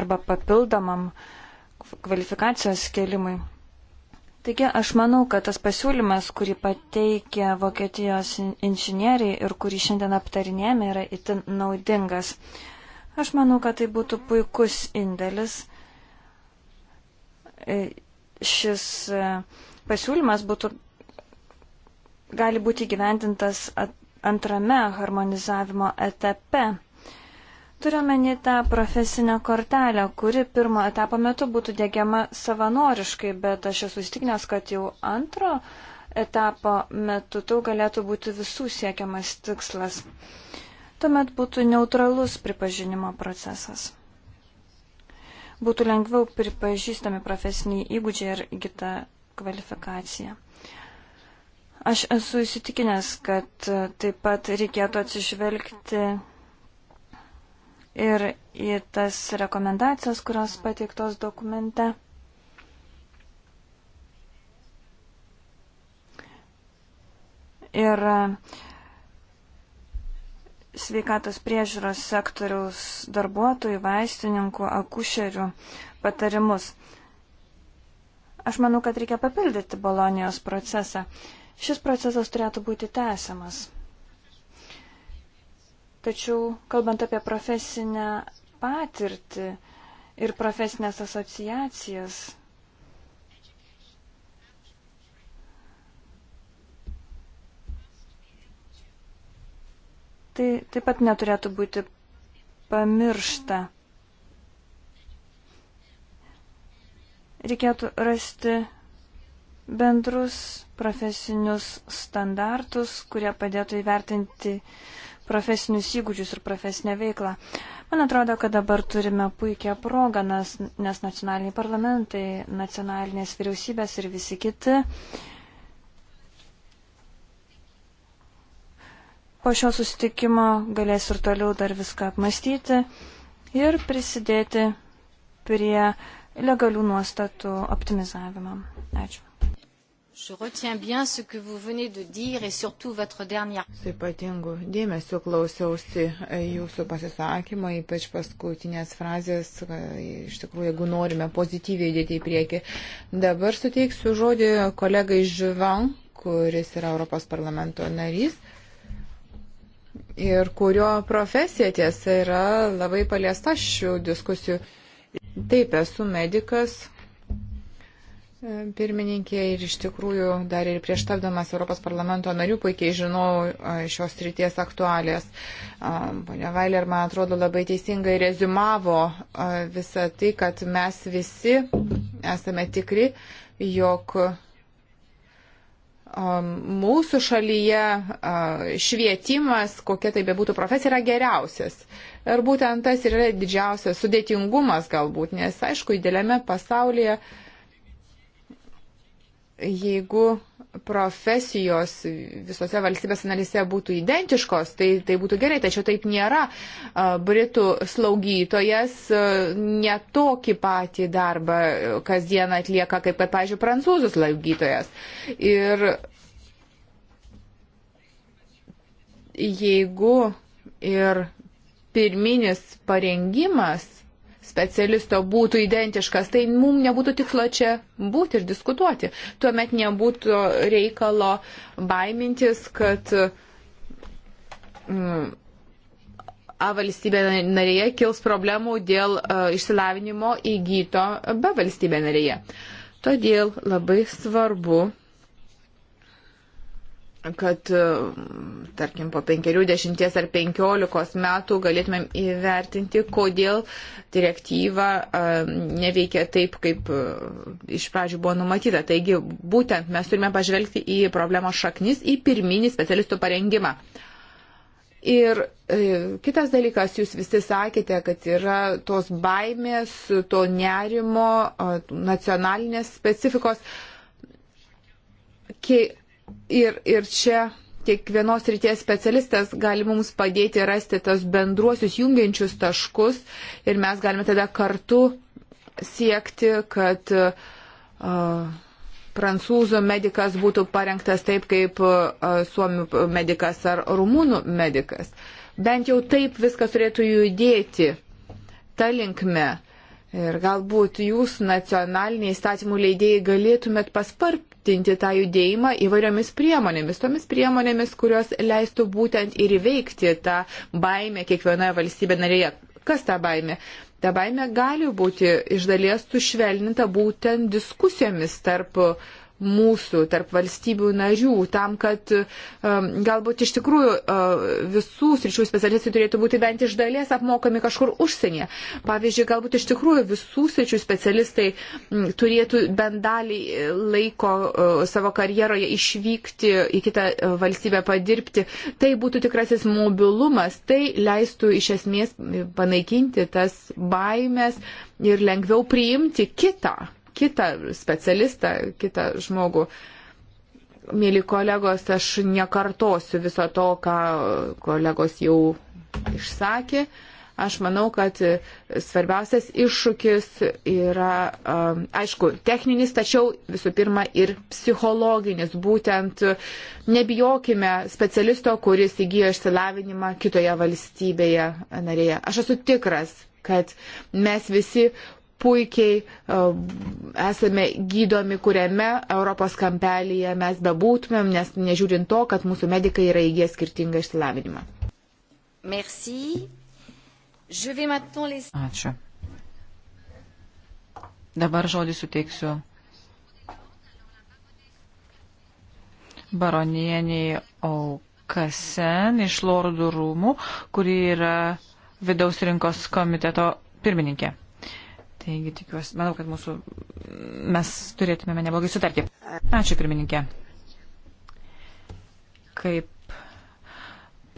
arba papildomam kvalifikacijos kelimui. Taigi aš manau, kad tas pasiūlymas, kurį pateikė Vokietijos inžinieriai ir kurį šiandien aptarinėjame, yra itin naudingas. Aš manau, kad tai būtų puikus indėlis E, šis e, pasiūlymas būtų, gali būti gyvendintas antrame harmonizavimo etape. Turiuomenį tą profesinę kortelę, kuri pirmo etapo metu būtų dėgiama savanoriškai, bet aš esu įstikinęs, kad jau antro etapo metu tai galėtų būti visų siekiamas tikslas. Tuomet būtų neutralus pripažinimo procesas būtų lengviau pripažįstami profesiniai įgūdžiai ir įgyta kvalifikacija. Aš esu įsitikinęs, kad e, taip pat reikėtų atsižvelgti ir į tas rekomendacijas, kurios pateiktos dokumente. Ir uh, sveikatos priežiūros sektoriaus darbuotojų, vaistininkų, akušerių patarimus. Aš manau, kad reikia papildyti Bolonijos procesą. Šis procesas turėtų būti tęsiamas. Tačiau, kalbant apie profesinę patirtį ir profesinės asociacijas, Tai taip pat neturėtų būti pamiršta. Reikėtų rasti bendrus profesinius standartus, kurie padėtų įvertinti profesinius įgūdžius ir profesinę veiklą. Man atrodo, kad dabar turime puikią progą, nes, nes nacionaliniai parlamentai, nacionalinės vyriausybės ir visi kiti uh, po šio susitikimo galės ir toliau dar viską apmastyti ir prisidėti prie legalių nuostatų optimizavimą. Ačiū. Je retiens bien ce que vous venez de dire et surtout votre dernière. Su ypatingu dėmesiu klausiausi e, jūsų pasisakymo, ypač paskutinės frazės, e, iš tikrųjų, jeigu norime pozityviai dėti į priekį. Dabar suteiksiu žodį kolegai Žyvan, kuris yra Europos parlamento narys ir kurio profesija tiesa yra labai paliesta šių diskusijų. Taip, esu medikas, e, Pirmininkė ir iš tikrųjų dar ir prieš tapdamas Europos parlamento narių puikiai žinau e, šios ryties aktualės. Pone Vailer, man atrodo, labai teisingai rezumavo e, visą tai, kad mes visi esame tikri, jog Um, mūsų šalyje švietimas, kokia tai bebūtų profesija, yra geriausias. Ir būtent tas yra didžiausias sudėtingumas galbūt, nes aišku, įdėliame pasaulyje, jeigu profesijos visose valstybės analise būtų identiškos, tai, tai būtų gerai, tačiau taip nėra. Britų slaugytojas netokį patį darbą kasdien atlieka, kaip, kad, pavyzdžiui, prancūzų slaugytojas. Ir jeigu ir pirminis parengimas specialisto būtų identiškas, tai mums nebūtų tikslo čia būti ir diskutuoti. Tuomet nebūtų reikalo baimintis, kad mm, A valstybė narėje kils problemų dėl uh, išsilavinimo įgyto B valstybė narėje. Todėl labai svarbu kad, e, tarkim, po penkerių, dešimties ar penkiolikos metų galėtumėm įvertinti, kodėl direktyva e, neveikia taip, kaip e, iš pradžių buvo numatyta. Taigi, būtent mes turime pažvelgti į problemos šaknis, į pirminį specialistų parengimą. Ir kitas dalykas, jūs visi sakėte, kad yra tos baimės, to nerimo, nacionalinės specifikos. Kai Ir, ir čia kiekvienos ryties specialistas gali mums padėti rasti tos bendruosius jungiančius taškus ir mes galime tada kartu siekti, kad uh, prancūzų medikas būtų parengtas taip kaip uh, suomių medikas ar rumūnų medikas. Bent jau taip viskas turėtų judėti tą linkmę. Ir galbūt jūs nacionaliniai įstatymų leidėjai galėtumėt paspartinti tą judėjimą įvairiomis priemonėmis, tomis priemonėmis, kurios leistų būtent ir įveikti tą baimę kiekvienoje valstybė narėje. Kas ta baimė? Ta baimė gali būti iš dalies sušvelninta būtent diskusijomis tarp mūsų, tarp valstybių narių, tam, kad um, galbūt iš tikrųjų uh, visų sričių specialistai turėtų būti bent iš dalies apmokami kažkur užsienyje. Pavyzdžiui, galbūt iš tikrųjų visų sričių specialistai mm, turėtų bent dalį laiko uh, savo karjeroje išvykti į kitą uh, valstybę padirbti. Tai būtų tikrasis mobilumas, tai leistų iš esmės panaikinti tas baimės ir lengviau priimti kitą kitą specialistą, kitą žmogų. Mėly kolegos, aš nekartosiu viso to, ką kolegos jau išsakė. Aš manau, kad svarbiausias iššūkis yra, um, aišku, techninis, tačiau visų pirma ir psichologinis. Būtent nebijokime specialisto, kuris įgyjo išsilavinimą kitoje valstybėje narėje. Aš esu tikras, kad mes visi puikiai uh, esame gydomi, kuriame Europos kampelėje mes bebūtumėm, nes nežiūrint to, kad mūsų medikai yra įgė skirtingą išsilavinimą. Les... Ačiū. Dabar žodį suteiksiu baronieniai Aukasen iš Lordų rūmų, kuri yra vidaus rinkos komiteto pirmininkė. Taigi tikiuosi, manau, kad mūsų, mes turėtumėme neblogai sutarti. Ačiū pirmininkė. Kaip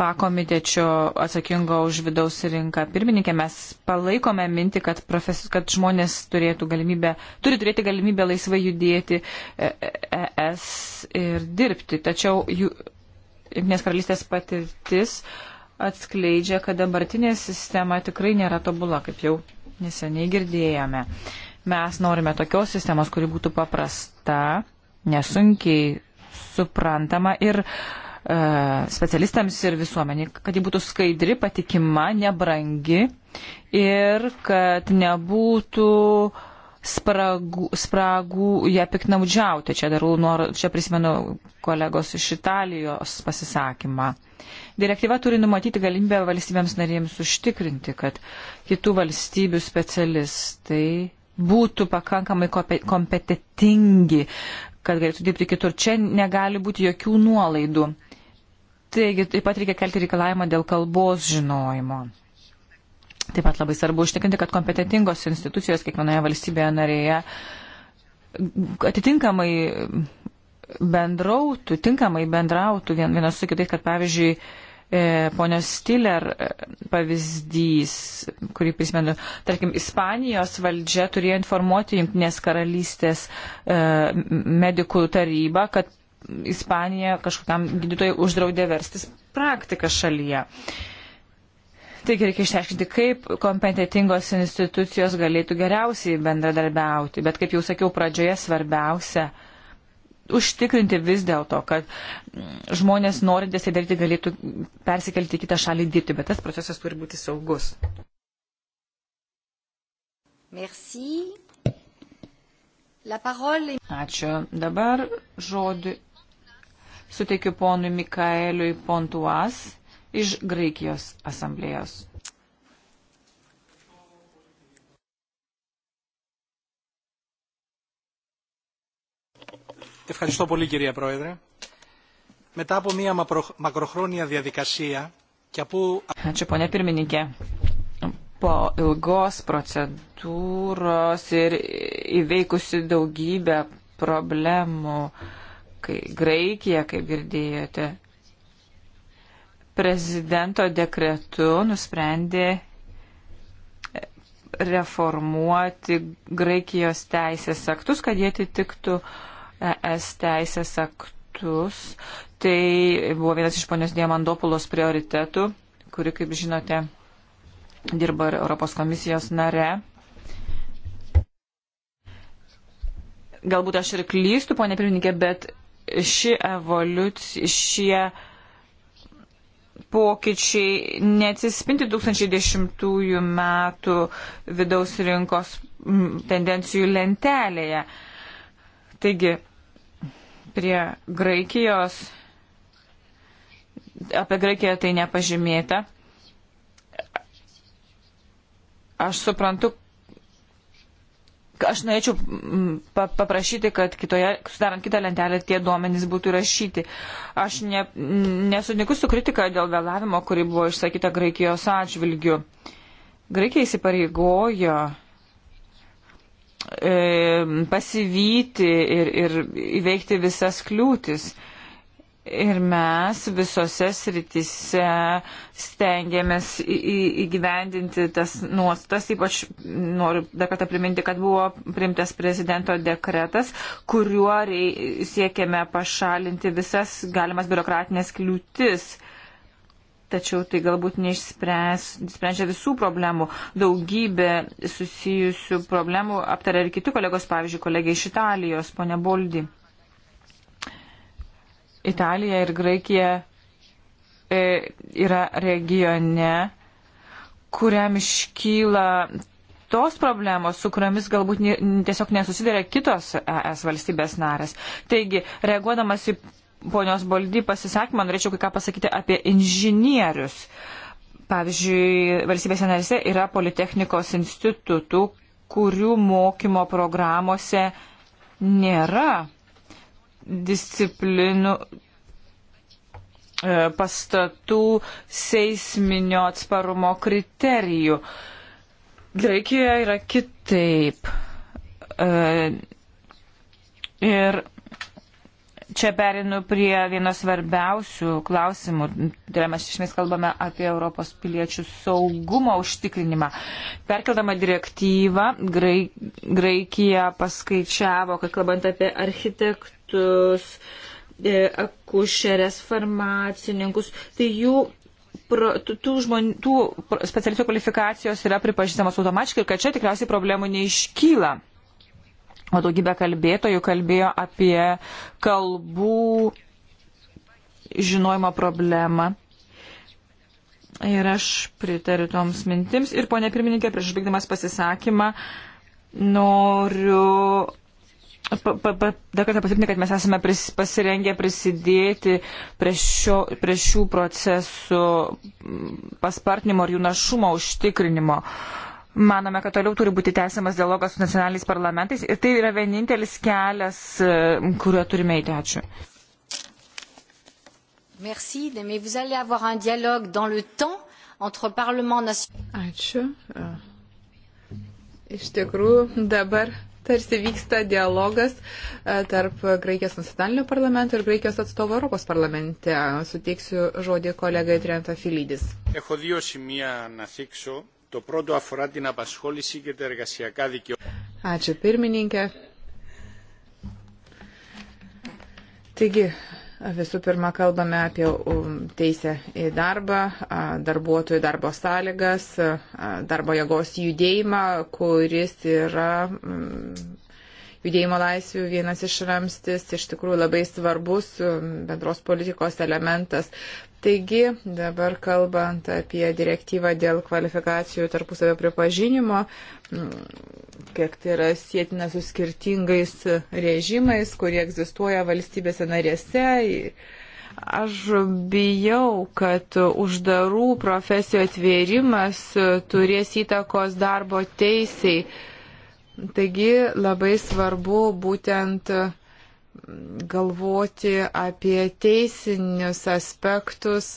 pakomitečio atsakingo už vidaus rinką pirmininkė, mes palaikome mintį, kad, profes, kad žmonės turėtų galimybę, turi turėti galimybę laisvai judėti e, e, e, ES ir dirbti. Tačiau jų, Junktinės karalystės patirtis atskleidžia, kad dabartinė sistema tikrai nėra tobula, kaip jau neseniai girdėjome. Mes norime tokios sistemos, kuri būtų paprasta, nesunkiai suprantama ir e, specialistams ir visuomeniai, kad ji būtų skaidri, patikima, nebrangi ir kad nebūtų e, spragų, spragų ją piknaudžiauti. Čia, darau, nuor, čia prisimenu kolegos iš Italijos pasisakymą. Direktyva turi numatyti galimybę valstybėms narėms užtikrinti, kad kitų valstybių specialistai būtų pakankamai kompetitingi, kad galėtų dirbti kitur. Čia negali būti jokių nuolaidų. Taigi taip pat reikia kelti reikalavimą dėl kalbos žinojimo. Taip pat labai svarbu užtikrinti, kad kompetentingos institucijos kiekvienoje valstybėje narėje atitinkamai bendrautų, tinkamai bendrautų vienas su kitais, kad pavyzdžiui, e, ponios Stiller e, pavyzdys, kurį prisimenu, tarkim, Ispanijos valdžia turėjo informuoti Junktinės karalystės e, medikų tarybą, kad Ispanija kažkokiam gydytojui uždraudė verstis praktiką šalyje. Uh, Taigi reikia išsiaiškinti, kaip kompetitingos institucijos galėtų geriausiai bendradarbiauti. Bet kaip jau sakiau pradžioje, svarbiausia užtikrinti vis dėlto, kad žmonės norintys tai daryti galėtų persikelti į kitą šalį dirbti, bet tas procesas turi būti saugus. Merci. La parole... Ačiū. Dabar žodį suteikiu ponui Mikaeliui Pontuas iš Graikijos asamblėjos. Ευχαριστώ πολύ κυρία Πρόεδρε. Μετά από μια μακροχρόνια διαδικασία και από... Ačiū ponia pirmininkė. Po ilgos procedūros ir įveikusi daugybę problemų, kai Graikija, kaip girdėjote, prezidento dekretu nusprendė reformuoti Graikijos teisės aktus, kad jie atitiktų ES teisės aktus. Tai buvo vienas iš ponios Diemandopulos prioritetų, kuri, kaip žinote, dirba ir Europos komisijos nare. Galbūt aš ir klystu, ponė pirmininkė, bet ši evoliucija, šie pokyčiai neatsispinti 2010 metų vidaus rinkos tendencijų lentelėje. Taigi, prie Graikijos, apie Graikiją tai nepažymėta. Aš suprantu, Aš norėčiau mm, paprašyti, kad kitoje, sudarant kitą lentelę, tie duomenys būtų rašyti. Aš ne, nesutinku su kritika dėl vėlavimo, kuri buvo išsakyta Graikijos atžvilgiu. Graikija įsipareigojo e, pasivyti ir, ir įveikti visas kliūtis. E, Ir mes visose sritise stengiamės įgyvendinti tas nuostas, ypač noriu dar kartą priminti, kad buvo primtas prezidento dekretas, kuriuo siekiame pašalinti visas galimas biurokratinės kliūtis. Tačiau tai galbūt neišsprendžia visų problemų. Daugybė susijusių problemų aptarė ir kiti kolegos, pavyzdžiui, kolegė iš Italijos, ponia Boldi. Italija ir Graikija e, yra regione, kuriam iškyla tos problemos, su kuriomis galbūt tiesiog nesusidarė kitos ES valstybės narės. Taigi, reaguodamas į ponios Boldy pasisakymą, norėčiau kai ką pasakyti apie inžinierius. Pavyzdžiui, valstybėse narėse yra politechnikos institutų, kurių mokymo programuose nėra disciplinų e, pastatų seisminio atsparumo kriterijų. Graikijoje yra kitaip. E, ir čia perinu prie vieno svarbiausių klausimų, dėl mes iš esmės kalbame apie Europos piliečių saugumo užtikrinimą. Perkeldama direktyvą, Graikija paskaičiavo, kad kalbant apie architektų specialistus, e, akušerės, farmacininkus. Tai jų tų, žmonių, tų specialistų kvalifikacijos yra pripažįstamos automatiškai ir kad čia tikriausiai problemų neiškyla. O daugybė kalbėtojų kalbėjo apie kalbų žinojimo problemą. Ir aš pritariu toms mintims. Ir ponė pirmininkė, prieš užbaigdamas pasisakymą, noriu Pa, pa, pa, dar kartą pasipinti, kad mes esame pris, pasirengę prisidėti prie, šio, prie šių procesų paspartinimo ir jų našumo užtikrinimo. Manome, kad toliau turi būti tęsiamas dialogas su nacionaliniais parlamentais ir tai yra vienintelis kelias, e, kuriuo turime eiti. Ačiū. Merci, mais vous allez avoir un dialogue dans le temps entre parlement national. Ačiū. Iš tikrųjų, dabar tarsi vyksta dialogas e, tarp Graikijos nacionalinio parlamento ir Graikijos atstovo Europos parlamente. Suteiksiu žodį kolegai Trenta Filidis. Ačiū pirmininkė. Taigi, Visų pirma, kalbame apie um, teisę į darbą, darbuotojų darbo sąlygas, darbo jėgos judėjimą, kuris yra mm, judėjimo laisvių vienas iš ramstis, iš tikrųjų labai svarbus um, bendros politikos elementas. Taigi, dabar kalbant apie direktyvą dėl kvalifikacijų tarpusavio pripažinimo, mm, kiek tai yra sėtina su skirtingais režimais, kurie egzistuoja valstybėse narėse. Aš bijau, kad uždarų profesijų atvėrimas turės įtakos darbo teisiai. Taigi labai svarbu būtent galvoti apie teisinius aspektus.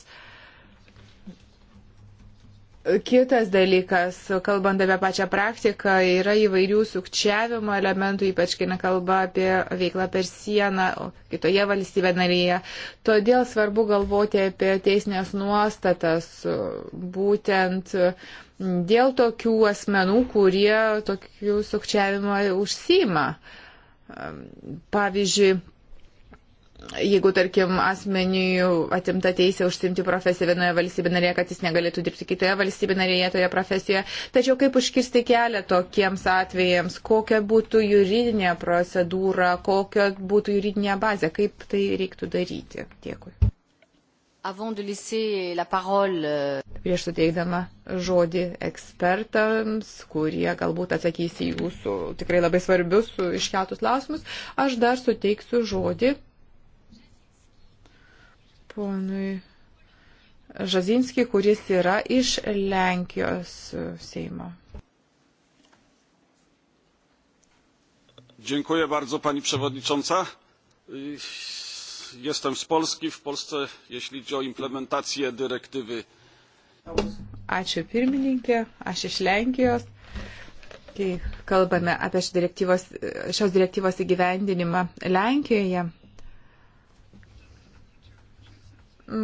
Kitas dalykas, kalbant apie pačią praktiką, yra įvairių sukčiavimo elementų, ypač kai nekalba apie veiklą per sieną kitoje valstybė narėje. Todėl svarbu galvoti apie teisinės nuostatas būtent dėl tokių asmenų, kurie tokių sukčiavimo užsima. Uh, Pavyzdžiui, jeigu, tarkim, asmeniui atimta teisė užsimti profesiją vienoje valstybė narėje, kad jis negalėtų dirbti kitoje valstybė narėje toje profesijoje. Tačiau kaip užkirsti kelią tokiems atvejams, kokia būtų juridinė procedūra, kokia būtų juridinė bazė, kaip tai reiktų daryti. Dėkui. Euh, Prieš suteikdama žodį ekspertams, kurie galbūt atsakys į jūsų tikrai labai svarbius iškeltus klausimus, aš dar suteiksiu žodį ponui Žazinski, kuris yra iš Lenkijos Seimo. Dziękuję bardzo, pani przewodnicząca. Jestem z Polski. W Polsce, jeśli chodzi o implementację dyrektywy. Ačiū pirmininkė, aš iš Lenkijos. Kai kalbame apie direktyvos, šios direktyvos įgyvendinimą Lenkijoje,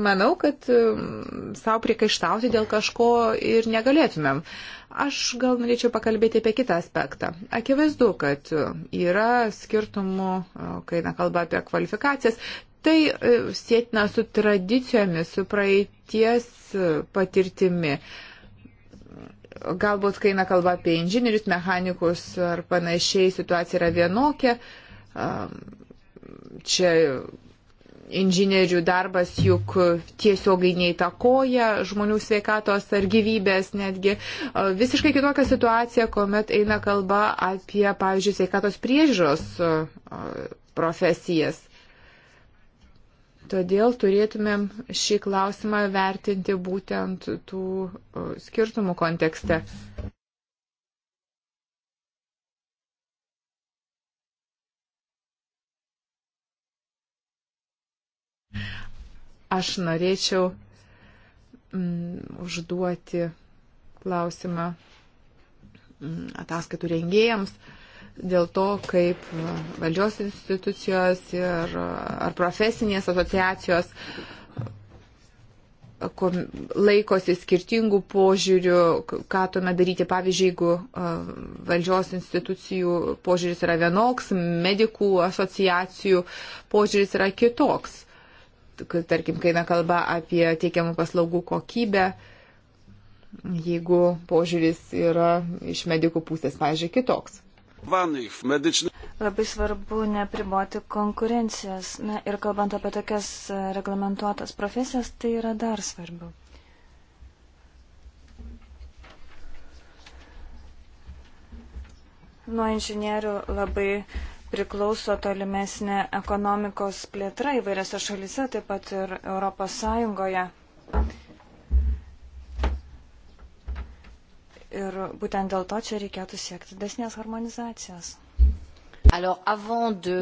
manau, kad mm, savo priekaištauti dėl kažko ir negalėtumėm. Aš gal norėčiau pakalbėti apie kitą aspektą. Akivaizdu, kad yra skirtumų, kai nekalba apie kvalifikacijas tai e, sėtina su tradicijomis, su praeities e, patirtimi. Galbūt, kai eina kalba apie inžinierius, mechanikus ar panašiai, situacija yra vienokia. Čia inžinierių darbas juk tiesiogai neįtakoja žmonių sveikatos ar gyvybės netgi. Visiškai kitokia situacija, kuomet eina kalba apie, pavyzdžiui, sveikatos priežiūros profesijas. Todėl turėtumėm šį klausimą vertinti būtent tų e, skirtumų kontekste. Aš norėčiau mm, užduoti klausimą mm, ataskaitų rengėjams. Mm, dėl to, kaip e, valdžios institucijos ir, e, ar profesinės asociacijos e, laikosi skirtingų požiūrių, ką tuomet daryti. Pavyzdžiui, jeigu valdžios institucijų požiūris yra vienoks, medikų asociacijų požiūris yra kitoks. Tarkim, kai eina kalba apie teikiamų paslaugų kokybę, jeigu požiūris yra iš medikų pusės, pavyzdžiui, kitoks. Labai svarbu nepriboti konkurencijos. Na ir kalbant apie tokias e, reglamentuotas profesijas, tai yra dar svarbu. Nuo inžinierių labai priklauso tolimesnė ekonomikos plėtra įvairiose šalise, taip pat ir Europos Sąjungoje. Ir būtent dėl to čia reikėtų siekti desnės harmonizacijos. Alors, avant de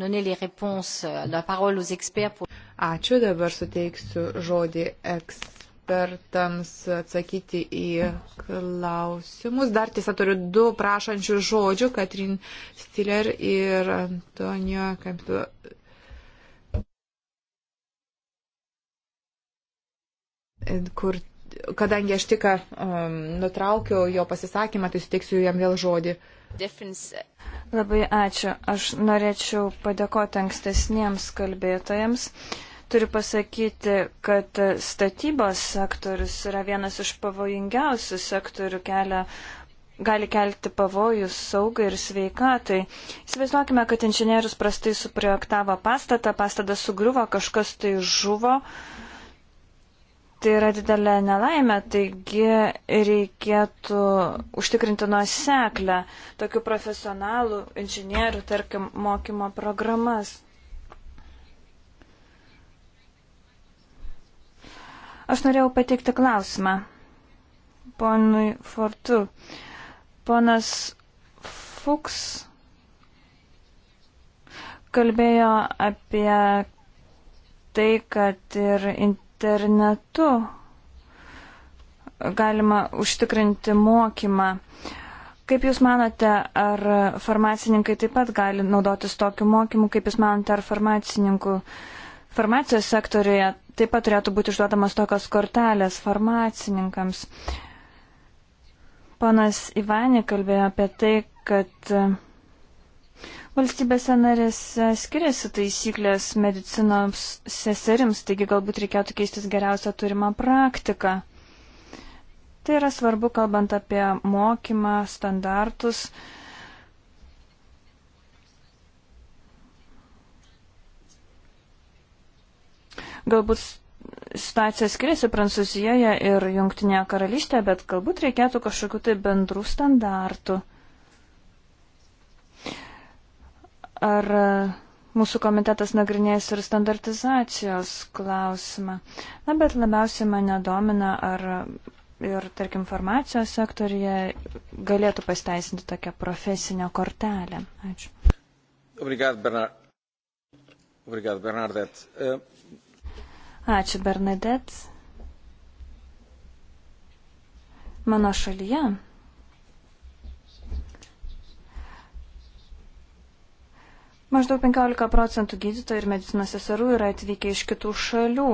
donner les réponses, euh, la parole aux experts pour... Ačiū, dabar suteiksiu žodį ekspertams atsakyti į klausimus. Dar tiesa turiu du prašančių žodžių, Katrin Stiller ir Antonio Kampito. kur kadangi aš tik um, nutraukiau jo pasisakymą, tai suteiksiu jam vėl žodį. Labai ačiū. Aš norėčiau padėkoti ankstesniems kalbėtojams. Turiu pasakyti, kad statybos sektorius yra vienas iš pavojingiausių sektorių kelia gali kelti pavojus saugai ir sveikatai. Įsivaizduokime, kad inžinierius prastai suprojektavo pastatą, pastatas sugriuvo, kažkas tai žuvo, uh, tai yra didelė nelaimė, taigi reikėtų užtikrinti nuoseklę tokių profesionalų, inžinierių, tarkim, mokymo programas. Aš norėjau pateikti klausimą ponui Fortu. Ponas Fuchs kalbėjo apie tai, kad ir in internetu galima užtikrinti mokymą. Kaip Jūs manote, ar farmacininkai taip pat gali naudotis tokiu mokymu, kaip Jūs manote, ar farmacininkų farmacijos sektorioje taip pat turėtų būti išduodamas tokios kortelės farmacininkams? Ponas Ivanė kalbėjo apie tai, kad Valstybėse narėse skiriasi taisyklės medicinos seserims, taigi galbūt reikėtų keistis geriausią turimą praktiką. Tai yra svarbu, kalbant apie mokymą, standartus. Galbūt situacija skiriasi Prancūzijoje ir Junktinėje karalystėje, bet galbūt reikėtų kažkokiu tai bendrų standartų. ar e, mūsų komitetas nagrinės ir standartizacijos klausimą. Na, bet labiausiai mane domina, ar ir, tarkim, farmacijos sektorija galėtų pasteisinti tokią profesinę kortelę. Ačiū. Obrigado, Bernard. Obrigado, Bernadette. Uh... Ačiū, Bernadette. Mano šalyje Maždaug 15 procentų gydytojų ir medicinos seserų yra atvykę iš kitų šalių.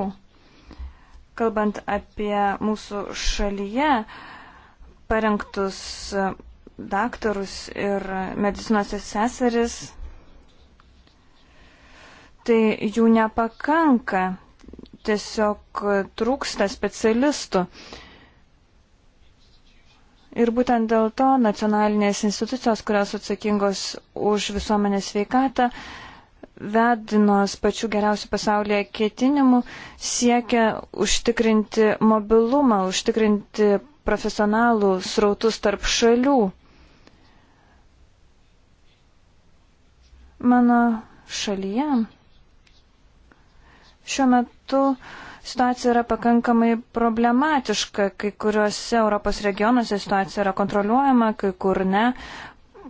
Kalbant apie mūsų šalyje parengtus daktarus ir medicinos seseris, tai jų nepakanka, tiesiog trūksta specialistų. Uh, Ir būtent dėl to nacionalinės institucijos, kurios atsakingos už visuomenės sveikatą, vedinos pačių geriausių pasaulyje ketinimų siekia užtikrinti mobilumą, užtikrinti profesionalų srautus tarp šalių. Mano šalyje šiuo metu uh, situacija yra pakankamai problematiška. Kai kuriuose Europos regionuose situacija yra kontroliuojama, kai kur ne.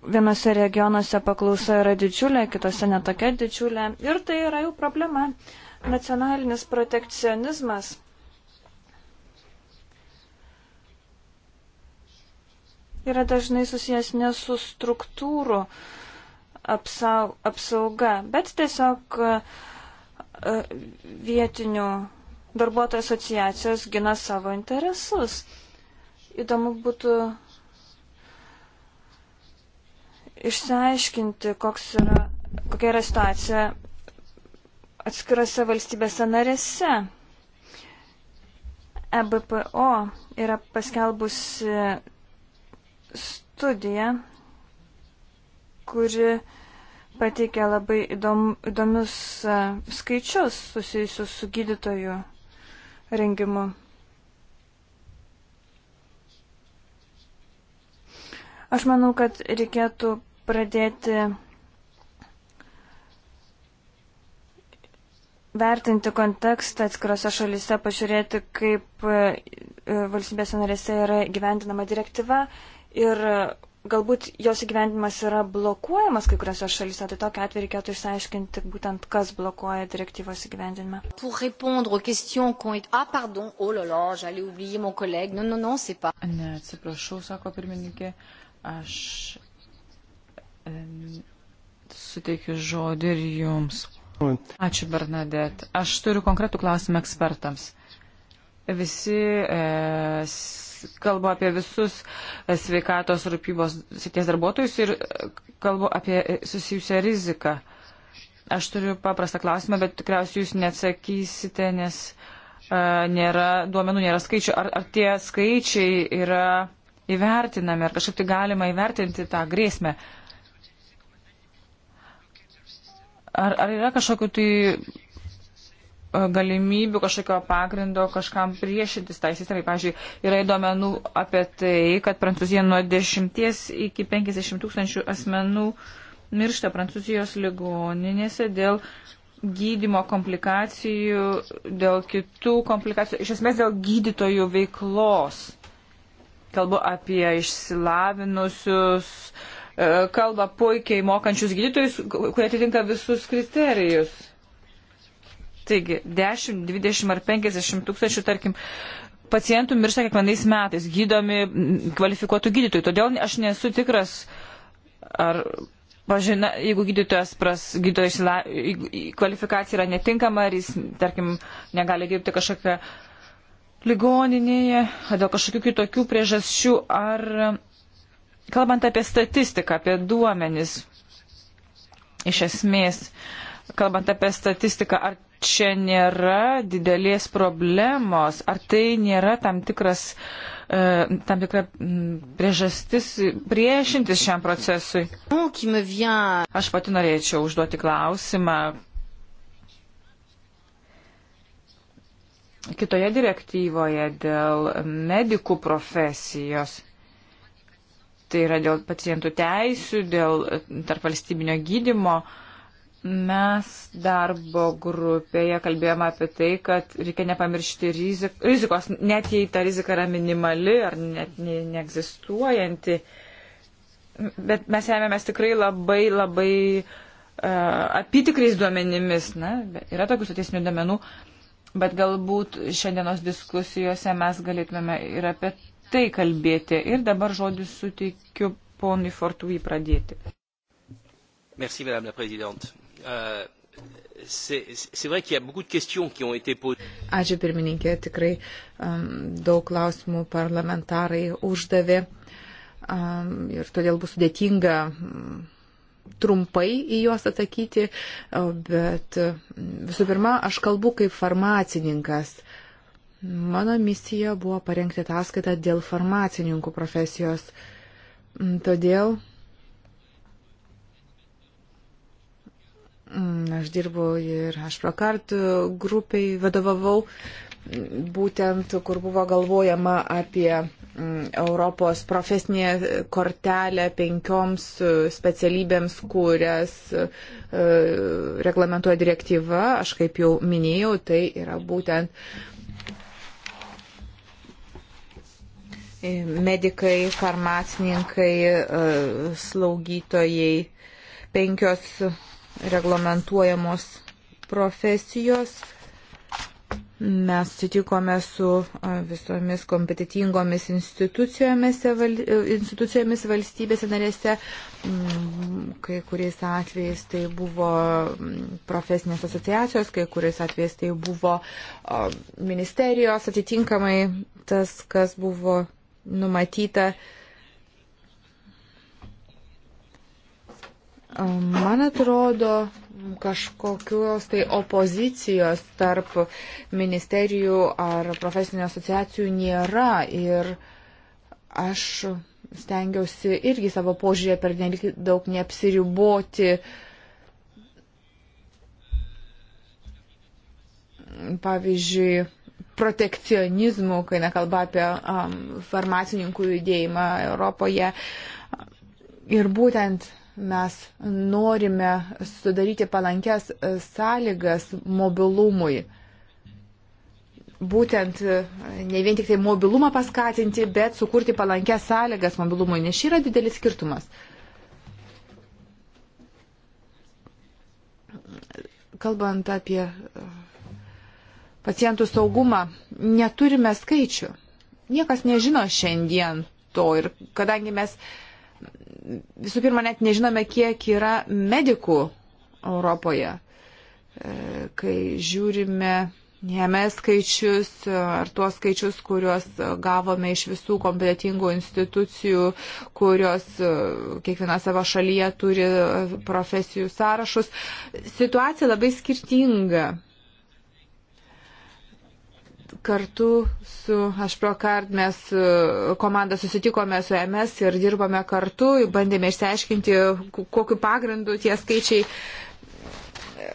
Vienose regionuose paklausa yra didžiulė, kitose netokia didžiulė. Ir tai yra jau problema. Nacionalinis protekcionizmas. Yra dažnai susijęs ne su struktūrų apsauga, bet tiesiog e, vietinių darbuotojų asociacijos gina savo interesus. Įdomu būtų išsiaiškinti, yra, kokia yra situacija atskirose valstybėse narėse. EBPO yra paskelbusi studiją, kuri pateikia labai įdom, įdomius e, skaičius susijusius su gydytojų rengimu. Aš manau, kad reikėtų pradėti vertinti kontekstą atskirose šalyse, pažiūrėti, kaip e, valstybėse narėse yra gyventinama direktyva ir galbūt jos įgyvendimas yra blokuojamas kai kuriuose šalyse, tai tokia atveju reikėtų išsiaiškinti būtent, kas blokuoja direktyvos įgyvendinimą. Ah, oh ne, atsiprašau, sako pirmininkė, aš suteikiu žodį ir jums. Ačiū, Bernadette. Aš turiu konkretų klausimą ekspertams. Visi e, E, e, kalbu apie visus sveikatos rūpybos sities darbuotojus ir kalbu apie susijusią riziką. Aš turiu paprastą klausimą, bet tikriausiai jūs neatsakysite, nes uh, nėra duomenų, nėra skaičių. Ar, ar tie skaičiai yra įvertinami, ar kažkaip tai galima įvertinti tą grėsmę? Ar, ar yra kažkokiu tai galimybių, kažkokio pagrindo kažkam priešintis tai sistemai. Pavyzdžiui, yra įdomenų apie tai, kad Prancūzija nuo 10 iki 50 tūkstančių asmenų miršta Prancūzijos ligoninėse dėl gydimo komplikacijų, dėl kitų komplikacijų, iš esmės dėl gydytojų veiklos. Kalbu apie išsilavinusius, e, kalbą puikiai mokančius gydytojus, kurie atitinka visus kriterijus. Taigi, 10, 20 ar 50 tūkstančių, tarkim, pacientų miršta kiekvienais metais, gydomi kvalifikuotų gydytojų. Todėl aš nesu tikras, ar, pažina, jeigu gydytojas pras, gydytojo išsila, kvalifikacija yra netinkama, ar jis, tarkim, negali dirbti kažkokią ligoninėje, ar dėl kažkokių kitokių priežasčių, ar kalbant apie statistiką, apie duomenis, iš esmės. Uh, kalbant apie statistiką, ar čia nėra didelės problemos, ar tai nėra tam tikras, e, tam tikra priežastis priešintis šiam procesui. Aš pati norėčiau užduoti klausimą. Kitoje direktyvoje dėl medikų profesijos tai yra dėl pacientų teisių, dėl tarp valstybinio gydimo. Uh, Mes darbo grupėje kalbėjome apie tai, kad reikia nepamiršti rizik, rizikos, net jei ta rizika yra minimali ar net ne, neegzistuojanti. Bet mes ėmėmės tikrai labai, labai uh, e, apitikrais duomenimis. Na, yra tokių statistinių duomenų, bet galbūt šiandienos diskusijose mes galėtume ir apie tai kalbėti. Ir dabar žodį suteikiu ponui Fortui pradėti. Merci, Madame la Présidente. Uh, Ačiū pirmininkė, tikrai um, daug klausimų parlamentarai uždavė um, ir todėl bus sudėtinga um, trumpai į juos atsakyti, um, bet um, visų pirma, aš kalbu kaip farmacininkas. Mano misija buvo parengti ataskaitą dėl farmacininkų profesijos. Mm, todėl Mm, aš dirbau ir aš prakart grupiai vadovavau, būtent kur buvo galvojama apie mm, Europos profesinė kortelė penkioms specialybėms, kurias e, reglamentuoja direktyva. Aš kaip jau minėjau, tai yra būtent medikai, farmacininkai, e, slaugytojai, penkios reglamentuojamos profesijos. Mes sutikome su visomis kompetitingomis institucijomis, institucijomis valstybėse narėse. Mm, kai kuriais atvejais tai buvo mm, profesinės asociacijos, kai kuriais atvejais tai buvo ministerijos, atitinkamai tas, kas buvo numatyta Man atrodo, kažkokios tai opozicijos tarp ministerijų ar profesinių asociacijų nėra ir aš stengiausi irgi savo požiūrė per nelik daug neapsiriboti. Pavyzdžiui, protekcionizmų, kai nekalba apie um, farmacininkų judėjimą Europoje. Ir būtent mes norime sudaryti palankias e, sąlygas mobilumui. Būtent e, ne vien tik tai mobilumą paskatinti, bet sukurti palankias sąlygas mobilumui, nes čia yra didelis skirtumas. Kalbant apie e, pacientų saugumą, neturime skaičių. Niekas nežino šiandien to ir kadangi mes uh, visų pirma, net nežinome, kiek yra medikų Europoje. E, kai žiūrime Jame skaičius, e, ar tuos skaičius, kuriuos gavome iš visų kompetitingų institucijų, kurios e, kiekviena savo šalyje turi profesijų sąrašus. Situacija labai skirtinga kartu su Ašprokard mes e, komanda susitikome su e MS ir dirbame kartu, bandėme išsiaiškinti, kokiu pagrindu tie skaičiai e,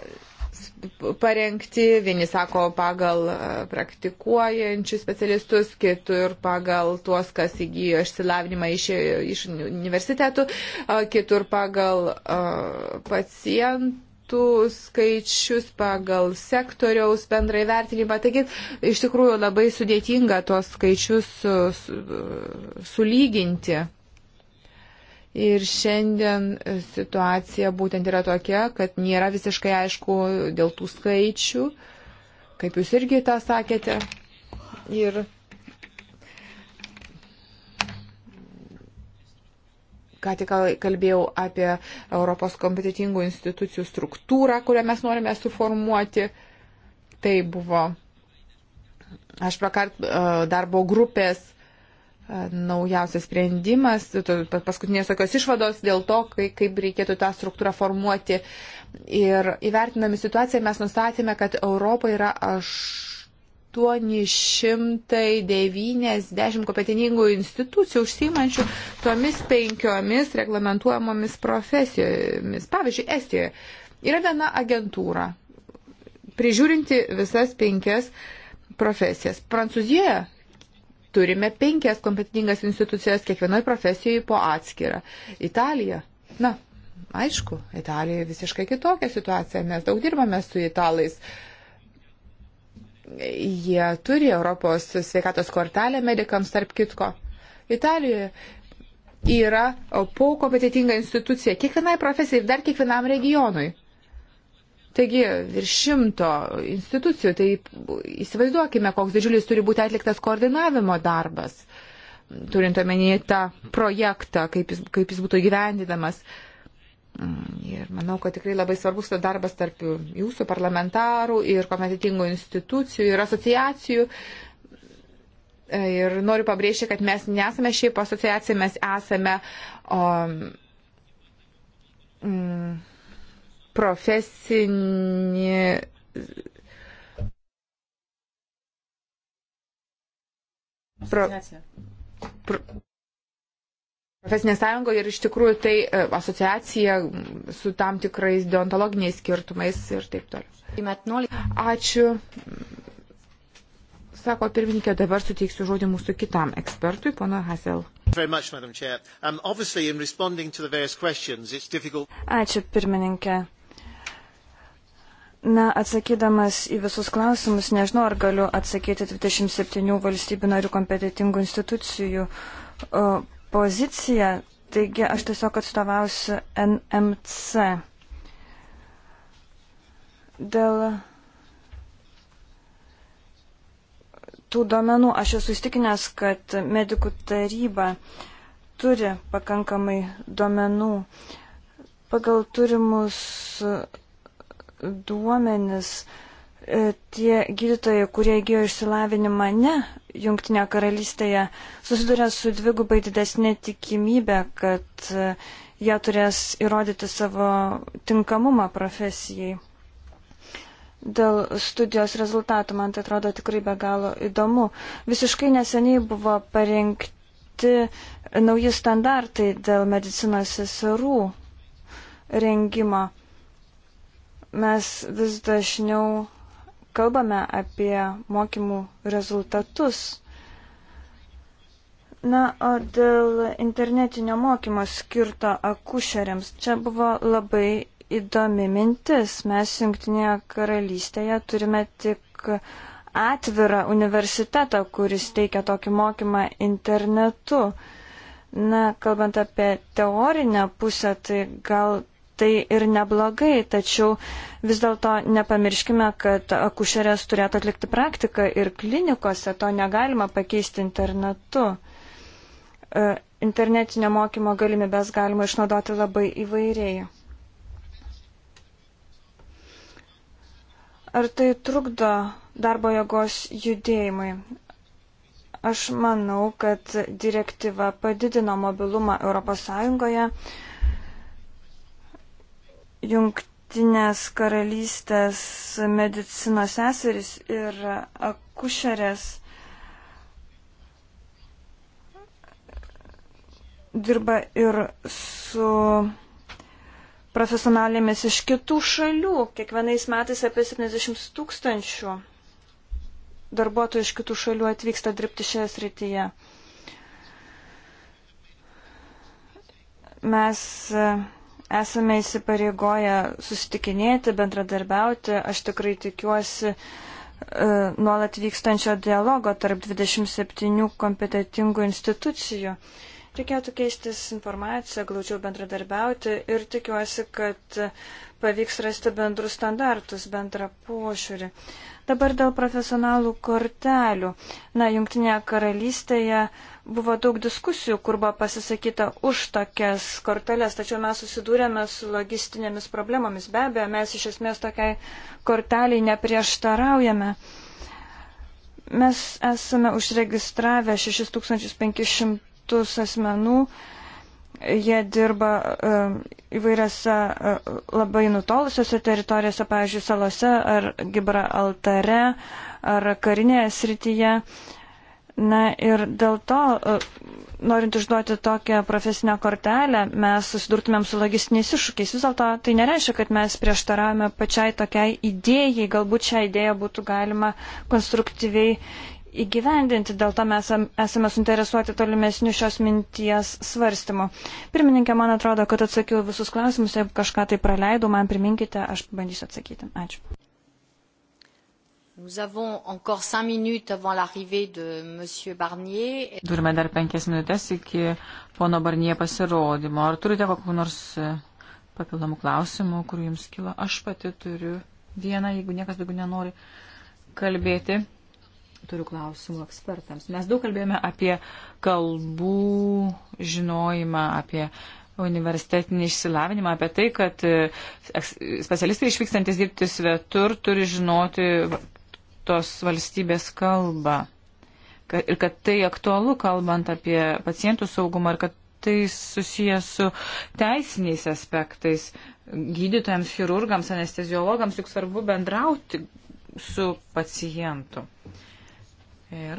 parengti. Vieni sako pagal praktikuojančius specialistus, kitur pagal tuos, kas įgyjo išsilavinimą iš, iš universitetų, kitur pagal pacientų metų skaičius, pagal sektoriaus bendrai vertinimą. Taigi, iš tikrųjų labai sudėtinga tuos skaičius sulyginti. Ir šiandien situacija būtent yra tokia, kad nėra visiškai aišku dėl tų skaičių, kaip jūs irgi tą sakėte. Ir Ką tik kalbėjau apie Europos kompetitingų institucijų struktūrą, kurią mes norime suformuoti. Tai buvo aš prakart e, darbo grupės e, naujausias sprendimas, paskutinės tokios išvados dėl to, kaip reikėtų tą struktūrą formuoti. Ir įvertinami situaciją mes nustatėme, kad Europoje yra aš 890 kompeteningų institucijų užsimančių tomis penkiomis reglamentuojamomis profesijomis. Pavyzdžiui, Estijoje yra viena agentūra, prižiūrinti visas penkias profesijas. Prancūzijoje turime penkias kompetingas institucijas, kiekvienoje profesijoje po atskirą. Italija. Na, aišku, Italijoje visiškai kitokia situacija, mes daug dirbame su italais. Uh, Jie turi Europos sveikatos kortelę medikams, tarp kitko. Italijoje yra po kompetitinga institucija kiekvienai profesijai ir dar kiekvienam regionui. Taigi virš šimto institucijų, tai įsivaizduokime, koks didžiulis turi būti atliktas koordinavimo darbas, turint omenyje tą projektą, kaip jis, kaip jis būtų gyvendinamas. Uh, Mm, ir manau, kad tikrai labai svarbus darbas tarp jūsų parlamentarų ir kompetitingų institucijų ir asociacijų. E, ir noriu pabrėžti, kad mes nesame šiaip asociacija, mes esame o, um, m, mm, profesinė. Pro, pro, Profesinė sąjunga ir iš tikrųjų tai e, asociacija su tam tikrais deontologiniais skirtumais ir taip toliau. Ačiū. Sako pirmininkė, dabar suteiksiu žodį mūsų kitam ekspertui, pono Hasel. Um, Ačiū pirmininkė. Na, atsakydamas į visus klausimus, nežinau, ar galiu atsakyti 27 valstybių narių kompetitingų institucijų poziciją, taigi aš tiesiog atstovausiu NMC. Dėl tų duomenų aš esu įstikinęs, kad medikų taryba turi pakankamai duomenų. Pagal turimus duomenis uh, E, tie gydytojai, kurie įgyjo išsilavinimą ne Junktinė karalystėje, susiduria su dvigubai didesnė tikimybė, kad e, jie turės įrodyti savo tinkamumą profesijai. Dėl studijos rezultatų man tai atrodo tikrai be galo įdomu. Visiškai neseniai buvo parengti nauji standartai dėl medicinos seserų rengimo. Mes vis dažniau kalbame apie mokymų rezultatus. Na, o dėl internetinio mokymo skirto akušeriams, čia buvo labai įdomi mintis. Mes Junktinėje karalystėje turime tik atvirą universitetą, kuris teikia tokį mokymą internetu. Na, kalbant apie teorinę pusę, tai gal tai ir neblogai, tačiau vis dėlto nepamirškime, kad akušerės turėtų atlikti praktiką ir klinikose to negalima pakeisti internetu. E, internetinio mokymo galimybės galima išnaudoti labai įvairiai. Ar tai trukdo darbo jėgos judėjimui? Aš manau, kad direktyva padidino mobilumą ES jungtinės karalystės medicinos seseris ir akušerės dirba ir su profesionalėmis iš kitų šalių. Kiekvienais metais apie 70 tūkstančių darbuotojų iš kitų šalių atvyksta dirbti šioje srityje. Mes esame įsipareigoję susitikinėti, bendradarbiauti. Aš tikrai tikiuosi e, nuolat vykstančio dialogo tarp 27 kompetitingų institucijų. Reikėtų keistis informaciją, glaudžiau bendradarbiauti ir tikiuosi, kad pavyks rasti bendrus standartus, bendrą pošiūrį. Dabar dėl profesionalų kortelių. Na, Junktinėje karalystėje buvo daug diskusijų, kur buvo pasisakyta už tokias korteles, tačiau mes susidūrėme su logistinėmis problemomis. Be abejo, mes iš esmės tokiai korteliai neprieštaraujame mes esame užregistravę 6500 šimtus asmenų. Jie dirba e, įvairiose e, labai nutolusiose teritorijose, pavyzdžiui, salose ar Gibra altare ar karinėje srityje. Na ir dėl to, e, norint užduoti tokią profesinę kortelę, mes susidurtumėm su logistiniais iššūkiais. Vis dėlto tai nereiškia, kad mes prieštaravome pačiai tokiai idėjai, galbūt šią idėją būtų galima konstruktyviai įgyvendinti, dėl to mes esame suinteresuoti tolimesnių šios minties svarstymu. Pirmininkė, man atrodo, kad atsakiau visus klausimus, jeigu kažką tai praleidau, man priminkite, aš bandysiu atsakyti. Ačiū. Turime dar penkias minutės iki pono Barnie pasirodymo. Ar turite kokių nors e, papildomų klausimų, kurių jums kilo? Aš pati turiu vieną, jeigu niekas daugiau nenori kalbėti turiu klausimų ekspertams. Mes daug kalbėjome apie kalbų žinojimą, apie universitetinį išsilavinimą, apie tai, kad e, specialistai išvykstantis dirbti svetur turi žinoti tos valstybės kalbą. Ir kad tai aktualu, kalbant apie pacientų saugumą, ir kad tai susijęs su teisiniais aspektais. Gydytojams, chirurgams, anesteziologams juk svarbu bendrauti su pacientu. Uh, Ir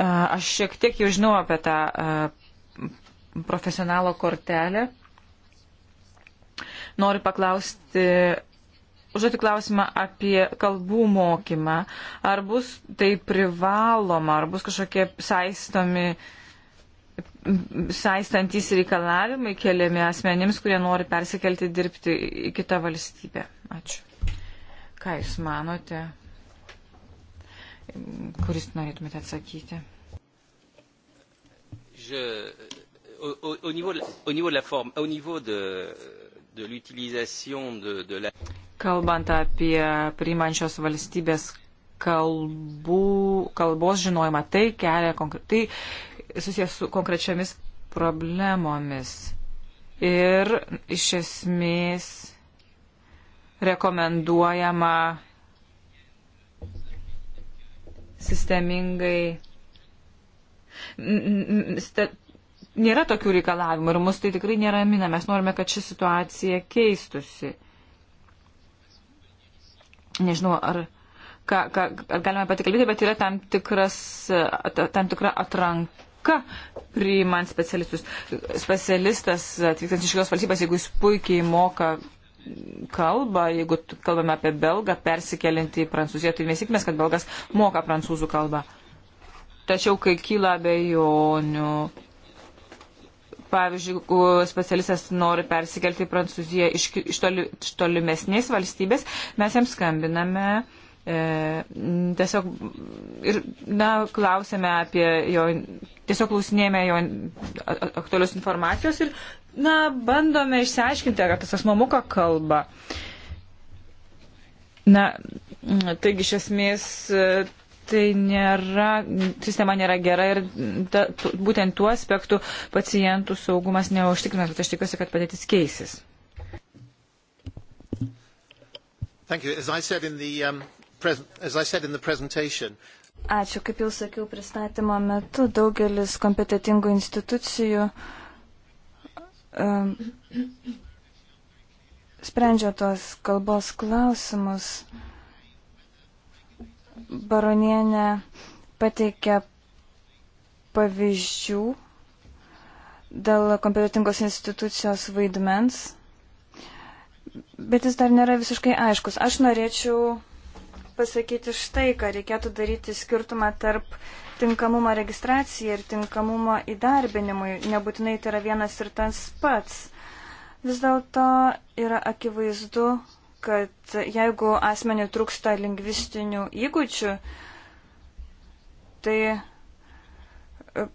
aš šiek tiek jau žinau apie tą profesionalo kortelę. Noriu paklausti, užduoti klausimą apie kalbų mokymą. Ar bus tai privaloma, ar bus kažkokie saistomi, saistantys reikalavimai keliami asmenims, kurie nori persikelti dirbti į kitą valstybę? Ačiū. Ką Jūs manote? kuris norėtumėte atsakyti. Je, au, au, niveau de, au niveau de la forme, au niveau de, de l'utilisation de, de la. Kalbant apie priimančios valstybės kalbų, kalbos žinojimą, tai kelia konkretai susijęs su konkrečiamis problemomis. Ir iš esmės rekomenduojama sistemingai. Nėra tokių reikalavimų ir mus tai tikrai neramina. Mes norime, kad ši situacija keistusi. Nežinau, ar, ką, ką, ar galime patikalbėti, bet yra tam, tikras, tam tikra atranka tvarka priimant specialistus. Specialistas atvykstantis iš šios valstybės, jeigu jis puikiai moka kalbą, jeigu kalbame apie belgą persikelinti į Prancūziją, tai mes tikimės, kad belgas moka prancūzų kalbą. Tačiau, kai kyla abejonių, pavyzdžiui, jeigu specialistas nori persikelti į Prancūziją iš, iš, toli, iš tolimesnės valstybės, mes jam skambiname. E, tiesiog ir, na, klausėme apie jo, tiesiog klausinėjame jo aktualios informacijos ir na, bandome išsiaiškinti, ar tas asmo moka kalbą. Na, taigi iš esmės e, tai nėra, sistema nėra gera ir ta, būtent tuo aspektu pacientų saugumas neužtikrinas, bet aš tikiuosi, kad padėtis keisis. Um, Ačiū, kaip jau sakiau pristatymo metu, daugelis kompetitingų institucijų uh, um, sprendžia tos kalbos klausimus. Baronienė pateikė pavyzdžių dėl kompetitingos institucijos vaidmens, bet jis dar nėra visiškai aiškus. Aš norėčiau pasakyti štai, ką reikėtų daryti skirtumą tarp uh, tinkamumo registracija ir tinkamumo įdarbinimui nebūtinai tai yra vienas ir tas pats. Vis dėlto yra akivaizdu, kad jeigu asmeniui trūksta lingvistinių įgūdžių, tai e,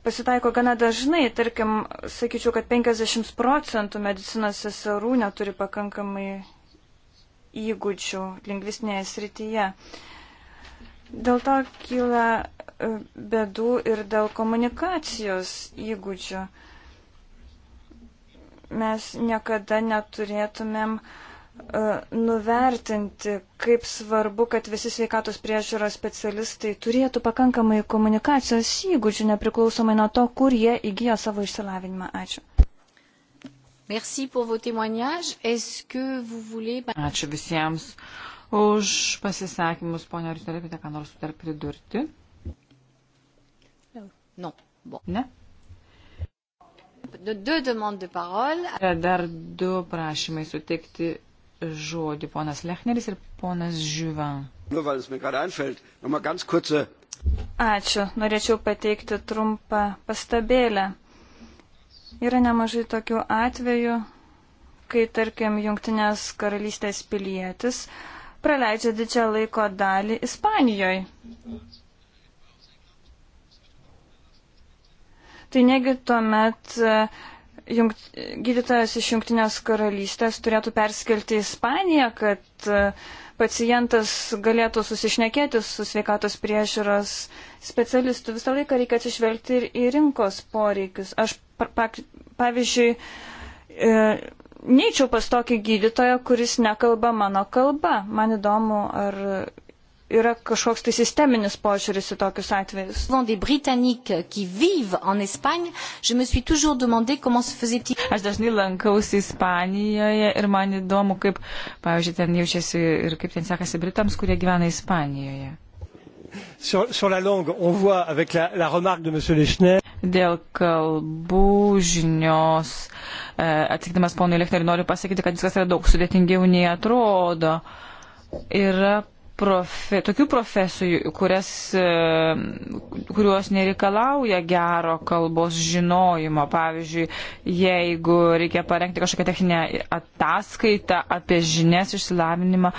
pasitaiko gana dažnai, tarkim, sakyčiau, kad 50 procentų medicinos seserų neturi pakankamai įgūdžių lingvistinėje srityje. Dėl to kyla bedų ir dėl komunikacijos įgūdžių. Mes niekada neturėtumėm e, nuvertinti, kaip svarbu, kad visi sveikatos priežiūros specialistai turėtų pakankamai komunikacijos įgūdžių, nepriklausomai nuo to, kur jie įgyjo savo išsilavinimą. Ačiū. Merci pour vos témoignages. Est-ce que vous voulez... Ačiū visiems už pasisakymus, ponia, ar jūs norėtumėte ką nors dar pridurti? Non. Bon. Ne? Du demandes de parole. E, dar du prašymai sutikti žodį, ponas Lechneris ir ponas Žyvan. Ačiū. Norėčiau pateikti trumpą pastabėlę. Yra nemažai tokių atvejų, kai, tarkim, jungtinės karalystės pilietis praleidžia didžią laiko dalį Ispanijoje. tai negi tuomet e, jungt, gydytojas iš Junktinės karalystės turėtų perskelti į Ispaniją, kad e, pacientas galėtų susišnekėti su sveikatos priežiūros specialistu. Visą laiką reikia atsižvelgti ir į rinkos poreikius. Aš, pavyzdžiui, e, neįčiau pas tokį gydytoją, kuris nekalba mano kalba. Man įdomu, ar yra kažkoks tai sisteminis požiūris į tokius atvejus. Aš dažnai lankausi Ispanijoje ir man įdomu, kaip, pavyzdžiui, ten jaučiasi ir kaip ten sekasi Britams, kurie gyvena Ispanijoje. Sur, sur la langue, on voit avec la, la remarque de M. Lechner. Dėl kalbų žinios, e, eh, atsikdamas ponui Lechneriui, noriu pasakyti, kad viskas yra daug sudėtingiau nei atrodo. Yra profe, tokių profesijų, kurias, e, kuriuos nereikalauja gero kalbos žinojimo. Pavyzdžiui, jeigu reikia parengti kažkokią techninę ataskaitą apie žinias išsilavinimą,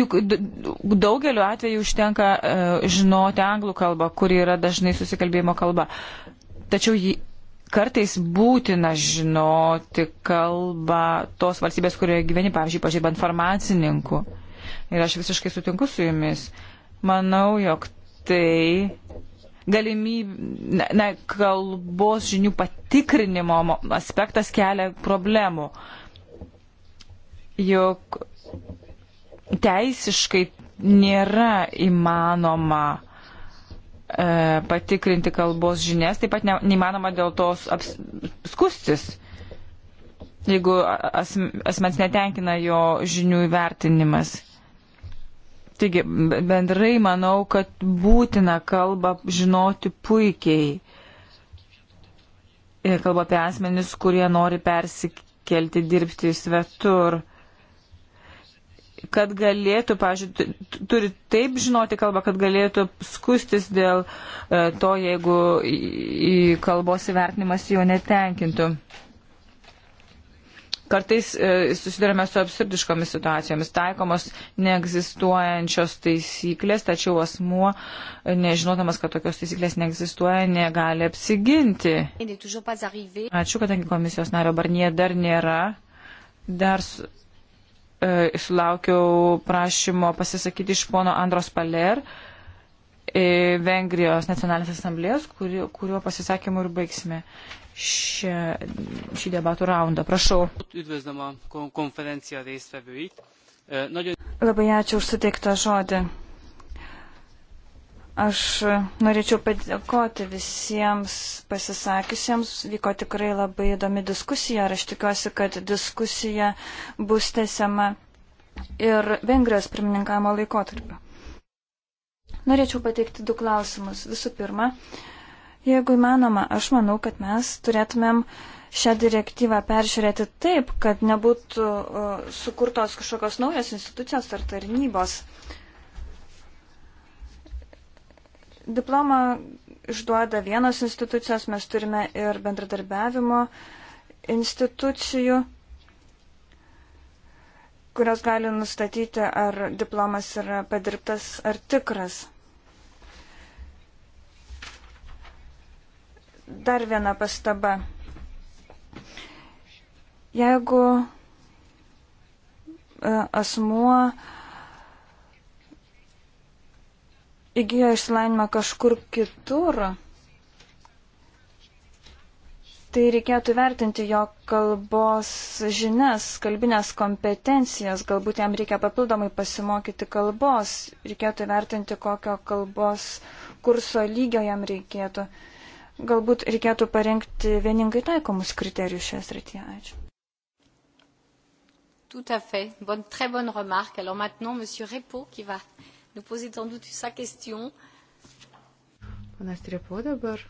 juk daugeliu atveju užtenka e, žinoti anglų kalbą, kuri yra dažnai susikalbėjimo kalba. Tačiau jį kartais būtina žinoti kalbą tos valstybės, kurioje gyveni, pavyzdžiui, pažiūrėjant farmacininkų ir aš visiškai sutinku su jumis. Manau, jog tai galimybė, ne, kalbos žinių patikrinimo aspektas kelia problemų. Juk teisiškai nėra įmanoma e, patikrinti kalbos žinias, taip pat ne, neįmanoma dėl tos aps, skustis, jeigu as, asmens netenkina jo žinių įvertinimas. Taigi, bendrai manau, kad būtina kalbą žinoti puikiai. Kalba apie asmenis, kurie nori persikelti dirbti svetur. Kad galėtų, pažiūrėjau, turi taip žinoti kalbą, kad galėtų skustis dėl e, to, jeigu kalbos įvertinimas jo netenkintų. Kartais e, susidurime su absurdiškomis situacijomis, taikomos neegzistuojančios taisyklės, tačiau asmuo, e, nežinodamas, kad tokios taisyklės neegzistuoja, negali apsiginti. Ačiū, kadangi komisijos nario Barnie dar nėra. Dar su, e, sulaukiau prašymo pasisakyti iš pono Andros Paler. E, Vengrijos nacionalinės asamblės, kuriuo pasisakymu ir baigsime šią, šį debatų raundą. Prašau. Labai ačiū už suteiktą žodį. Aš norėčiau padėkoti visiems pasisakiusiems. Vyko tikrai labai įdomi diskusija ir aš tikiuosi, kad diskusija bus tęsiama ir Vengrijos pirmininkavimo laikotarpiu. Norėčiau pateikti du klausimus. Visų pirma, Jeigu įmanoma, aš manau, kad mes turėtumėm šią direktyvą peržiūrėti taip, kad nebūtų sukurtos kažkokios naujos institucijos ar tarnybos. Diplomą išduoda vienos institucijos, mes turime ir bendradarbiavimo institucijų, kurios gali nustatyti, ar diplomas yra padirbtas ar tikras. dar viena pastaba. Jeigu e, asmuo įgyjo išsilavinimą kažkur kitur, tai reikėtų vertinti jo kalbos žinias, kalbinės kompetencijas, galbūt jam reikia papildomai pasimokyti kalbos, reikėtų vertinti, kokio kalbos kurso lygio jam reikėtų. Uh, Galbūt reikėtų parengti vieningai taikomus kriterijus šioje srityje. Ačiū. Tout à fait. Bonne, très bonne remarque. Alors maintenant, Monsieur Repo, qui va nous poser sans doute sa question. Panas Repo, dabar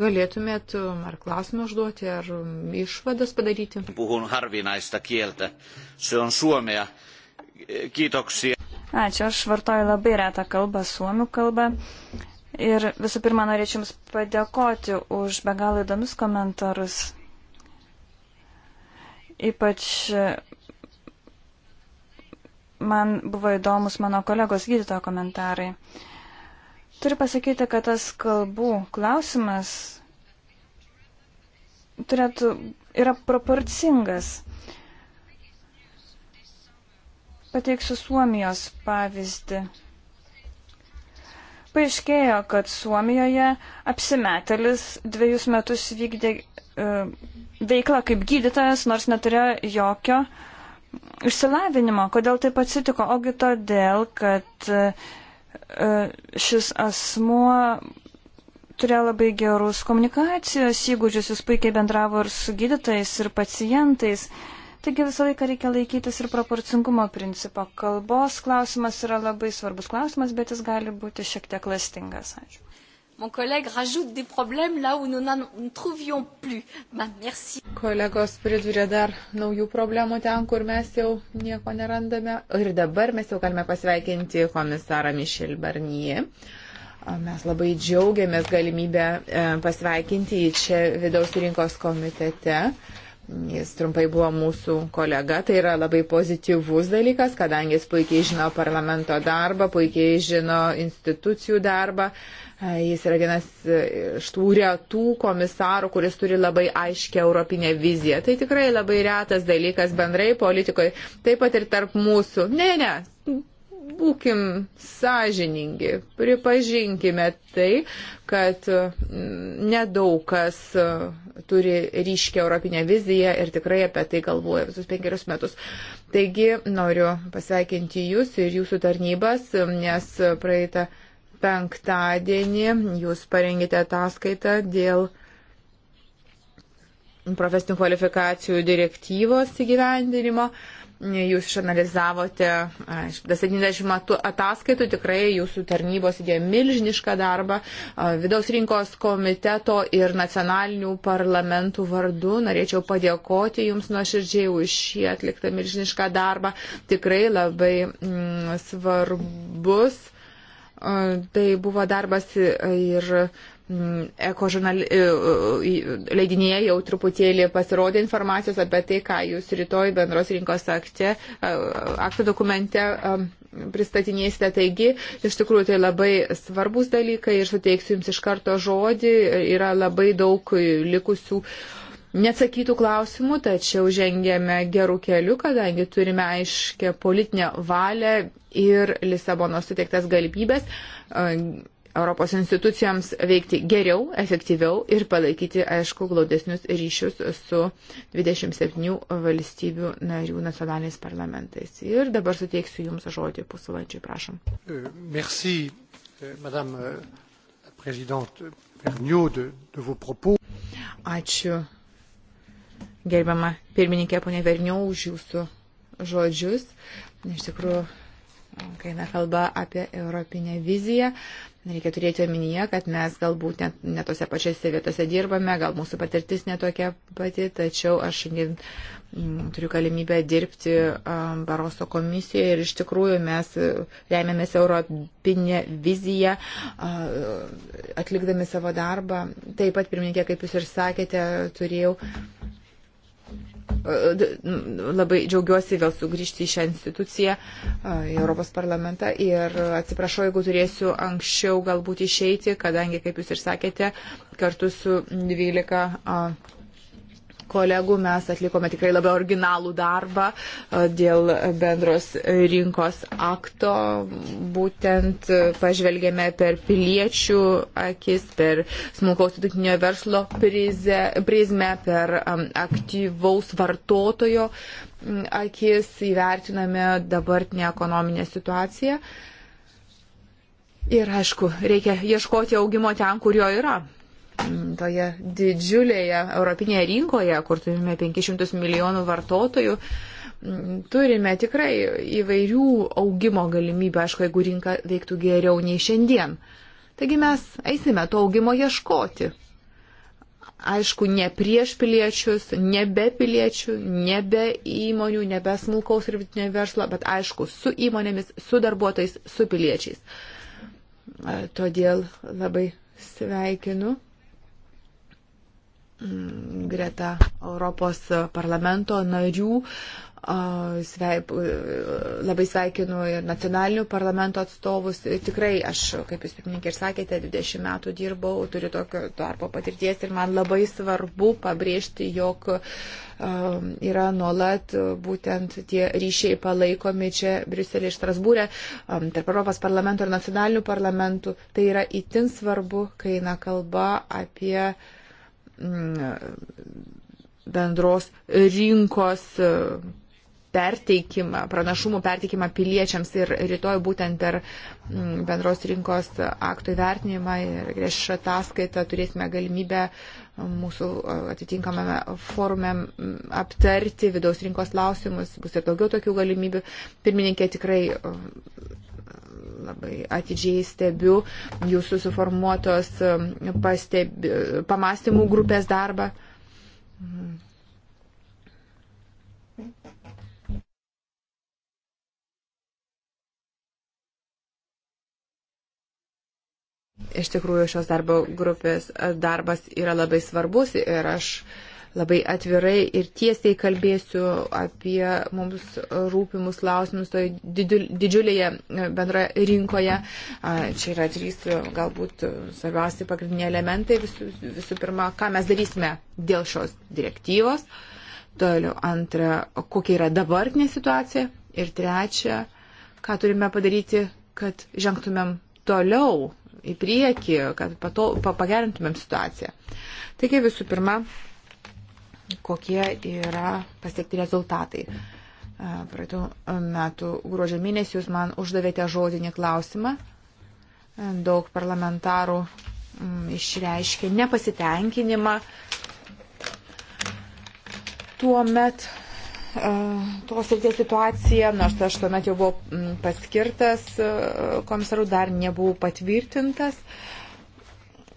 galėtumėt um, ar klausimą užduoti, ar um, išvadas padaryti? Puhun harvinaista kieltä. Se on suomea. Kiitoksia. Ačiū, aš vartoju labai retą kalbą, suomių kalbą. Ir visų pirma, norėčiau Jums padėkoti už be galo įdomius komentarus. Ypač e, man buvo įdomus mano kolegos gydytojo komentarai. Turiu pasakyti, kad tas kalbų klausimas turėtų, yra proporcingas. Pateiksiu Suomijos pavyzdį paaiškėjo, kad Suomijoje apsimetelis dviejus metus vykdė uh, veiklą kaip gydytojas, nors neturėjo jokio išsilavinimo. Kodėl taip atsitiko? Ogi todėl, kad uh, šis asmuo turėjo labai gerus komunikacijos įgūdžius, jis puikiai bendravo ir su gydytojais, ir pacientais. Uh, Taigi visą laiką reikia laikytis ir proporcingumo principo. Kalbos klausimas yra labai svarbus klausimas, bet jis gali būti šiek tiek lastingas. Ačiū. Mon collègue rajoute des problèmes là où nous n'en trouvions plus. Ma, merci. Kolegos pridurė dar naujų problemų ten, kur mes jau nieko nerandame. Ir dabar mes jau galime pasveikinti komisarą Mišel Barnie. Mes labai džiaugiamės galimybę e, pasveikinti į čia vidaus rinkos komitete. Jis trumpai buvo mūsų kolega, tai yra labai pozityvus dalykas, kadangi jis puikiai žino parlamento darbą, puikiai žino institucijų darbą. Jis yra vienas iš tų retų komisarų, kuris turi labai aiškę europinę viziją. Tai tikrai labai retas dalykas bendrai politikoje, taip pat ir tarp mūsų. Ne, ne, būkim sąžiningi, pripažinkime tai, kad mm, nedaug kas e, turi ryškę europinę viziją ir tikrai apie tai galvoja visus penkerius metus. Taigi noriu pasveikinti Jūs ir Jūsų tarnybas, nes praeitą penktadienį Jūs parengėte ataskaitą dėl profesinių kvalifikacijų direktyvos įgyvendinimo. Uh, Jūs išanalizavote 70 ataskaitų, tikrai jūsų tarnybos įdėjo milžinišką darbą vidaus rinkos komiteto ir nacionalinių parlamentų vardu. Norėčiau padėkoti Jums nuoširdžiai už šį atliktą milžinišką darbą. Tikrai labai mm, svarbus. Tai buvo darbas ir Mm, ekožurnal... E, e, e, leidinėje jau truputėlį pasirodė informacijos apie tai, ką jūs rytoj bendros rinkos akte, akto dokumente pristatinėsite. Taigi, iš tikrųjų, tai labai svarbus dalykai ir suteiksiu jums iš karto žodį. Yra labai daug likusių neatsakytų klausimų, tačiau žengėme gerų kelių, kadangi turime aiškę politinę valią ir Lisabono suteiktas galimybės Europos institucijoms veikti geriau, efektyviau ir palaikyti, aišku, glaudesnius ryšius su 27 valstybių narių nacionaliniais parlamentais. Ir dabar suteiksiu Jums žodį pusvalandžiui, prašom. Euh, merci, euh, madame euh, prezidente Verniu, de, de vos propos. Ačiū, gerbiama pirmininkė ponė Verniu, už Jūsų žodžius. Iš tikrųjų, kai eina kalba apie europinę viziją, Reikia turėti omenyje, kad mes galbūt net, net tose pačiose vietose dirbame, gal mūsų patirtis netokia pati, tačiau aš šiandien mm, turiu galimybę dirbti Baroso komisijoje ir iš tikrųjų mes e, remiamės europinę viziją, atlikdami savo darbą. Taip pat, pirmininkė, kaip jūs ir sakėte, turėjau labai džiaugiuosi vėl sugrįžti į šią instituciją, į Europos parlamentą ir atsiprašau, jeigu turėsiu anksčiau galbūt išeiti, kadangi, kaip jūs ir sakėte, kartu su 12 kolegų mes atlikome tikrai labai originalų darbą e, dėl bendros rinkos akto. Būtent pažvelgėme per piliečių akis, per smulkaus vidutinio verslo prizmę, per aktyvaus vartotojo akis įvertiname dabartinę ekonominę situaciją. Ir aišku, reikia ieškoti augimo ten, kur jo yra toje didžiulėje europinėje rinkoje, kur turime 500 milijonų vartotojų, turime tikrai įvairių augimo galimybių, aišku, jeigu rinka veiktų geriau nei šiandien. Taigi mes eisime to augimo ieškoti. Aišku, ne prieš piliečius, ne be piliečių, ne be įmonių, ne be smulkaus ir vidutinio verslo, bet aišku, su įmonėmis, su darbuotojais, su piliečiais. Todėl labai sveikinu Mm, greta Europos parlamento narių. Sveip, labai sveikinu ir nacionalinių parlamento atstovus. Tikrai aš, kaip jūs pirmininkė ir sakėte, 20 metų dirbau, turiu tokio darbo patirties ir man labai svarbu pabrėžti, jog yra nuolat būtent tie ryšiai palaikomi čia Briuselė ir Strasbūrė tarp Europos parlamento ir nacionalinių parlamentų. Tai yra itin svarbu, kai eina kalba apie Mm, bendros rinkos e, perteikimą, pranašumų perteikimą piliečiams ir rytoj būtent per mm, bendros rinkos aktų įvertinimą ir prieš ataskaitą turėsime galimybę mūsų e, atitinkamame forume mm, aptarti vidaus rinkos klausimus, bus ir daugiau tokių galimybių. Pirmininkė tikrai e, labai atidžiai stebiu jūsų suformuotos um, pastebi, pamastymų grupės darbą. Iš tikrųjų, šios darbo grupės darbas yra labai svarbus ir aš uh, labai atvirai ir tiesiai kalbėsiu apie mums rūpimus klausimus toje didžiulėje e, bendroje rinkoje. Čia yra trys e, galbūt svarbiausi pagrindiniai elementai. Visų, visų pirma, ką mes darysime dėl šios direktyvos. Toliau antra, kokia yra dabartinė situacija. Ir trečia, ką turime padaryti, kad žengtumėm toliau į priekį, kad pato, pa, pagerintumėm situaciją. Taigi visų pirma, kokie yra pasiekti rezultatai. Praeitų metų gruožio mėnesį jūs man uždavėte žodinį klausimą. Daug parlamentarų mm, išreiškė nepasitenkinimą. Tuomet tos srities situacija, nors aš tuomet jau buvau mm, paskirtas komisarų, dar nebuvau patvirtintas. Uh,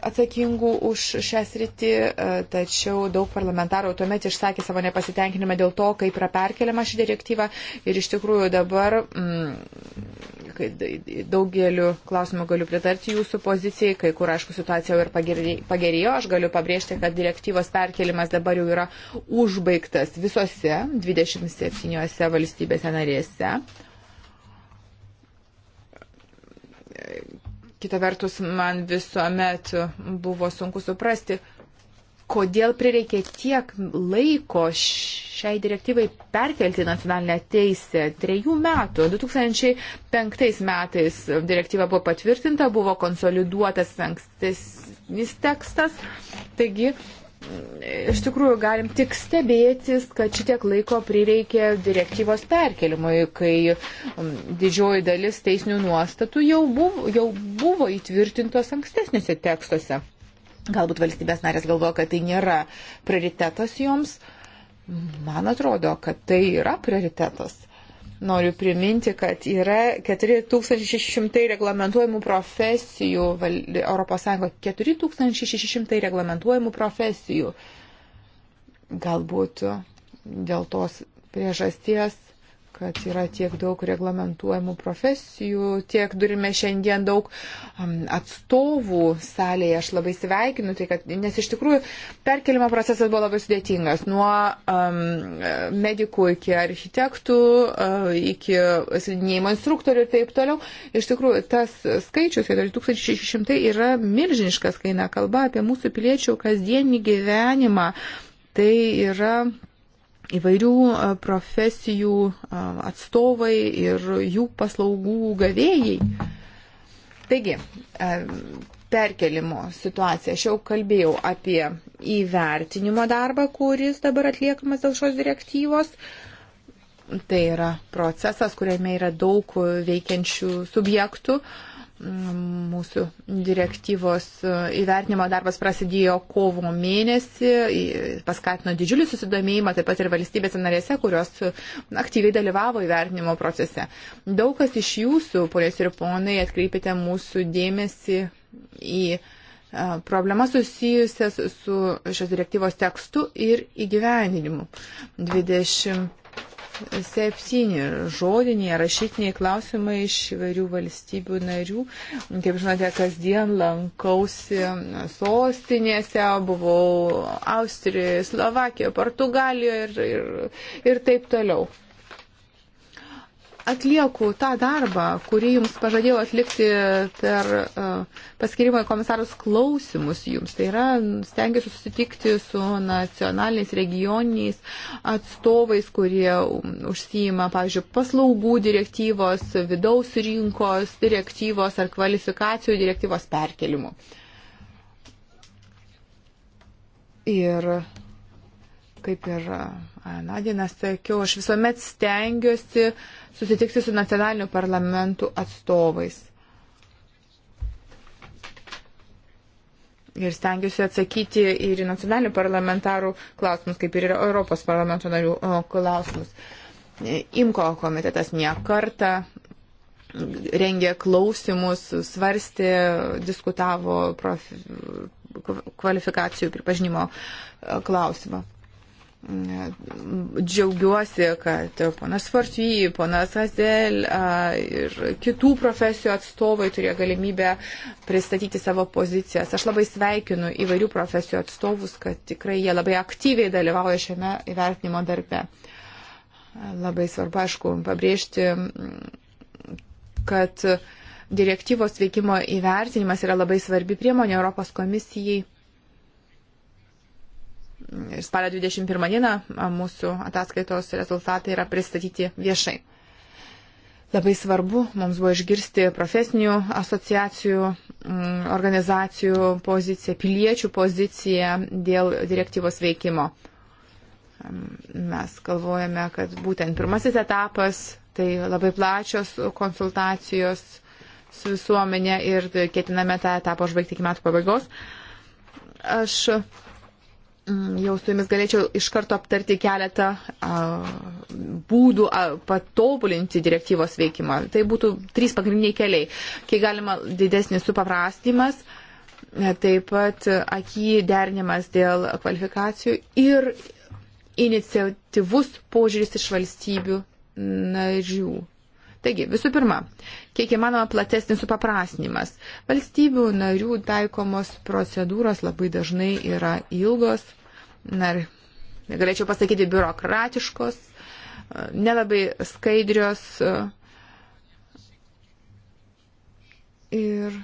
atsakingų už šią sritį, e, tačiau daug parlamentarų tuomet išsakė savo nepasitenkinimą dėl to, kaip yra perkeliama ši direktyva ir iš tikrųjų dabar mm, daugeliu klausimų galiu pritarti jūsų pozicijai, kai kur aišku situacija jau ir pagerėjo, aš galiu pabrėžti, kad direktyvos perkelimas dabar jau yra užbaigtas visose 27 valstybėse narėse Kita vertus, man visuomet buvo sunku suprasti, kodėl prireikė tiek laiko šiai direktyvai perkelti nacionalinę teisę. Trejų metų, 2005 metais direktyva buvo patvirtinta, buvo konsoliduotas ankstesnis tekstas. Taigi iš tikrųjų galim tik stebėtis, kad šitiek laiko prireikė direktyvos perkelimui, kai um, didžioji dalis teisinių nuostatų jau buvo, jau buvo įtvirtintos ankstesniuose tekstuose. Galbūt valstybės narės galvoja, kad tai nėra prioritetas joms. Man atrodo, kad tai yra prioritetas. Noriu priminti, kad yra 4600 reglamentuojamų profesijų, ES 4600 reglamentuojamų profesijų. Galbūt dėl tos priežasties kad yra tiek daug reglamentuojamų profesijų, tiek turime šiandien daug atstovų salėje. Aš labai sveikinu, tai kad, nes iš tikrųjų perkelimo procesas buvo labai sudėtingas. Nuo um, medikų iki architektų, uh, iki slidinėjimo instruktorių ir taip toliau. Iš tikrųjų, tas skaičius, 4600, yra milžiniškas, kai eina kalba apie mūsų piliečių kasdienį gyvenimą. Tai yra įvairių profesijų atstovai ir jų paslaugų gavėjai. Taigi, perkelimo situacija. Aš jau kalbėjau apie įvertinimo darbą, kuris dabar atliekamas dėl šios direktyvos. Tai yra procesas, kuriame yra daug veikiančių subjektų. Uh, Mūsų direktyvos e, įvertinimo darbas prasidėjo kovo mėnesį, paskatino didžiulį susidomėjimą taip pat ir valstybėse narėse, kurios e, aktyviai dalyvavo įvertinimo procese. Daug kas iš jūsų, ponės ir ponai, atkreipėte mūsų dėmesį į e, problemas susijusias su šios direktyvos tekstu ir įgyvendinimu. 20 septyni žodiniai, rašytiniai klausimai iš įvairių valstybių narių. Kaip žinote, kasdien lankausi sostinėse, buvau Austrijoje, Slovakijoje, Portugalijoje ir, ir, ir taip toliau atlieku tą darbą, kurį jums pažadėjau atlikti per e, paskirimą į komisarus klausimus jums. Tai yra, stengiuosi susitikti su nacionaliniais regioniniais atstovais, kurie užsijima, pavyzdžiui, paslaugų direktyvos, vidaus rinkos direktyvos ar kvalifikacijų direktyvos perkelimu. Ir kaip ir Nadina sakiau, aš visuomet stengiuosi susitikti su nacionaliniu parlamentu atstovais. ir stengiuosi atsakyti ir į nacionalinių parlamentarų klausimus, kaip ir Europos parlamento narių klausimus. Imko komitetas niekarta rengė klausimus, svarstė, diskutavo profi, kvalifikacijų pripažinimo e, klausimą džiaugiuosi, kad ponas Forty, ponas Azel ir kitų profesijų atstovai turėjo galimybę pristatyti savo pozicijas. Aš labai sveikinu įvairių profesijų atstovus, kad tikrai jie labai aktyviai dalyvauja šiame įvertinimo darbe. Labai svarbu, aišku, pabrėžti, kad direktyvos veikimo įvertinimas yra labai svarbi priemonė Europos komisijai spalio 21 dieną mūsų ataskaitos rezultatai yra pristatyti viešai. Labai svarbu mums buvo išgirsti profesinių asociacijų, mm, organizacijų poziciją, piliečių poziciją dėl direktyvos veikimo. Mes galvojame, kad būtent pirmasis etapas tai labai plačios konsultacijos su visuomenė ir ketiname tą etapą užbaigti iki metų pabaigos. Aš Mm, jau su jumis galėčiau iš karto aptarti keletą a, būdų a, patobulinti direktyvos veikimą. Tai būtų trys pagrindiniai keliai. Kiek galima didesnis supaprastymas, e, taip pat akį derinimas dėl kvalifikacijų ir iniciatyvus požiūris iš valstybių narių. Taigi, visų pirma, kiek įmanoma platesnis supaprasnimas. Valstybių narių taikomos procedūros labai dažnai yra ilgos, na, galėčiau pasakyti, biurokratiškos, nelabai skaidrios. Ir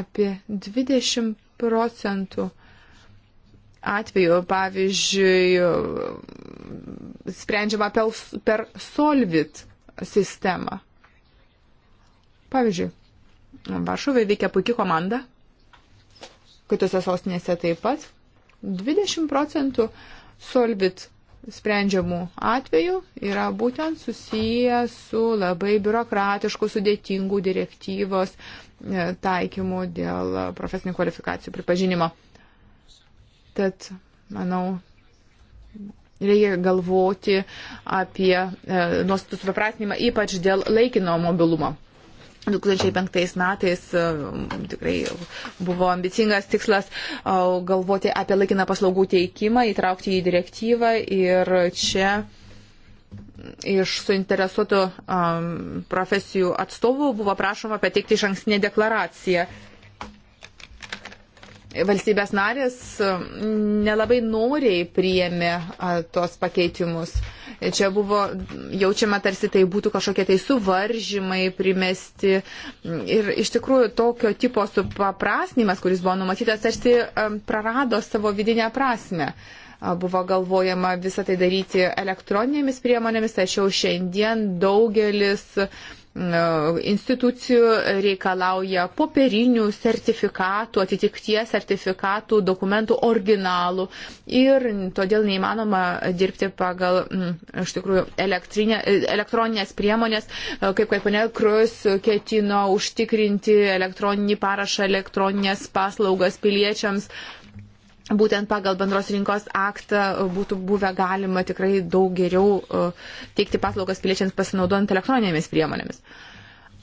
apie 20 procentų atveju, pavyzdžiui, sprendžiama per solvit sistemą. Pavyzdžiui, Varšuvoje veikia puikia komanda, kitose sostinėse taip pat. 20 procentų solbit sprendžiamų atvejų yra būtent susiję su labai biurokratišku, sudėtingu direktyvos e, taikymu dėl profesinių kvalifikacijų pripažinimo. Tad, manau, Reikia galvoti apie e, nuostatų supapratinimą, ypač dėl laikino mobilumo. 2005 metais e, tikrai buvo ambicingas tikslas e, galvoti apie laikiną paslaugų teikimą, įtraukti į direktyvą ir čia iš suinteresuotų um, profesijų atstovų buvo prašoma pateikti iš ankstinę deklaraciją. Uh, valstybės narės mm, nelabai noriai priėmė tos pakeitimus. Čia buvo jaučiama tarsi tai būtų kažkokie tai suvaržymai primesti. Ir iš tikrųjų tokio tipo supaprasnimas, kuris buvo numatytas, tarsi prarado savo vidinę prasme buvo galvojama visą tai daryti elektroninėmis priemonėmis, tačiau šiandien daugelis institucijų reikalauja popierinių sertifikatų, atitikties sertifikatų, dokumentų originalų ir todėl neįmanoma dirbti pagal, mm, iš tikrųjų, elektroninės priemonės, e, kaip kaip panel Krus ketino užtikrinti elektroninį parašą, elektroninės paslaugas piliečiams. Uh, būtent pagal bendros rinkos aktą būtų buvę galima tikrai daug geriau e, teikti paslaugas piliečiams pasinaudojant elektroninėmis priemonėmis.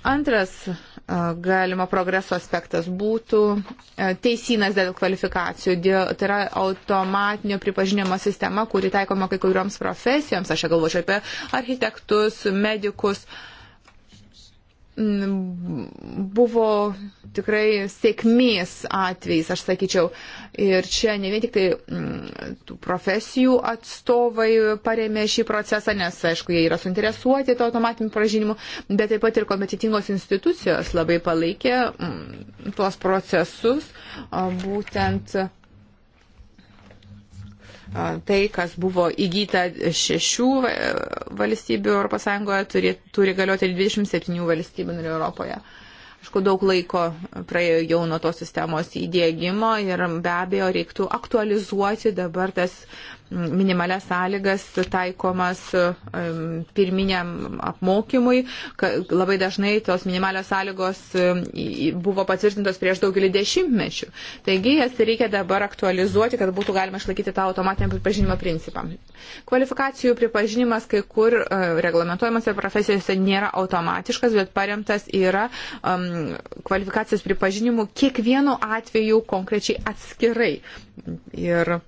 Antras e, galima progreso aspektas būtų e, teisinas dėl kvalifikacijų, dėl, tai yra automatinio pripažinimo sistema, kuri taikoma kai kurioms profesijoms, aš čia galvočiau apie architektus, medikus, uh, Mm, buvo tikrai sėkmės atvejais, aš sakyčiau. Ir čia ne vien tik tai m, mm, profesijų atstovai paremė šį procesą, nes, aišku, jie yra suinteresuoti to automatiniu pražinimu, bet taip pat ir kompetitingos institucijos labai palaikė m, mm, tuos procesus, būtent. M, tai, kas buvo įgyta šešių e, valstybių ES, turi, turi galioti ir 27 valstybių narių Europoje. Aišku, daug laiko praėjo jau nuo tos sistemos įdėgymo ir be abejo reiktų aktualizuoti dabar tas minimalias sąlygas taikomas pirminiam apmokymui. Labai dažnai tos minimalios sąlygos buvo patvirtintos prieš daugelį dešimtmečių. Taigi jas reikia dabar aktualizuoti, kad būtų galima išlaikyti tą automatinę pripažinimo principą. Kvalifikacijų pripažinimas kai kur e, reglamentuojamose profesijose nėra automatiškas, bet paremtas yra um, kvalifikacijos pripažinimu kiekvienu atveju konkrečiai atskirai. Ir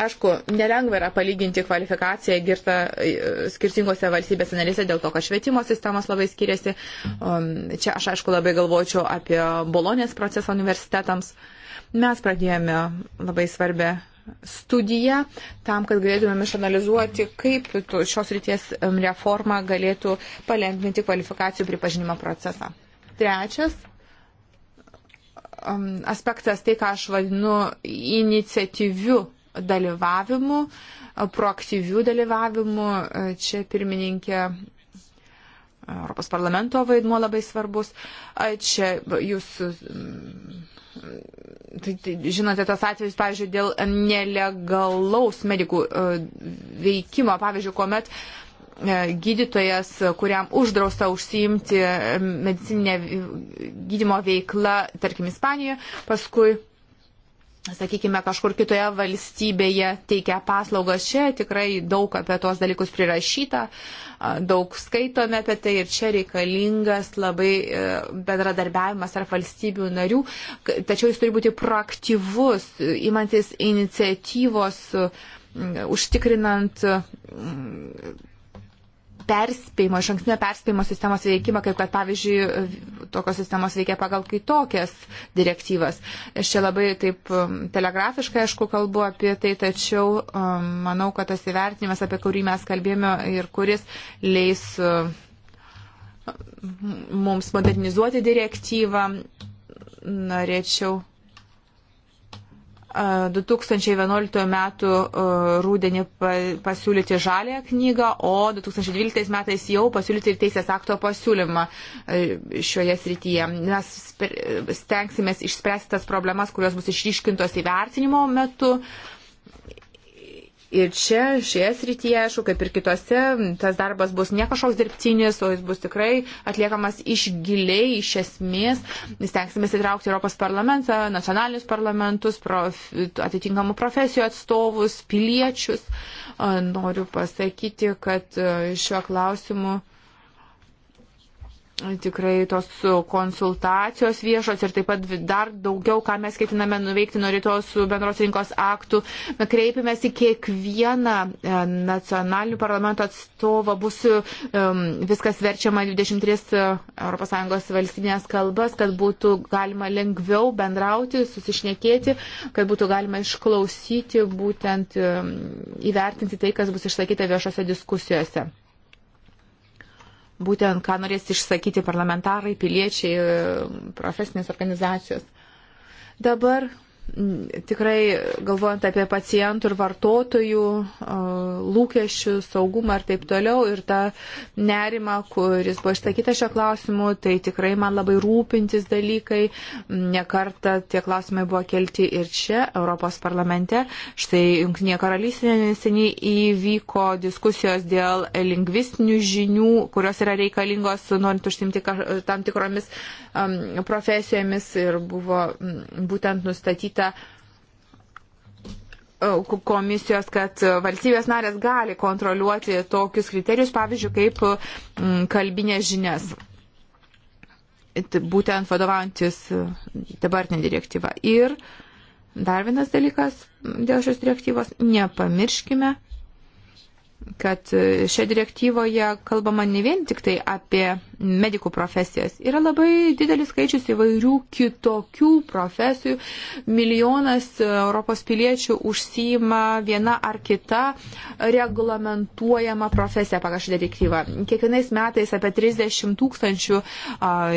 Aišku, nelengva yra palyginti kvalifikaciją girtą e, skirtingose valstybėse narėse dėl to, kad švietimo sistemos labai skiriasi. Um, čia aš, aišku, labai galvočiau apie Bolonės procesą universitetams. Mes pradėjome labai svarbę studiją tam, kad galėtumėm išanalizuoti, kaip šios ryties reforma galėtų palengvinti kvalifikacijų pripažinimo procesą. Trečias aspektas tai, ką aš vadinu iniciatyviu dalyvavimu, proaktyvių dalyvavimu. Čia pirmininkė Europos parlamento vaidmuo labai svarbus. Čia jūs mm, tai, tai žinote tos atvejus, pavyzdžiui, dėl nelegalaus medikų e, veikimo, pavyzdžiui, kuomet e, gydytojas, kuriam uždrausta užsiimti e, medicininę gydimo veiklą, tarkim, Ispanijoje, paskui sakykime, kažkur kitoje valstybėje teikia paslaugas. Čia tikrai daug apie tuos dalykus prirašyta, daug skaitome apie tai ir čia reikalingas labai e, bendradarbiavimas tarp valstybių narių, tačiau jis turi būti proaktyvus, imantis iniciatyvos užtikrinant perspėjimo, iš ankstinio perspėjimo sistemos veikimą, kaip kad pavyzdžiui tokios sistemos veikia pagal kitokias direktyvas. Aš čia labai taip um, telegrafiškai, aišku, kalbu apie tai, tačiau um, manau, kad tas įvertinimas, apie kurį mes kalbėjome ir kuris leis uh, mums modernizuoti direktyvą, norėčiau 2011 metų rūdienį pasiūlyti žalę knygą, o 2012 metais jau pasiūlyti ir teisės akto pasiūlymą šioje srityje. Mes stengsimės išspręsti tas problemas, kurios bus išryškintos įvertinimo metu. Ir čia, šioje srityje, aišku, kaip ir kitose, tas darbas bus ne kažkoks dirbtinis, o jis bus tikrai atliekamas iš giliai, iš esmės. Stengsime įtraukti Europos parlamentą, nacionalinius parlamentus, prof, atitinkamų profesijų atstovus, piliečius. Noriu pasakyti, kad e, šiuo klausimu tikrai tos konsultacijos viešos ir taip pat dar daugiau, ką mes ketiname nuveikti nuo ryto su bendros rinkos aktų. Kreipimės į kiekvieną e, nacionalinių parlamento atstovą, bus um, viskas verčiama 23 ES valstybinės kalbas, kad būtų galima lengviau bendrauti, susišnekėti, kad būtų galima išklausyti, būtent um, įvertinti tai, kas bus išsakyta viešose diskusijose būtent ką norės išsakyti parlamentarai, piliečiai, profesinės organizacijos. Dabar tikrai galvojant apie pacientų ir vartotojų lūkesčių, saugumą ir taip toliau, ir tą nerimą, kuris buvo išsakyta šio klausimu, tai tikrai man labai rūpintis dalykai. Nekarta tie klausimai buvo kelti ir čia, Europos parlamente. Štai Junktinėje karalystėje neseniai įvyko diskusijos dėl lingvistinių žinių, kurios yra reikalingos, norint užsimti tam tikromis um, profesijomis ir buvo būtent nustatyta numatyta e, komisijos, kad valstybės narės gali kontroliuoti tokius kriterijus, pavyzdžiui, kaip kalbinės žinias, būtent vadovaujantis e, dabartinė direktyva. Ir dar vienas dalykas dėl šios direktyvos, nepamirškime, kad šią direktyvoje kalbama ne vien tik tai apie medikų profesijas. Yra labai didelis skaičius įvairių kitokių profesijų. Milijonas Europos piliečių užsima viena ar kita reglamentuojama profesija pagal šią direktyvą. Kiekvienais metais apie 30 tūkstančių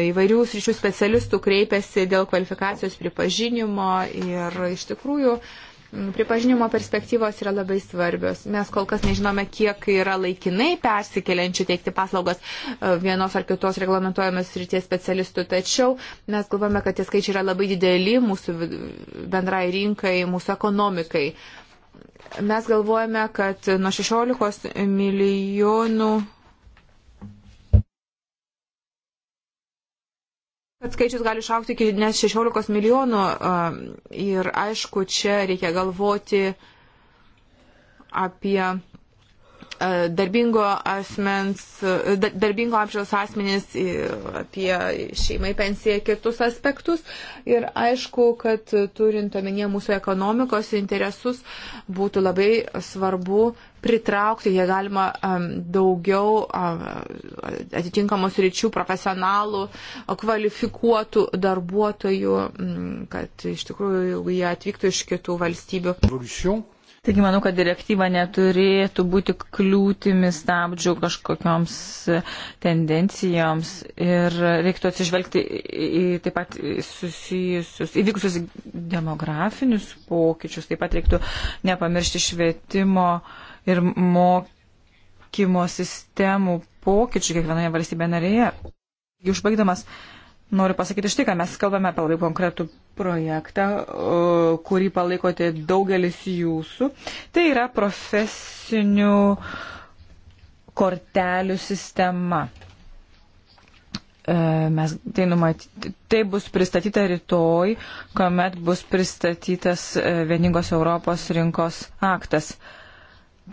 įvairių sričių specialistų kreipiasi dėl kvalifikacijos pripažinimo ir iš tikrųjų Mm, pripažinimo perspektyvos yra labai svarbios. Mes kol kas nežinome, kiek yra laikinai persikeliančių teikti paslaugas e, vienos ar kitos reglamentuojamos srities specialistų, tačiau mes galvome, kad tie skaičiai yra labai dideli mūsų bendrai rinkai, mūsų ekonomikai. Mes galvojame, kad nuo 16 milijonų kad skaičius gali išaukti iki net 16 milijonų ir aišku, čia reikia galvoti apie E, darbingo asmens, e, darbingo apžiaus asmenys, e, apie šeimai pensiją kitus aspektus. Ir aišku, kad turint omenyje mūsų ekonomikos interesus, būtų labai svarbu pritraukti, jie galima um, daugiau um, atitinkamos ryčių profesionalų, kvalifikuotų darbuotojų, um, kad iš tikrųjų jie atvyktų iš kitų valstybių. Evolution. Taigi manau, kad direktyva neturėtų būti kliūtimi stabdžių kažkokioms tendencijoms ir reiktų atsižvelgti į taip pat susijusius, įvykusius demografinius pokyčius, taip pat reiktų nepamiršti švietimo ir mokymo sistemų pokyčių kiekvienoje valstybėje narėje. Užbaigdamas, uh, noriu pasakyti štai, ką mes kalbame apie labai konkretų projektą, kurį palaikote daugelis jūsų. Tai yra profesinių kortelių sistema. E, mes tai numatyti, tai bus pristatyta rytoj, kuomet bus pristatytas e, vieningos Europos rinkos aktas.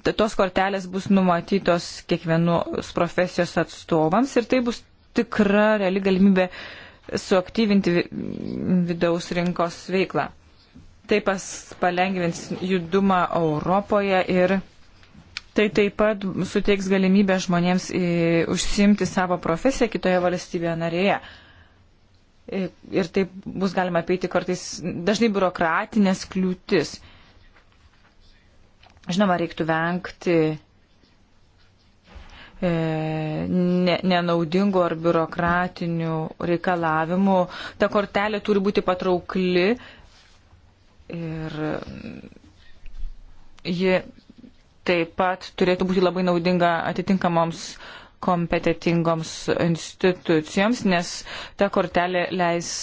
Tos kortelės bus numatytos kiekvienos profesijos atstovams ir tai bus tikra reali galimybė uh, suaktyvinti vidaus rinkos veiklą. Tai pas, palengvins judumą Europoje ir tai taip pat suteiks galimybę žmonėms e, užsimti savo profesiją kitoje valstybėje narėje. E, ir taip bus galima apeiti kartais dažnai biurokratinės kliūtis. Žinoma, reiktų vengti E, ne, nenaudingų ar biurokratinių reikalavimų. Ta kortelė turi būti patraukli ir ji taip pat turėtų būti labai naudinga atitinkamoms kompetitingoms institucijoms, nes ta kortelė leis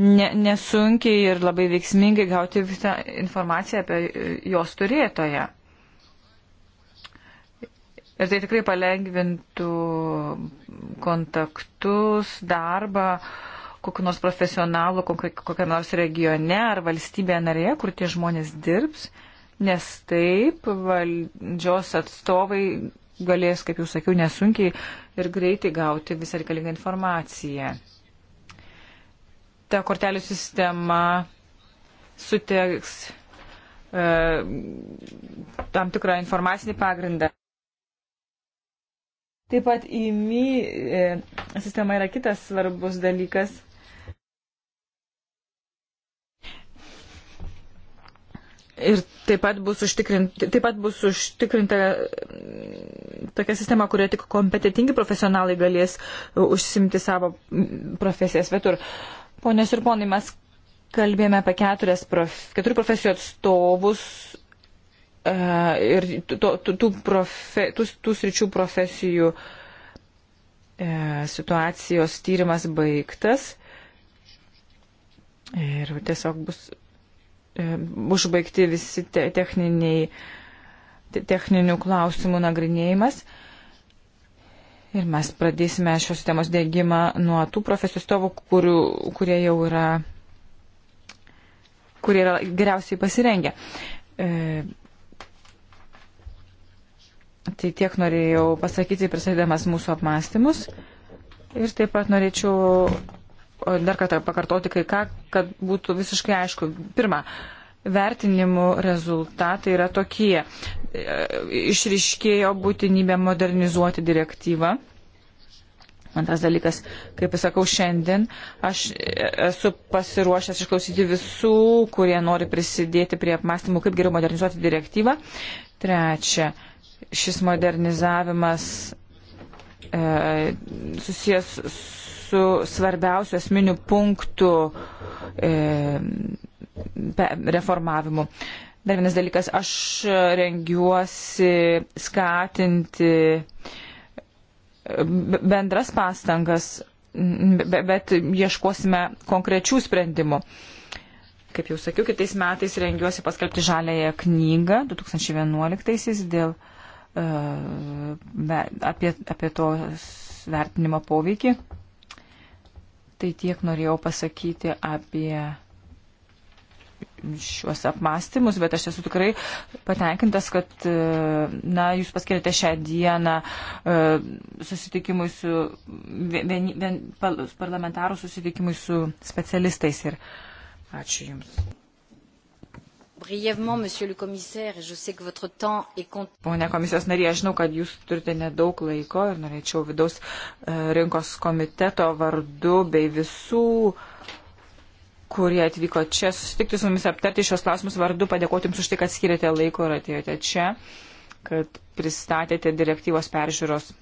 ne, nesunkiai ir labai veiksmingai gauti visą informaciją apie jos turėtoją. Ir tai tikrai palengvintų kontaktus, darbą kokiu nors profesionalu, kokią nors regione ar valstybėje narėje, kur tie žmonės dirbs, nes taip valdžios atstovai galės, kaip jau sakiau, nesunkiai ir greitai gauti visą reikalingą informaciją. Ta kortelių sistema suteiks e, tam tikrą informacinį pagrindą. Taip pat įmy e, sistema yra kitas svarbus dalykas. Ir taip pat bus, taip pat bus užtikrinta mm, tokia sistema, kurioje tik kompetitingi profesionalai galės e, užsimti savo mm, profesijas vietur. Ponios ir ponai, mes kalbėjome apie prof, keturių profesijų atstovus ir tų, tų, profe, tų, tų sričių profesijų e, situacijos tyrimas baigtas ir tiesiog bus e, užbaigti visi te, techniniai, te, techninių klausimų nagrinėjimas. Ir mes pradėsime šios sistemos dėgymą nuo tų profesijų stovų, kurių, kurie jau yra, kurie yra geriausiai pasirengę. E, Tai tiek norėjau pasakyti, prisėdamas mūsų apmąstymus. Ir taip pat norėčiau dar kartą pakartoti kai ką, kad būtų visiškai aišku. Pirma, vertinimų rezultatai yra tokie. E, Išriškėjo būtinybė modernizuoti direktyvą. Antras dalykas, kaip sakau, šiandien aš esu pasiruošęs išklausyti visų, kurie nori prisidėti prie apmąstymų, kaip geriau modernizuoti direktyvą. Trečia, šis modernizavimas e, susijęs su svarbiausių esminių punktų e, reformavimu. Dar vienas dalykas, aš rengiuosi skatinti e, bendras pastangas, bet ieškosime konkrečių sprendimų. Kaip jau sakiau, kitais metais rengiuosi paskelbti žalėją knygą 2011 dėl E, apie, apie to vertinimo poveikį. Tai tiek norėjau pasakyti apie šiuos apmąstymus, bet aš esu tikrai patenkintas, kad e, na, jūs paskirėte šią dieną e, susitikimui su vien, vien, parlamentarų susitikimui su specialistais ir ačiū Jums. Brièvement, monsieur le commissaire, je sais que votre temps est compté. Pone komisijos narė, aš žinau, kad jūs turite nedaug laiko ir norėčiau vidaus e, rinkos komiteto vardu bei visų, kurie atvyko čia, susitikti su mumis aptarti šios klausimus vardu, padėkoti jums už tai, kad skirėte laiko ir atėjote čia, kad pristatėte direktyvos peržiūros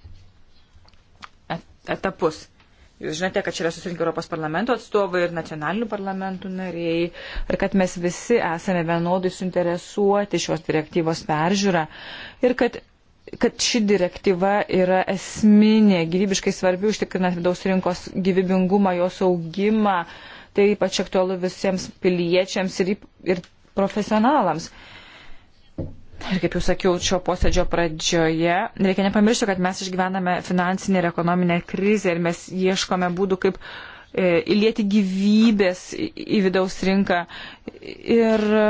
etapus. Jūs žinote, kad čia yra susirinkę Europos parlamento atstovai ir nacionalinių parlamentų nariai ir kad mes visi esame vienodai suinteresuoti šios direktyvos peržiūrą ir kad kad ši direktyva yra esminė, gyvybiškai svarbi užtikrinant vidaus rinkos gyvybingumą, jos augimą, tai ypač aktualu visiems piliečiams ir, ir profesionalams. Ir kaip jau sakiau, šio posėdžio pradžioje, reikia nepamiršti, kad mes išgyvename finansinę ir ekonominę krizę ir mes ieškome būdų, kaip e, įlieti gyvybės į vidaus rinką. Ir e,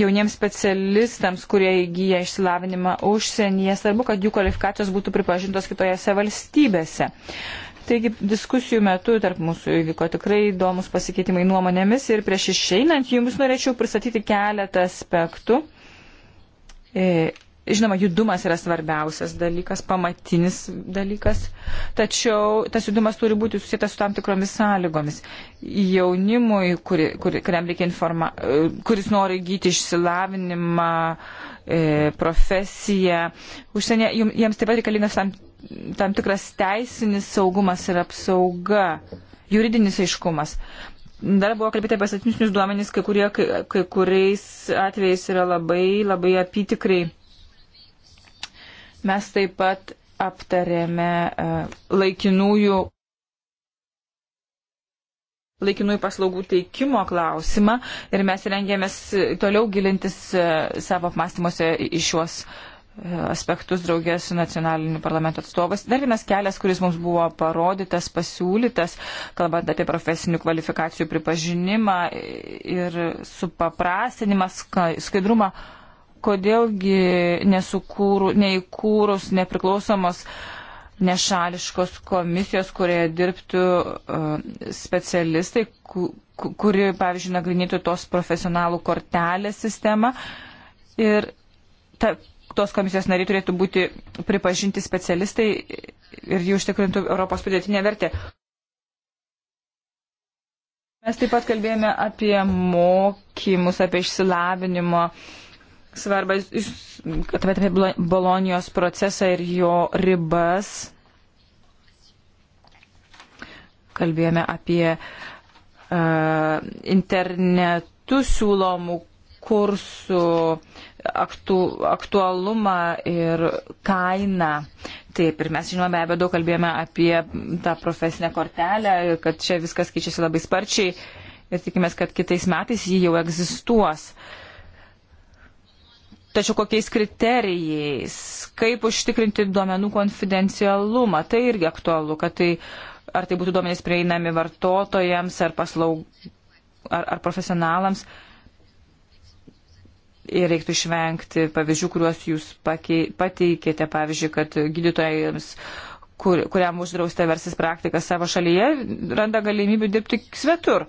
jauniems specialistams, kurie įgyja išsilavinimą užsienyje, svarbu, kad jų kvalifikacijos būtų pripažintos kitojose valstybėse. Taigi diskusijų metu tarp mūsų įvyko tikrai įdomus pasikeitimai nuomonėmis ir prieš išeinant jums norėčiau pristatyti keletą aspektų E, žinoma, judumas yra svarbiausias dalykas, pamatinis dalykas, tačiau tas judumas turi būti susijęs su tam tikromis sąlygomis. Jaunimui, kuri, kuri, kuriam reikia informa, e, kuris nori gyti išsilavinimą, e, profesiją, užsienė, jiems taip pat reikalingas tam, tam tikras teisinis saugumas ir apsauga, juridinis aiškumas. Dar buvo kalbėti apie statistinius duomenys, kai, kurie, kai, kai kuriais atvejais yra labai, labai apytikrai. Mes taip pat aptarėme e, laikinųjų, laikinųjų paslaugų teikimo klausimą ir mes rengėmės toliau gilintis e, savo apmastymuose į šiuos uh, aspektus draugės su nacionaliniu parlamento atstovas. Dar vienas kelias, kuris mums buvo parodytas, pasiūlytas, kalbant apie profesinių kvalifikacijų pripažinimą ir supaprastinimą, skaidrumą, kodėlgi nesukūrų, neįkūrus nepriklausomos nešališkos komisijos, kurioje dirbtų e, specialistai, kuri, pavyzdžiui, nagrinėtų tos profesionalų kortelės sistemą. Ir ta tos komisijos nariai turėtų būti pripažinti specialistai ir jų užtikrintų Europos pridėtinė vertė. Mes taip pat kalbėjome apie mokymus, apie išsilavinimo svarbą, kad apie Bolonijos procesą ir jo ribas. Kalbėjome apie uh, internetu siūlomų kursų aktu, aktualumą ir kainą. Taip, ir mes žinome, be abejo, daug kalbėjome apie tą profesinę kortelę ir kad čia viskas keičiasi labai sparčiai ir tikimės, kad kitais metais ji jau egzistuos. Tačiau kokiais kriterijais, kaip užtikrinti duomenų konfidencialumą, tai irgi aktualu, kad tai, ar tai būtų duomenys prieinami vartotojams ar paslaug, ar, ar profesionalams. Uh, ir reiktų išvengti pavyzdžių, kuriuos jūs pateikėte, pavyzdžiui, kad gydytojams kur, kuriam uždrausta versis praktika savo šalyje, randa galimybių dirbti svetur.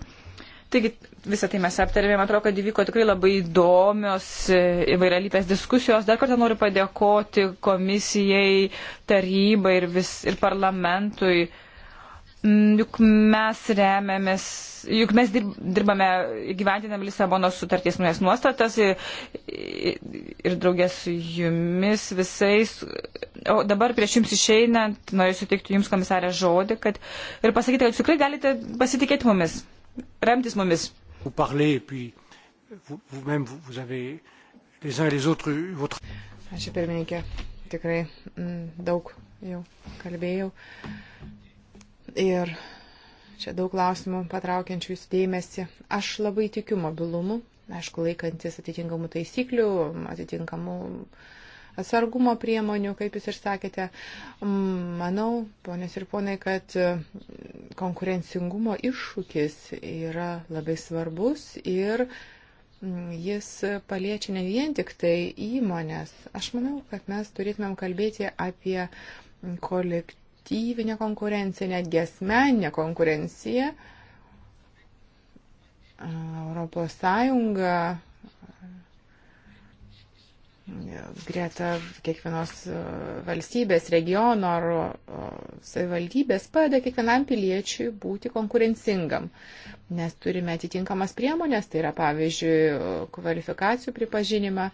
Taigi visą tai mes aptarėme, man atrodo, kad įvyko tikrai labai įdomios e, įvairialypės diskusijos. Dar kartą noriu padėkoti komisijai, tarybai ir, vis, ir parlamentui Mm, juk mes remiamės, juk mes dirbame, gyventiname Lisabonos sutarties nuės nuostatas ir, ir draugės su jumis visais. O dabar prieš jums išeinant, noriu sutikti jums komisarę žodį, kad ir pasakyti, kad tikrai galite pasitikėti mumis, remtis mumis. Ačiū pirmininkė, tikrai m, mm, daug jau kalbėjau. Uh, Ir čia daug klausimų patraukiančių jūsų dėmesį. Aš labai tikiu mobilumu, aišku, laikantis atitinkamų taisyklių, atitinkamų atsargumo priemonių, kaip jūs ir sakėte. Mm, manau, ponės ir ponai, kad mm, konkurencingumo iššūkis yra labai svarbus ir mm, jis paliečia ne vien tik tai įmonės. Aš manau, kad mes turėtumėm kalbėti apie kolektyvą kolektyvinė konkurencija, netgi asmeninė konkurencija. Europos Sąjunga greta kiekvienos e, valstybės, regiono ar savivaldybės padeda kiekvienam piliečiui būti konkurencingam. Nes turime atitinkamas priemonės, tai yra pavyzdžiui e, kvalifikacijų pripažinimą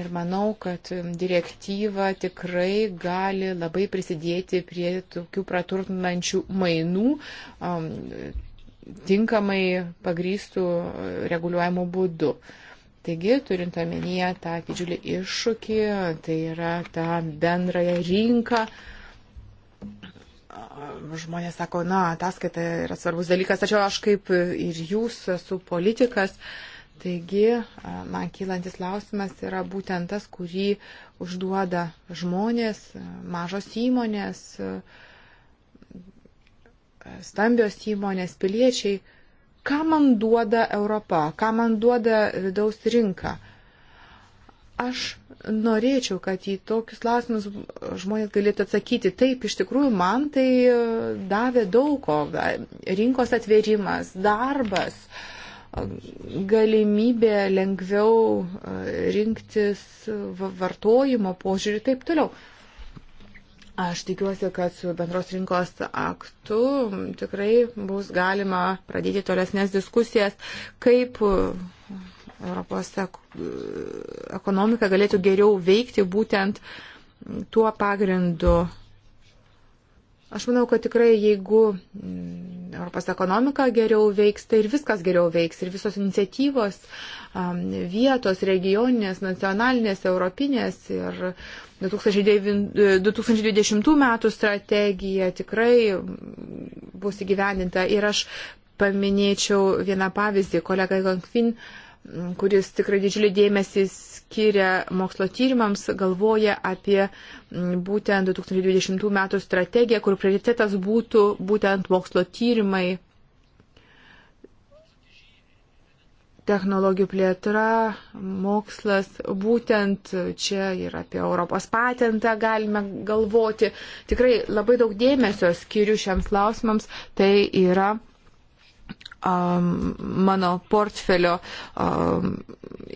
ir manau, kad direktyva tikrai gali labai prisidėti prie tokių praturtinančių mainų tinkamai pagrystų e, reguliuojamų būdų. Taigi, turint omenyje tą didžiulį iššūkį, tai yra ta bendrąją rinką, žmonės sako, na, ataskaita yra svarbus dalykas, tačiau aš kaip ir jūs esu politikas. Taigi, man kylantis klausimas yra būtent tas, kurį užduoda žmonės, mažos įmonės, stambios įmonės, piliečiai ką man duoda Europa, ką man duoda vidaus rinka. Aš norėčiau, kad į tokius klausimus žmonės galėtų atsakyti. Taip, iš tikrųjų, man tai e, davė daug ko. Rinkos atvėrimas, darbas, galimybė lengviau e, rinktis vartojimo požiūrį ir taip toliau. Aš tikiuosi, kad su bendros rinkos aktu tikrai bus galima pradėti tolesnės diskusijas, kaip uh, Europos uh, ekonomika galėtų geriau veikti būtent tuo pagrindu. Aš manau, kad tikrai jeigu mm, Europos ekonomika geriau veiks, tai ir viskas geriau veiks, ir visos iniciatyvos um, vietos, regioninės, nacionalinės, europinės ir 2020 e, metų strategija tikrai bus įgyvendinta. Ir aš paminėčiau vieną pavyzdį, kolega Gankvin, kuris tikrai didžiulį dėmesį skiria mokslo tyrimams, galvoja apie būtent 2020 metų strategiją, kur prioritetas būtų būtent mokslo tyrimai technologijų plėtra, mokslas, būtent čia ir apie Europos patentą galime galvoti. Tikrai labai daug dėmesio skiriu šiems klausimams. Tai yra um, mano portfelio um,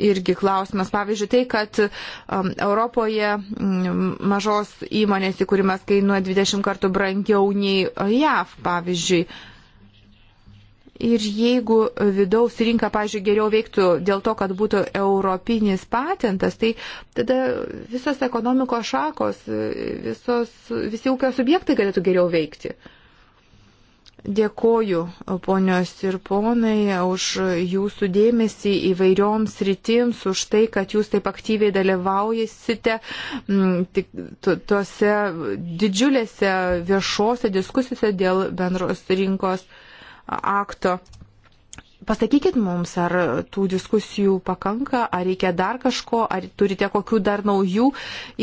irgi klausimas. Pavyzdžiui, tai, kad um, Europoje um, mažos įmonės įkūrimas kainuoja 20 kartų brangiau nei JAV, pavyzdžiui. Uh, Ir jeigu vidaus rinka, pažiūrėjau, geriau veiktų dėl to, kad būtų europinis patentas, tai tada visos ekonomikos šakos, visos, visi ūkio subjektai galėtų geriau veikti. Dėkoju, ponios ir ponai, už jūsų dėmesį įvairioms rytims, už tai, kad jūs taip aktyviai dalyvaujasite mm, tose didžiulėse viešose diskusijose dėl bendros rinkos akto. Pasakykit mums, ar tų diskusijų pakanka, ar reikia dar kažko, ar turite kokių dar naujų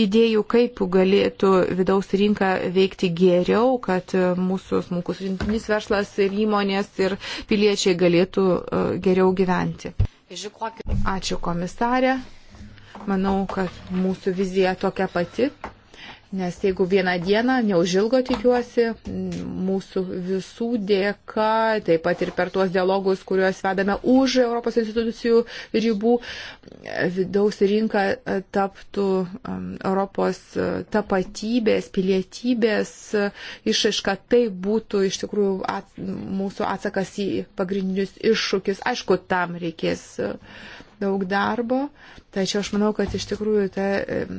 idėjų, kaip galėtų vidaus rinka veikti geriau, kad mūsų smulkus rinkinis verslas ir įmonės ir piliečiai galėtų e, geriau gyventi. Ačiū komisarė. Manau, kad mūsų vizija tokia pati. Nes jeigu vieną dieną, neužilgo tikiuosi, mūsų visų dėka, taip pat ir per tuos dialogus, kuriuos vedame už Europos institucijų ribų, vidaus rinka e, taptų Europos e, tapatybės, pilietybės e, išaiška, tai būtų iš tikrųjų at, mūsų atsakas į pagrindinius iššūkis. Aišku, tam reikės daug darbo, tačiau aš manau, kad iš tikrųjų ta. Tai,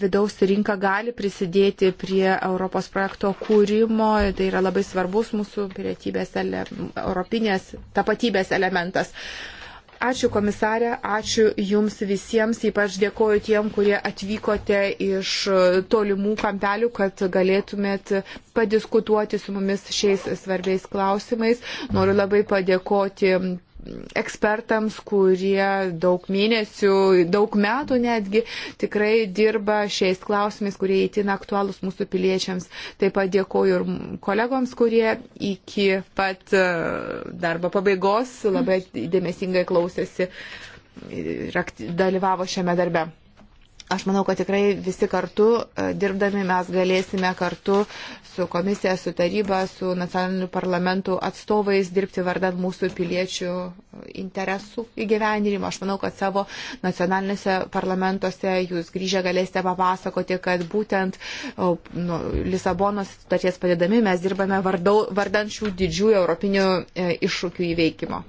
vidaus rinka gali prisidėti prie Europos projekto kūrimo, tai yra labai svarbus mūsų pilietybės, ele, europinės tapatybės elementas. Ačiū komisarė, ačiū Jums visiems, ypač dėkoju tiem, kurie atvykote iš tolimų kampelių, kad galėtumėt padiskutuoti su mumis šiais svarbiais klausimais. Noriu labai padėkoti ekspertams, kurie daug mėnesių, daug metų netgi tikrai dirba šiais klausimais, kurie įtin aktualūs mūsų piliečiams. Taip pat dėkoju ir kolegoms, kurie iki pat e, darbo pabaigos labai dėmesingai klausėsi ir dalyvavo šiame darbe. Aš manau, kad tikrai visi kartu e, dirbdami mes galėsime kartu su komisija, su taryba, su nacionaliniu parlamentu atstovais dirbti vardant mūsų piliečių e, interesų įgyvenimą. Aš manau, kad savo nacionalinėse parlamentuose jūs grįžę galėsite papasakoti, kad būtent nu, Lisabonos sutarties padėdami mes dirbame vardau, vardant šių didžiųjų europinių e, iššūkių įveikimo.